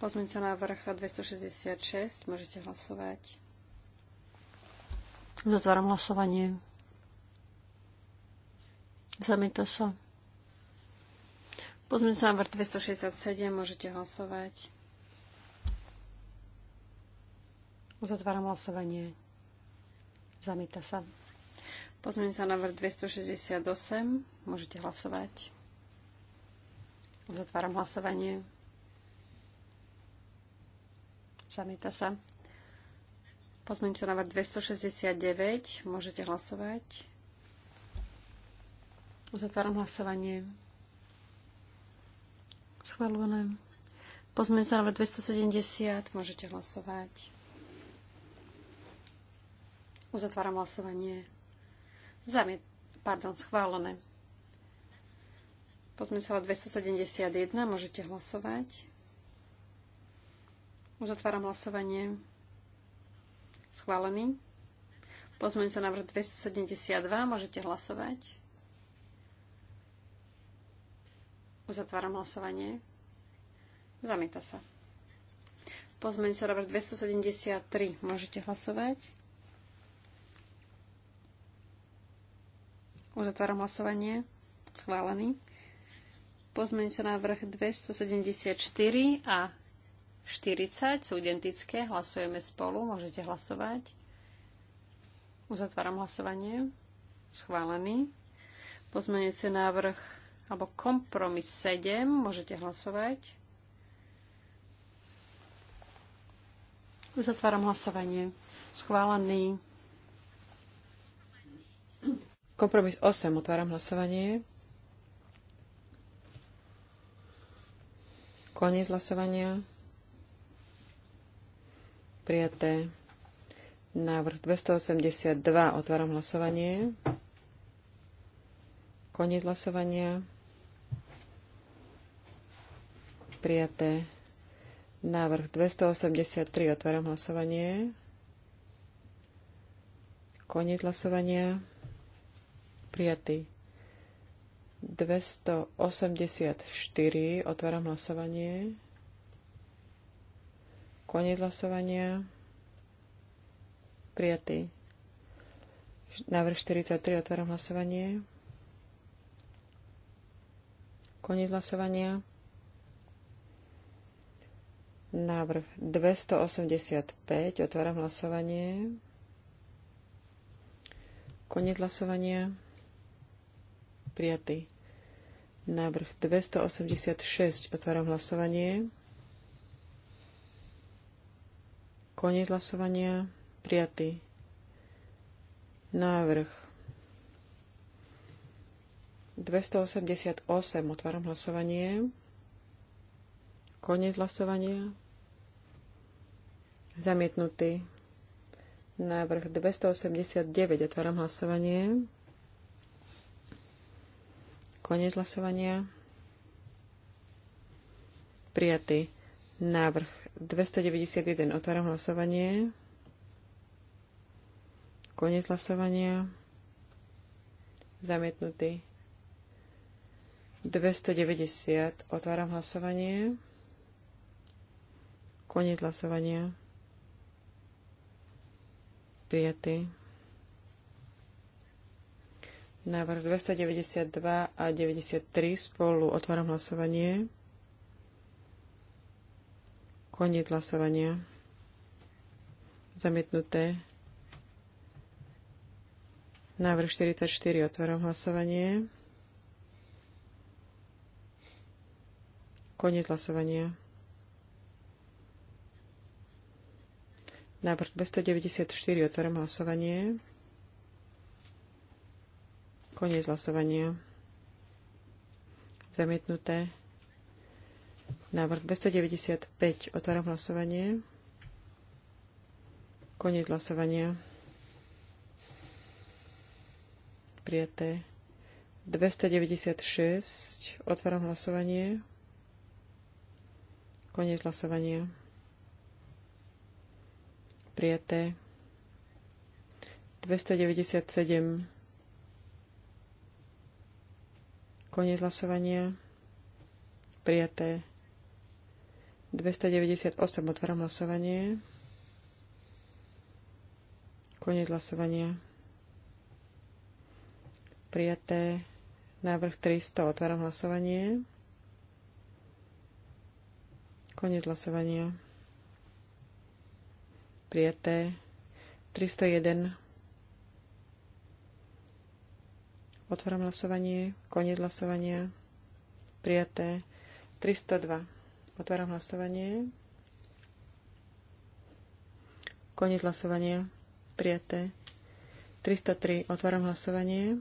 [SPEAKER 3] sa návrh 266. Môžete hlasovať. Zatváram hlasovanie. Zamieta sa. Pozmeň sa návrh 267, môžete hlasovať. Uzatváram hlasovanie. Zamieta sa. Pozmeň sa návrh 268, môžete hlasovať. Uzatváram hlasovanie. Zamieta sa. Pozmeňte návrh 269. Môžete hlasovať. Uzatváram hlasovanie. Schválené. Pozmeňte návrh 270. Môžete hlasovať. Uzatváram hlasovanie. Zamiet. Pardon, schválené. Pozmeňte návrh 271. Môžete hlasovať. Uzatváram hlasovanie. Schválený. sa návrh 272. Môžete hlasovať. Uzatváram hlasovanie. Zamieta sa. Pozmeň sa návrh 273. Môžete hlasovať. Uzatváram hlasovanie. Schválený. sa návrh 274 a 40 sú identické, hlasujeme spolu, môžete hlasovať. Uzatváram hlasovanie. Schválený. Pozmenujúci návrh alebo kompromis 7, môžete hlasovať. Uzatváram hlasovanie. Schválený.
[SPEAKER 2] Kompromis 8, otváram hlasovanie. Koniec hlasovania. Prijaté. Návrh 282. Otváram hlasovanie. Koniec hlasovania. Prijaté. Návrh 283. Otváram hlasovanie. Koniec hlasovania. Prijatý. 284. Otváram hlasovanie. Koniec hlasovania. Prijatý. Návrh 43. Otváram hlasovanie. Koniec hlasovania. Návrh 285. Otváram hlasovanie. Koniec hlasovania. Prijatý. Návrh 286. Otváram hlasovanie. Koniec hlasovania. Prijatý. Návrh. 288. Otváram hlasovanie. Koniec hlasovania. Zamietnutý. Návrh 289. Otváram hlasovanie. Koniec hlasovania. Prijatý. Návrh 291. Otváram hlasovanie. Koniec hlasovania. Zamietnutý. 290. Otváram hlasovanie. Koniec hlasovania. Prijatý. Návrh 292 a 93 spolu. Otváram hlasovanie. Koniec hlasovania. Zamietnuté. Návrh 44. Otváram hlasovanie. Koniec hlasovania. Návrh 294. Otváram hlasovanie. Koniec hlasovania. Zamietnuté. Návrh 295. Otváram hlasovanie. Koniec hlasovania. Prijaté. 296. Otváram hlasovanie. Koniec hlasovania. Prijaté. 297. Koniec hlasovania. Prijaté. 298. Otváram hlasovanie. Koniec hlasovania. Prijaté. Návrh 300. Otváram hlasovanie. Koniec hlasovania. Prijaté. 301. Otváram hlasovanie. Koniec hlasovania. Prijaté. 302. Otváram hlasovanie. Koniec hlasovania. Prijaté. 303. Otváram hlasovanie.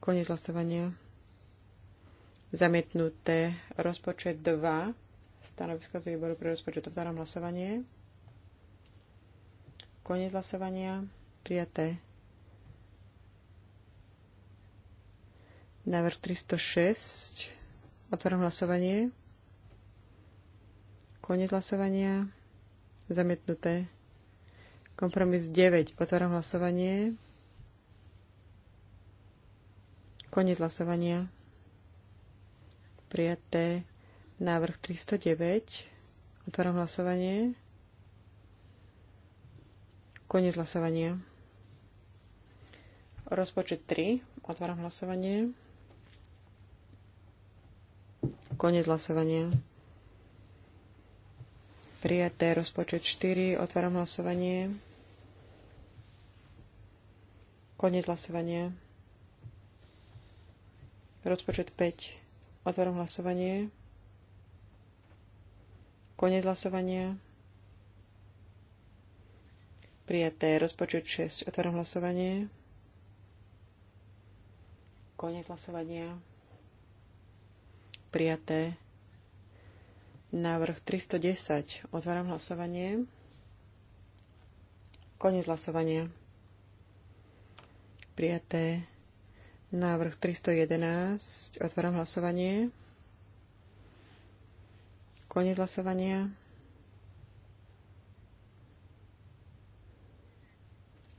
[SPEAKER 2] Koniec hlasovania. Zamietnuté rozpočet 2. Stanovisko výboru pre rozpočet. Otváram hlasovanie. Koniec hlasovania. Prijaté. Návrh 306. Otváram hlasovanie. Koniec hlasovania. Zamietnuté. Kompromis 9. Otváram hlasovanie. Koniec hlasovania. Prijaté. Návrh 309. Otváram hlasovanie. Koniec hlasovania. Rozpočet 3. Otváram hlasovanie. Konec hlasovania. Prijaté rozpočet 4. Otváram hlasovanie. Konec hlasovania. Rozpočet 5. Otváram hlasovanie. Konec hlasovania. Prijaté rozpočet 6. Otváram hlasovanie. Konec hlasovania prijaté. Návrh 310. Otváram hlasovanie. Konec hlasovania. Prijaté. Návrh 311. Otváram hlasovanie. Konec hlasovania.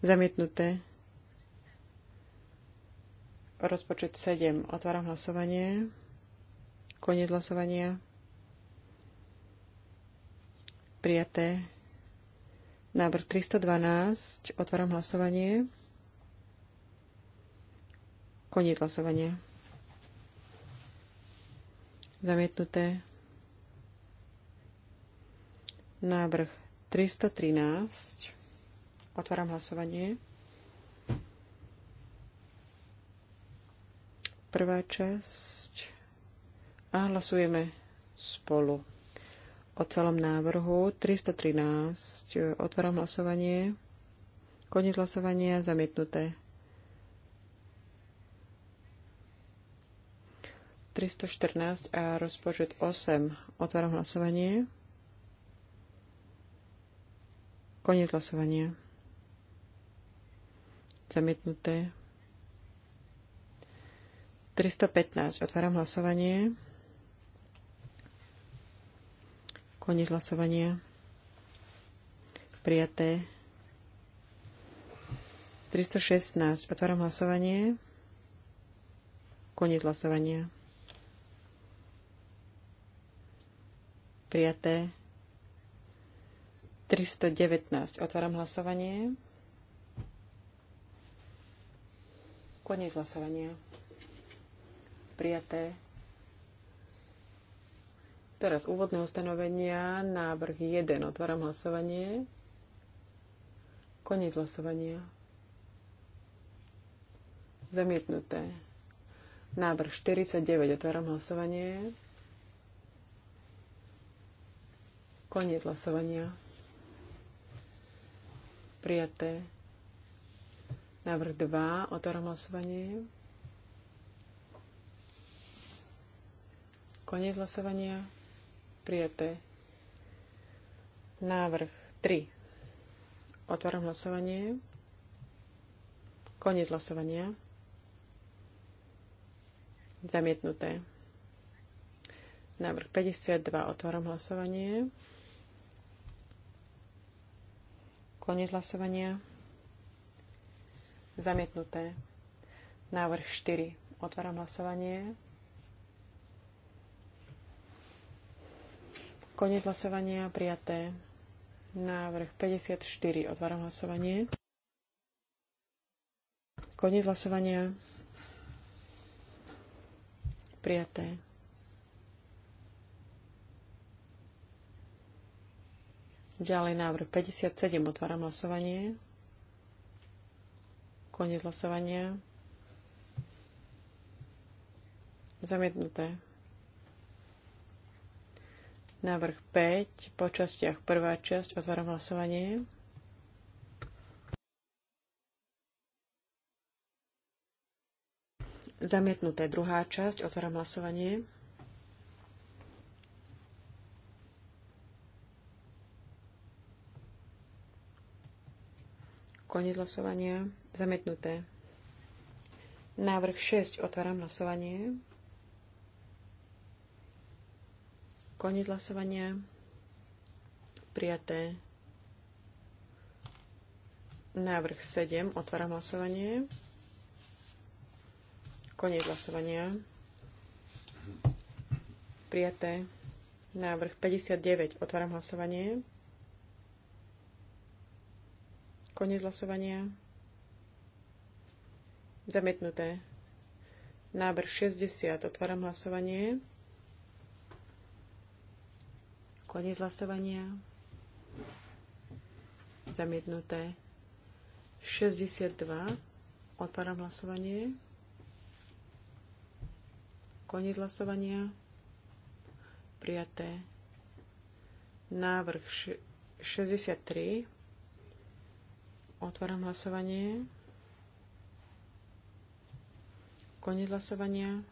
[SPEAKER 2] Zamietnuté. Rozpočet 7. Otváram hlasovanie. Koniec hlasovania. Prijaté. Návrh 312. Otváram hlasovanie. Koniec hlasovania. Zamietnuté. Návrh 313. Otváram hlasovanie. Prvá časť a hlasujeme spolu o celom návrhu 313. Otváram hlasovanie. Koniec hlasovania zamietnuté. 314 a rozpočet 8. Otváram hlasovanie. Koniec hlasovania. Zamietnuté. 315. Otváram hlasovanie. Konec hlasovania. Prijaté. 316. Otváram hlasovanie. Koniec hlasovania. Prijaté. 319. Otváram hlasovanie. Koniec hlasovania. Prijaté. Teraz úvodné ustanovenia, návrh 1. Otváram hlasovanie. Koniec hlasovania. Zamietnuté. Návrh 49. Otváram hlasovanie. Koniec hlasovania. Prijaté. Návrh 2. Otváram hlasovanie. Koniec hlasovania. Prijaté. Návrh 3. Otváram hlasovanie. Koniec hlasovania. Zamietnuté. Návrh 52. Otváram hlasovanie. Koniec hlasovania. Zamietnuté. Návrh 4. Otváram hlasovanie. Koniec hlasovania prijaté. Návrh 54. Otváram hlasovanie. Koniec hlasovania. Prijaté. Ďalej návrh 57. Otváram hlasovanie. Koniec hlasovania. Zamietnuté. Návrh 5 po častiach. Prvá časť. Otváram hlasovanie. Zamietnuté. Druhá časť. Otváram hlasovanie. Koniec hlasovania. Zamietnuté. Návrh 6. Otváram hlasovanie. Koniec hlasovania. Prijaté. Návrh 7. Otváram hlasovanie. Koniec hlasovania. Prijaté. Návrh 59. Otváram hlasovanie. Koniec hlasovania. Zamietnuté. Návrh 60. Otváram hlasovanie. Konec hlasovania. Zamietnuté. 62. Otváram hlasovanie. Konec hlasovania. Prijaté. Návrh 63. Otváram hlasovanie. Konec hlasovania.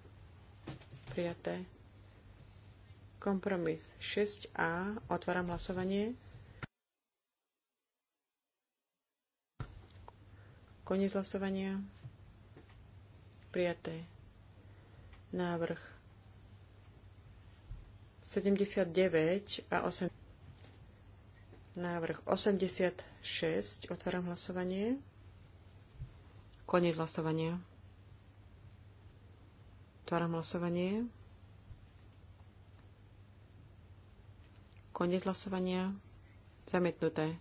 [SPEAKER 2] Prijaté. Kompromis 6a. Otváram hlasovanie. Koniec hlasovania. Prijaté. Návrh 79 a 8. Návrh 86. Otváram hlasovanie. Koniec hlasovania. Otváram hlasovanie. Konec hlasovania. Zamietnuté.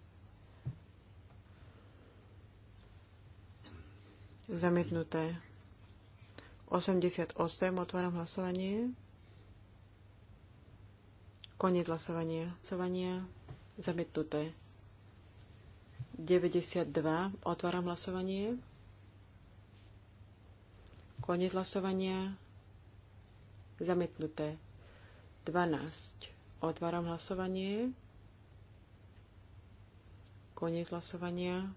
[SPEAKER 2] Zamietnuté. 88. Otváram hlasovanie. Konec hlasovania. Hlasovania. Zamietnuté. 92. Otváram hlasovanie. Konec hlasovania. Zamietnuté. 12. Otváram hlasovanie. Koniec hlasovania.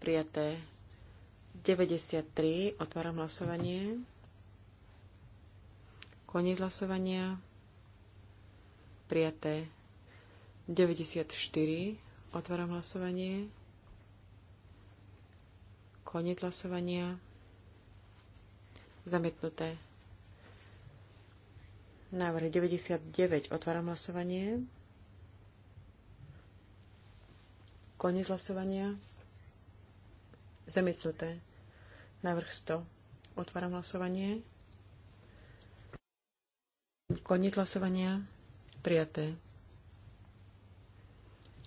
[SPEAKER 2] Prijaté 93. Otváram hlasovanie. Koniec hlasovania. Prijaté 94. Otváram hlasovanie. Koniec hlasovania. Zamietnuté Návrh 99. Otváram hlasovanie. Koniec hlasovania. Zamietnuté. Návrh 100. Otváram hlasovanie. Koniec hlasovania. Prijaté.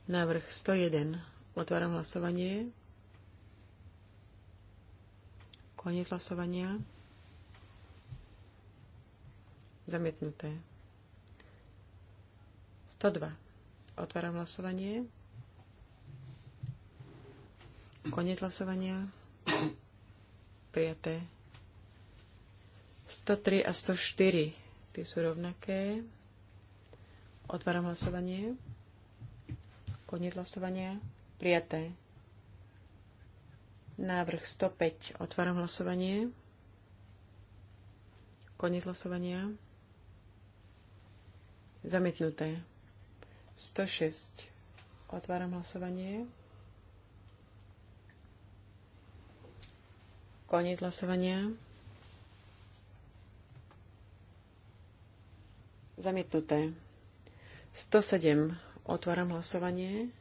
[SPEAKER 2] Návrh 101. Otváram hlasovanie. Koniec hlasovania. Zamietnuté. 102. Otváram hlasovanie. Koniec hlasovania. Prijaté. 103 a 104. Tie sú rovnaké. Otváram hlasovanie. Koniec hlasovania. Prijaté. Návrh 105. Otváram hlasovanie. Koniec hlasovania. Zamietnuté. 106. Otváram hlasovanie. Koniec hlasovania. Zamietnuté. 107. Otváram hlasovanie.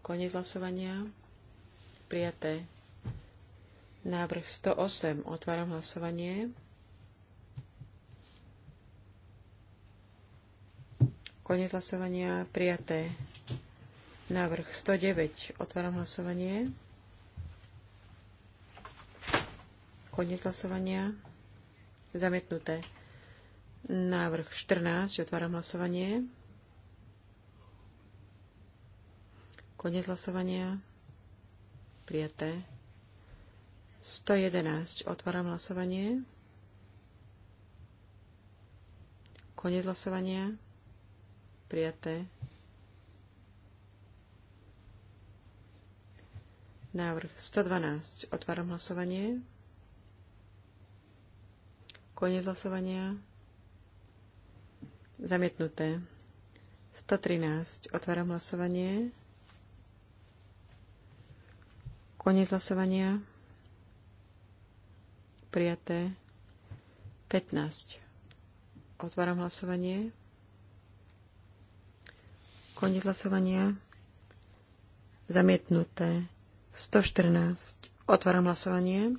[SPEAKER 2] Koniec hlasovania. Prijaté. Návrh 108. Otváram hlasovanie. Konec hlasovania prijaté. Návrh 109. Otváram hlasovanie. Konec hlasovania. Zamietnuté. Návrh 14. Otváram hlasovanie. Konec hlasovania. Prijaté. 111. Otváram hlasovanie. Konec hlasovania. Prijaté. Návrh 112. Otváram hlasovanie. Koniec hlasovania. Zamietnuté. 113. Otváram hlasovanie. Koniec hlasovania. Prijaté. 15. Otváram hlasovanie. Koniec hlasovania. Zamietnuté. 114. Otváram hlasovanie.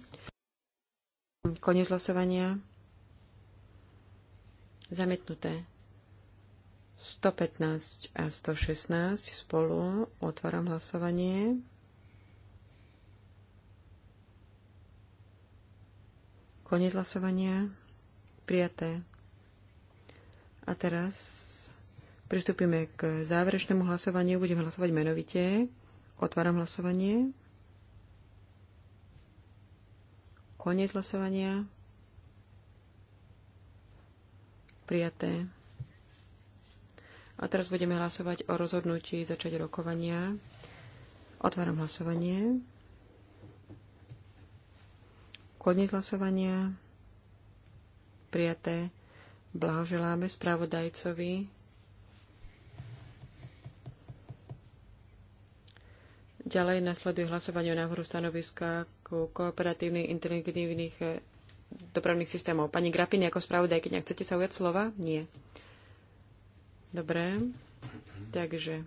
[SPEAKER 2] Koniec hlasovania. Zamietnuté. 115 a 116 spolu. Otváram hlasovanie. Koniec hlasovania. Prijaté. A teraz Pristúpime k záverečnému hlasovaniu. Budeme hlasovať menovite. Otváram hlasovanie. Koniec hlasovania. Prijaté. A teraz budeme hlasovať o rozhodnutí začať rokovania. Otváram hlasovanie. Koniec hlasovania. Prijaté. Blahoželáme spravodajcovi Ďalej nasleduje hlasovanie o návrhu stanoviska ku kooperatívnych inteligentných eh, dopravných systémov. Pani Grapini, ako spravodajkyňa, chcete sa ujať slova? Nie. Dobre. Takže.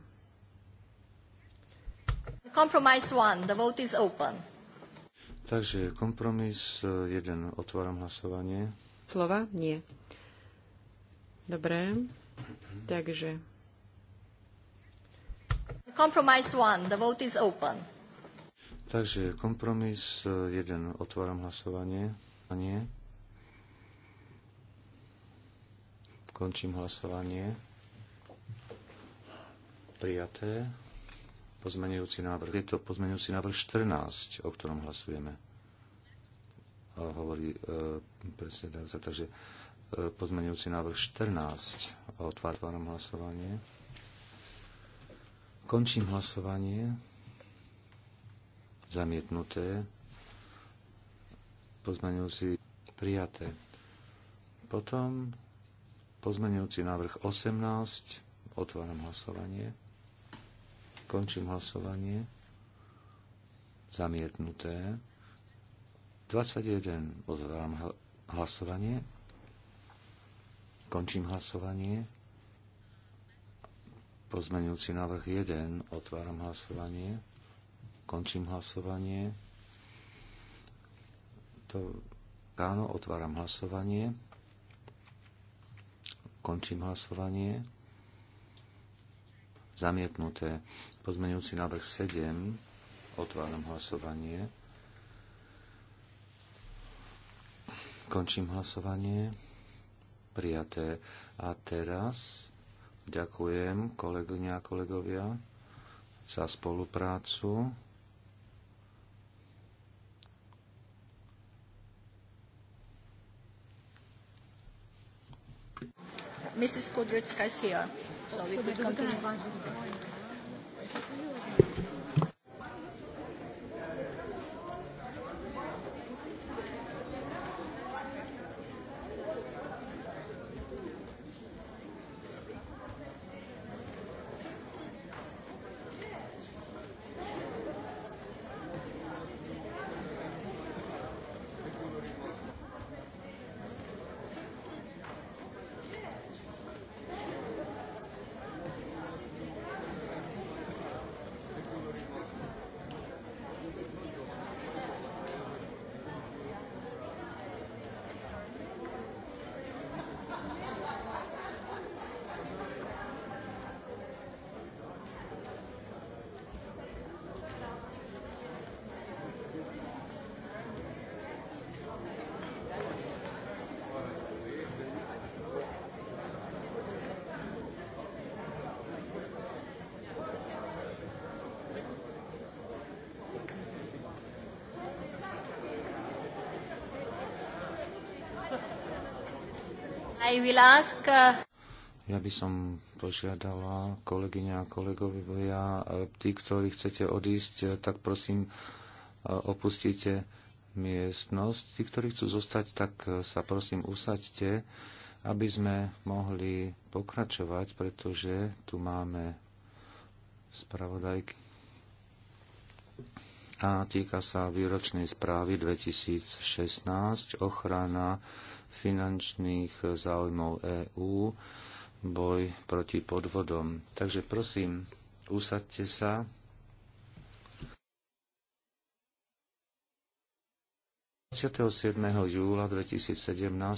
[SPEAKER 2] Compromise one. The vote is open.
[SPEAKER 1] Takže kompromis 1. Eh, Otváram hlasovanie.
[SPEAKER 2] Slova? Nie. Dobre. Takže Compromise one, the vote is open.
[SPEAKER 1] Takže kompromis 1. E, otváram hlasovanie. A nie. Končím hlasovanie. Prijaté. Pozmenujúci návrh. Je to pozmenujúci návrh 14, o ktorom hlasujeme. Hovorí e, predsedajúca. Takže e, pozmenujúci návrh 14. Otváram hlasovanie. Končím hlasovanie. Zamietnuté. Pozmeňujúci prijaté. Potom pozmeňujúci návrh 18. Otváram hlasovanie. Končím hlasovanie. Zamietnuté. 21. Otváram hlasovanie. Končím hlasovanie Pozmenujúci návrh 1. Otváram hlasovanie. Končím hlasovanie. To, áno, otváram hlasovanie. Končím hlasovanie. Zamietnuté. Pozmenujúci návrh 7. Otváram hlasovanie. Končím hlasovanie. Prijaté. A teraz Ďakujem kolegyňa a kolegovia za spoluprácu.
[SPEAKER 3] Mrs. Kudrytska is here.
[SPEAKER 1] So we could continue.
[SPEAKER 3] I will ask... Uh,
[SPEAKER 1] ja by som požiadala kolegyňa a kolegovia, e, tí, ktorí chcete odísť, e, tak prosím e, opustite miestnosť. Tí, ktorí chcú zostať, tak sa prosím usaďte, aby sme mohli pokračovať, pretože tu máme spravodajky. A týka sa výročnej správy 2016 ochrana finančných záujmov EÚ, boj proti podvodom. Takže prosím, usadte sa. 27. júla 2017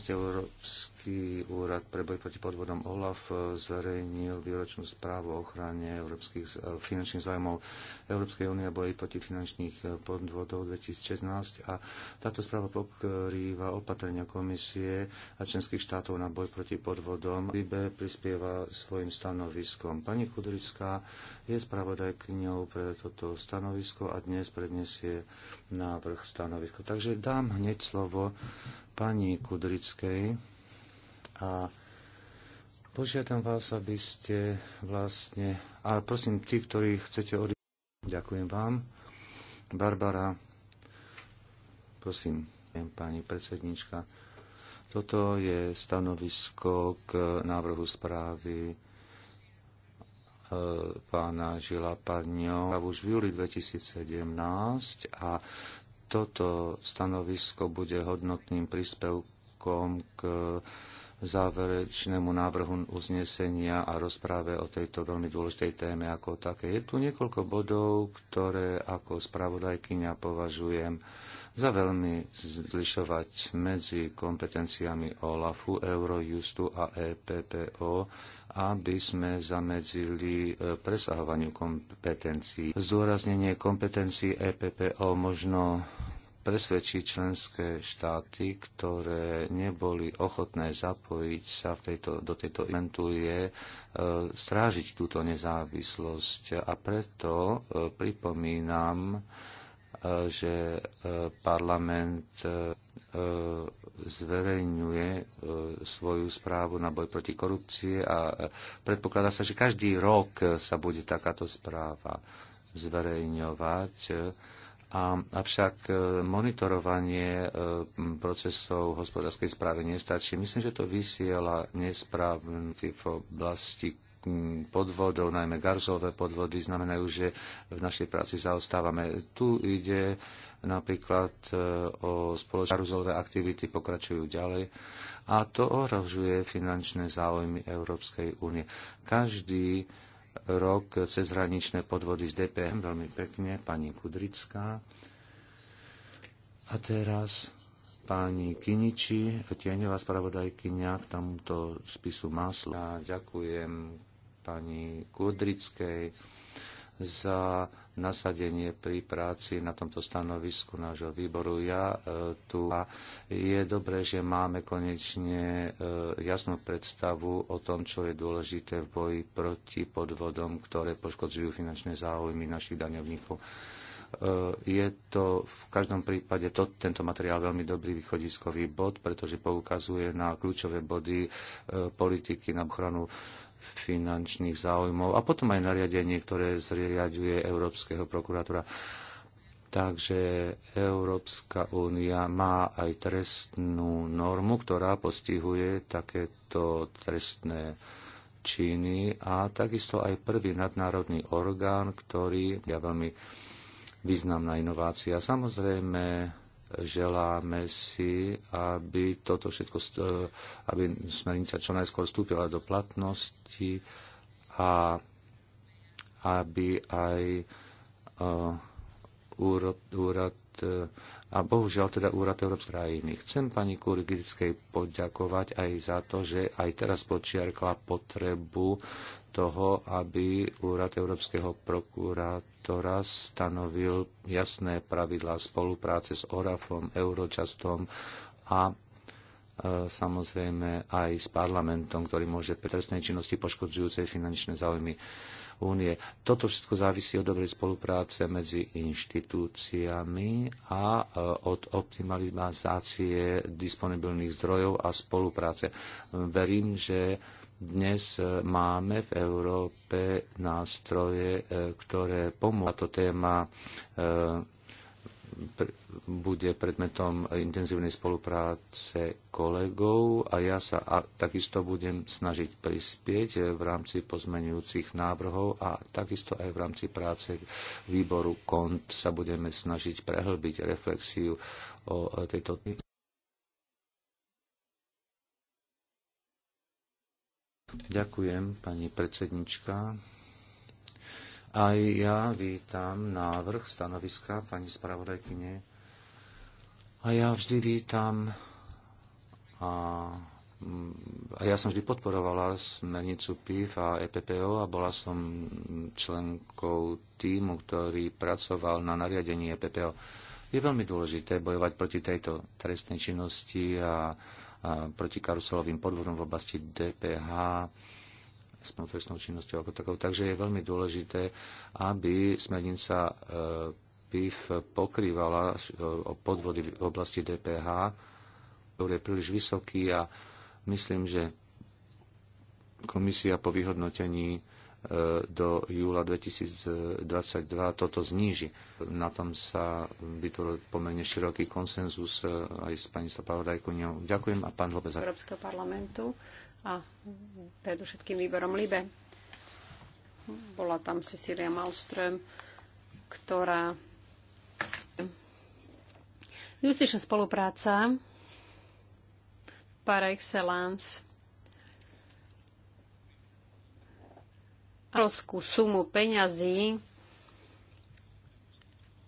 [SPEAKER 1] Európsky úrad pre boj proti podvodom OLAF eh, zverejnil výročnú správu o ochrane európskych eh, finančných zájmov Európskej únie a boji proti finančných eh, podvodov 2016 a táto správa pokrýva opatrenia komisie a členských štátov na boj proti podvodom. Libe prispieva svojim stanoviskom. Pani Kudrická je spravodajkňou pre toto stanovisko a dnes predniesie návrh stanovisko. Takže dám dám hneď slovo pani Kudrickej a požiadam vás, aby ste vlastne... A prosím, tí, ktorí chcete odísť, ďakujem vám. Barbara, prosím, pani predsednička. Toto je stanovisko k návrhu správy e, pána Žila Parňo už v júli 2017 a toto stanovisko bude hodnotným príspevkom k záverečnému návrhu uznesenia a rozpráve o tejto veľmi dôležitej téme ako také. Je tu niekoľko bodov, ktoré ako spravodajkyňa považujem za veľmi zlišovať medzi kompetenciami OLAFu, Eurojustu a EPPO, aby sme zamedzili e, presahovaniu kompetencií. Zdôraznenie kompetencií EPPO možno presvedčí členské štáty, ktoré neboli ochotné zapojiť sa v tejto, do tejto eventu, je e, strážiť túto nezávislosť. A preto e, pripomínam, e, že parlament zverejňuje svoju správu na boj proti korupcie a predpokladá sa, že každý rok sa bude takáto správa zverejňovať. A, avšak e, monitorovanie e, procesov hospodárskej správy nestačí. Myslím, že to vysiela nesprávne v oblasti podvodov, najmä garzové podvody, znamenajú, že v našej práci zaostávame. Tu ide napríklad e, o spoločné garzové aktivity, pokračujú ďalej a to ohrožuje finančné záujmy Európskej únie. Každý rok cezhraničné podvody z DPM. Veľmi pekne, pani Kudrická. A teraz pani Kiniči, tieňová spravodajkynia k tomuto spisu masla. Ja ďakujem pani Kudrickej za nasadenie pri práci na tomto stanovisku nášho výboru. Ja e, tu a je dobré, že máme konečne e, jasnú predstavu o tom, čo je dôležité v boji proti podvodom, ktoré poškodzujú finančné záujmy našich daňovníkov. E, je to v každom prípade to, tento materiál veľmi dobrý východiskový bod, pretože poukazuje na kľúčové body e, politiky na ochranu finančných záujmov a potom aj nariadenie, ktoré zriaďuje Európskeho prokurátora. Takže Európska únia má aj trestnú normu, ktorá postihuje takéto trestné činy a takisto aj prvý nadnárodný orgán, ktorý je veľmi významná inovácia. Samozrejme, želáme si, aby toto všetko, e, aby smernica čo najskôr vstúpila do platnosti a aby aj e, úrad, úrad e, a bohužiaľ teda úrad Európskej krajiny. Chcem pani Kurgickej poďakovať aj za to, že aj teraz počiarkla potrebu toho, aby Úrad Európskeho prokurátora stanovil jasné pravidlá spolupráce s ORAFom, Eurojustom a e, samozrejme aj s parlamentom, ktorý môže pre trestnej činnosti poškodzujúcej finančné záujmy únie. Toto všetko závisí od dobrej spolupráce medzi inštitúciami a e, od optimalizácie disponibilných zdrojov a spolupráce. Verím, že dnes e, máme v Európe nástroje, e, ktoré pomôžu. Táto téma e, bude predmetom intenzívnej spolupráce kolegov a ja sa a takisto budem snažiť prispieť v rámci pozmenujúcich návrhov a takisto aj v rámci práce výboru KONT sa budeme snažiť prehlbiť reflexiu o tejto Ďakujem, pani predsednička. Aj ja vítam návrh stanoviska pani spravodajkyne. A ja vždy vítam a, a ja som vždy podporovala smernicu PIF a EPPO a bola som členkou týmu, ktorý pracoval na nariadení EPPO. Je veľmi dôležité bojovať proti tejto trestnej činnosti a proti karuselovým podvodom v oblasti DPH s profesnou činnosťou ako takou. Takže je veľmi dôležité, aby smernica e, PIF pokrývala e, podvody v oblasti DPH, ktorý je príliš vysoký a myslím, že komisia po vyhodnotení do júla 2022 toto zníži. Na tom sa vytvoril pomerne široký konsenzus e, aj s pani Sapavodajkuňou. Ďakujem a pán Lobeza.
[SPEAKER 3] Európskeho parlamentu a predovšetkým výborom Libe. Bola tam Cecilia Malström, ktorá justičná spolupráca par excellence obrovskú sumu peňazí,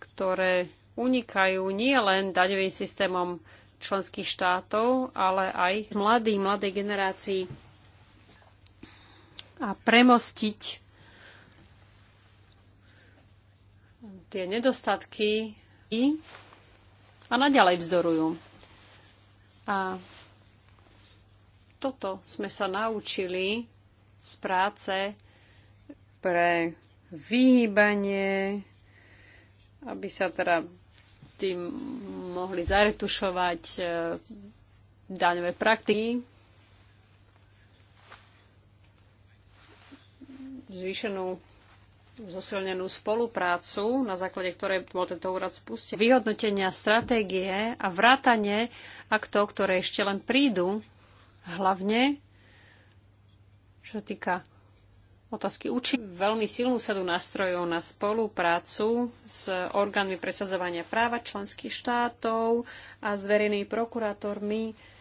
[SPEAKER 3] ktoré unikajú nielen daňovým systémom členských štátov, ale aj mladý, mladej generácii a premostiť tie nedostatky a naďalej vzdorujú. A toto sme sa naučili z práce pre vyhýbanie, aby sa teda tým mohli zaretušovať e, daňové praktiky. Zvýšenú zosilnenú spoluprácu, na základe ktorej bol tento úrad spustený. Vyhodnotenia stratégie a vrátanie aktov, ktoré ešte len prídu, hlavne čo sa týka otázky učí veľmi silnú sadu nástrojov na spoluprácu s orgánmi presadzovania práva členských štátov a s verejnými prokurátormi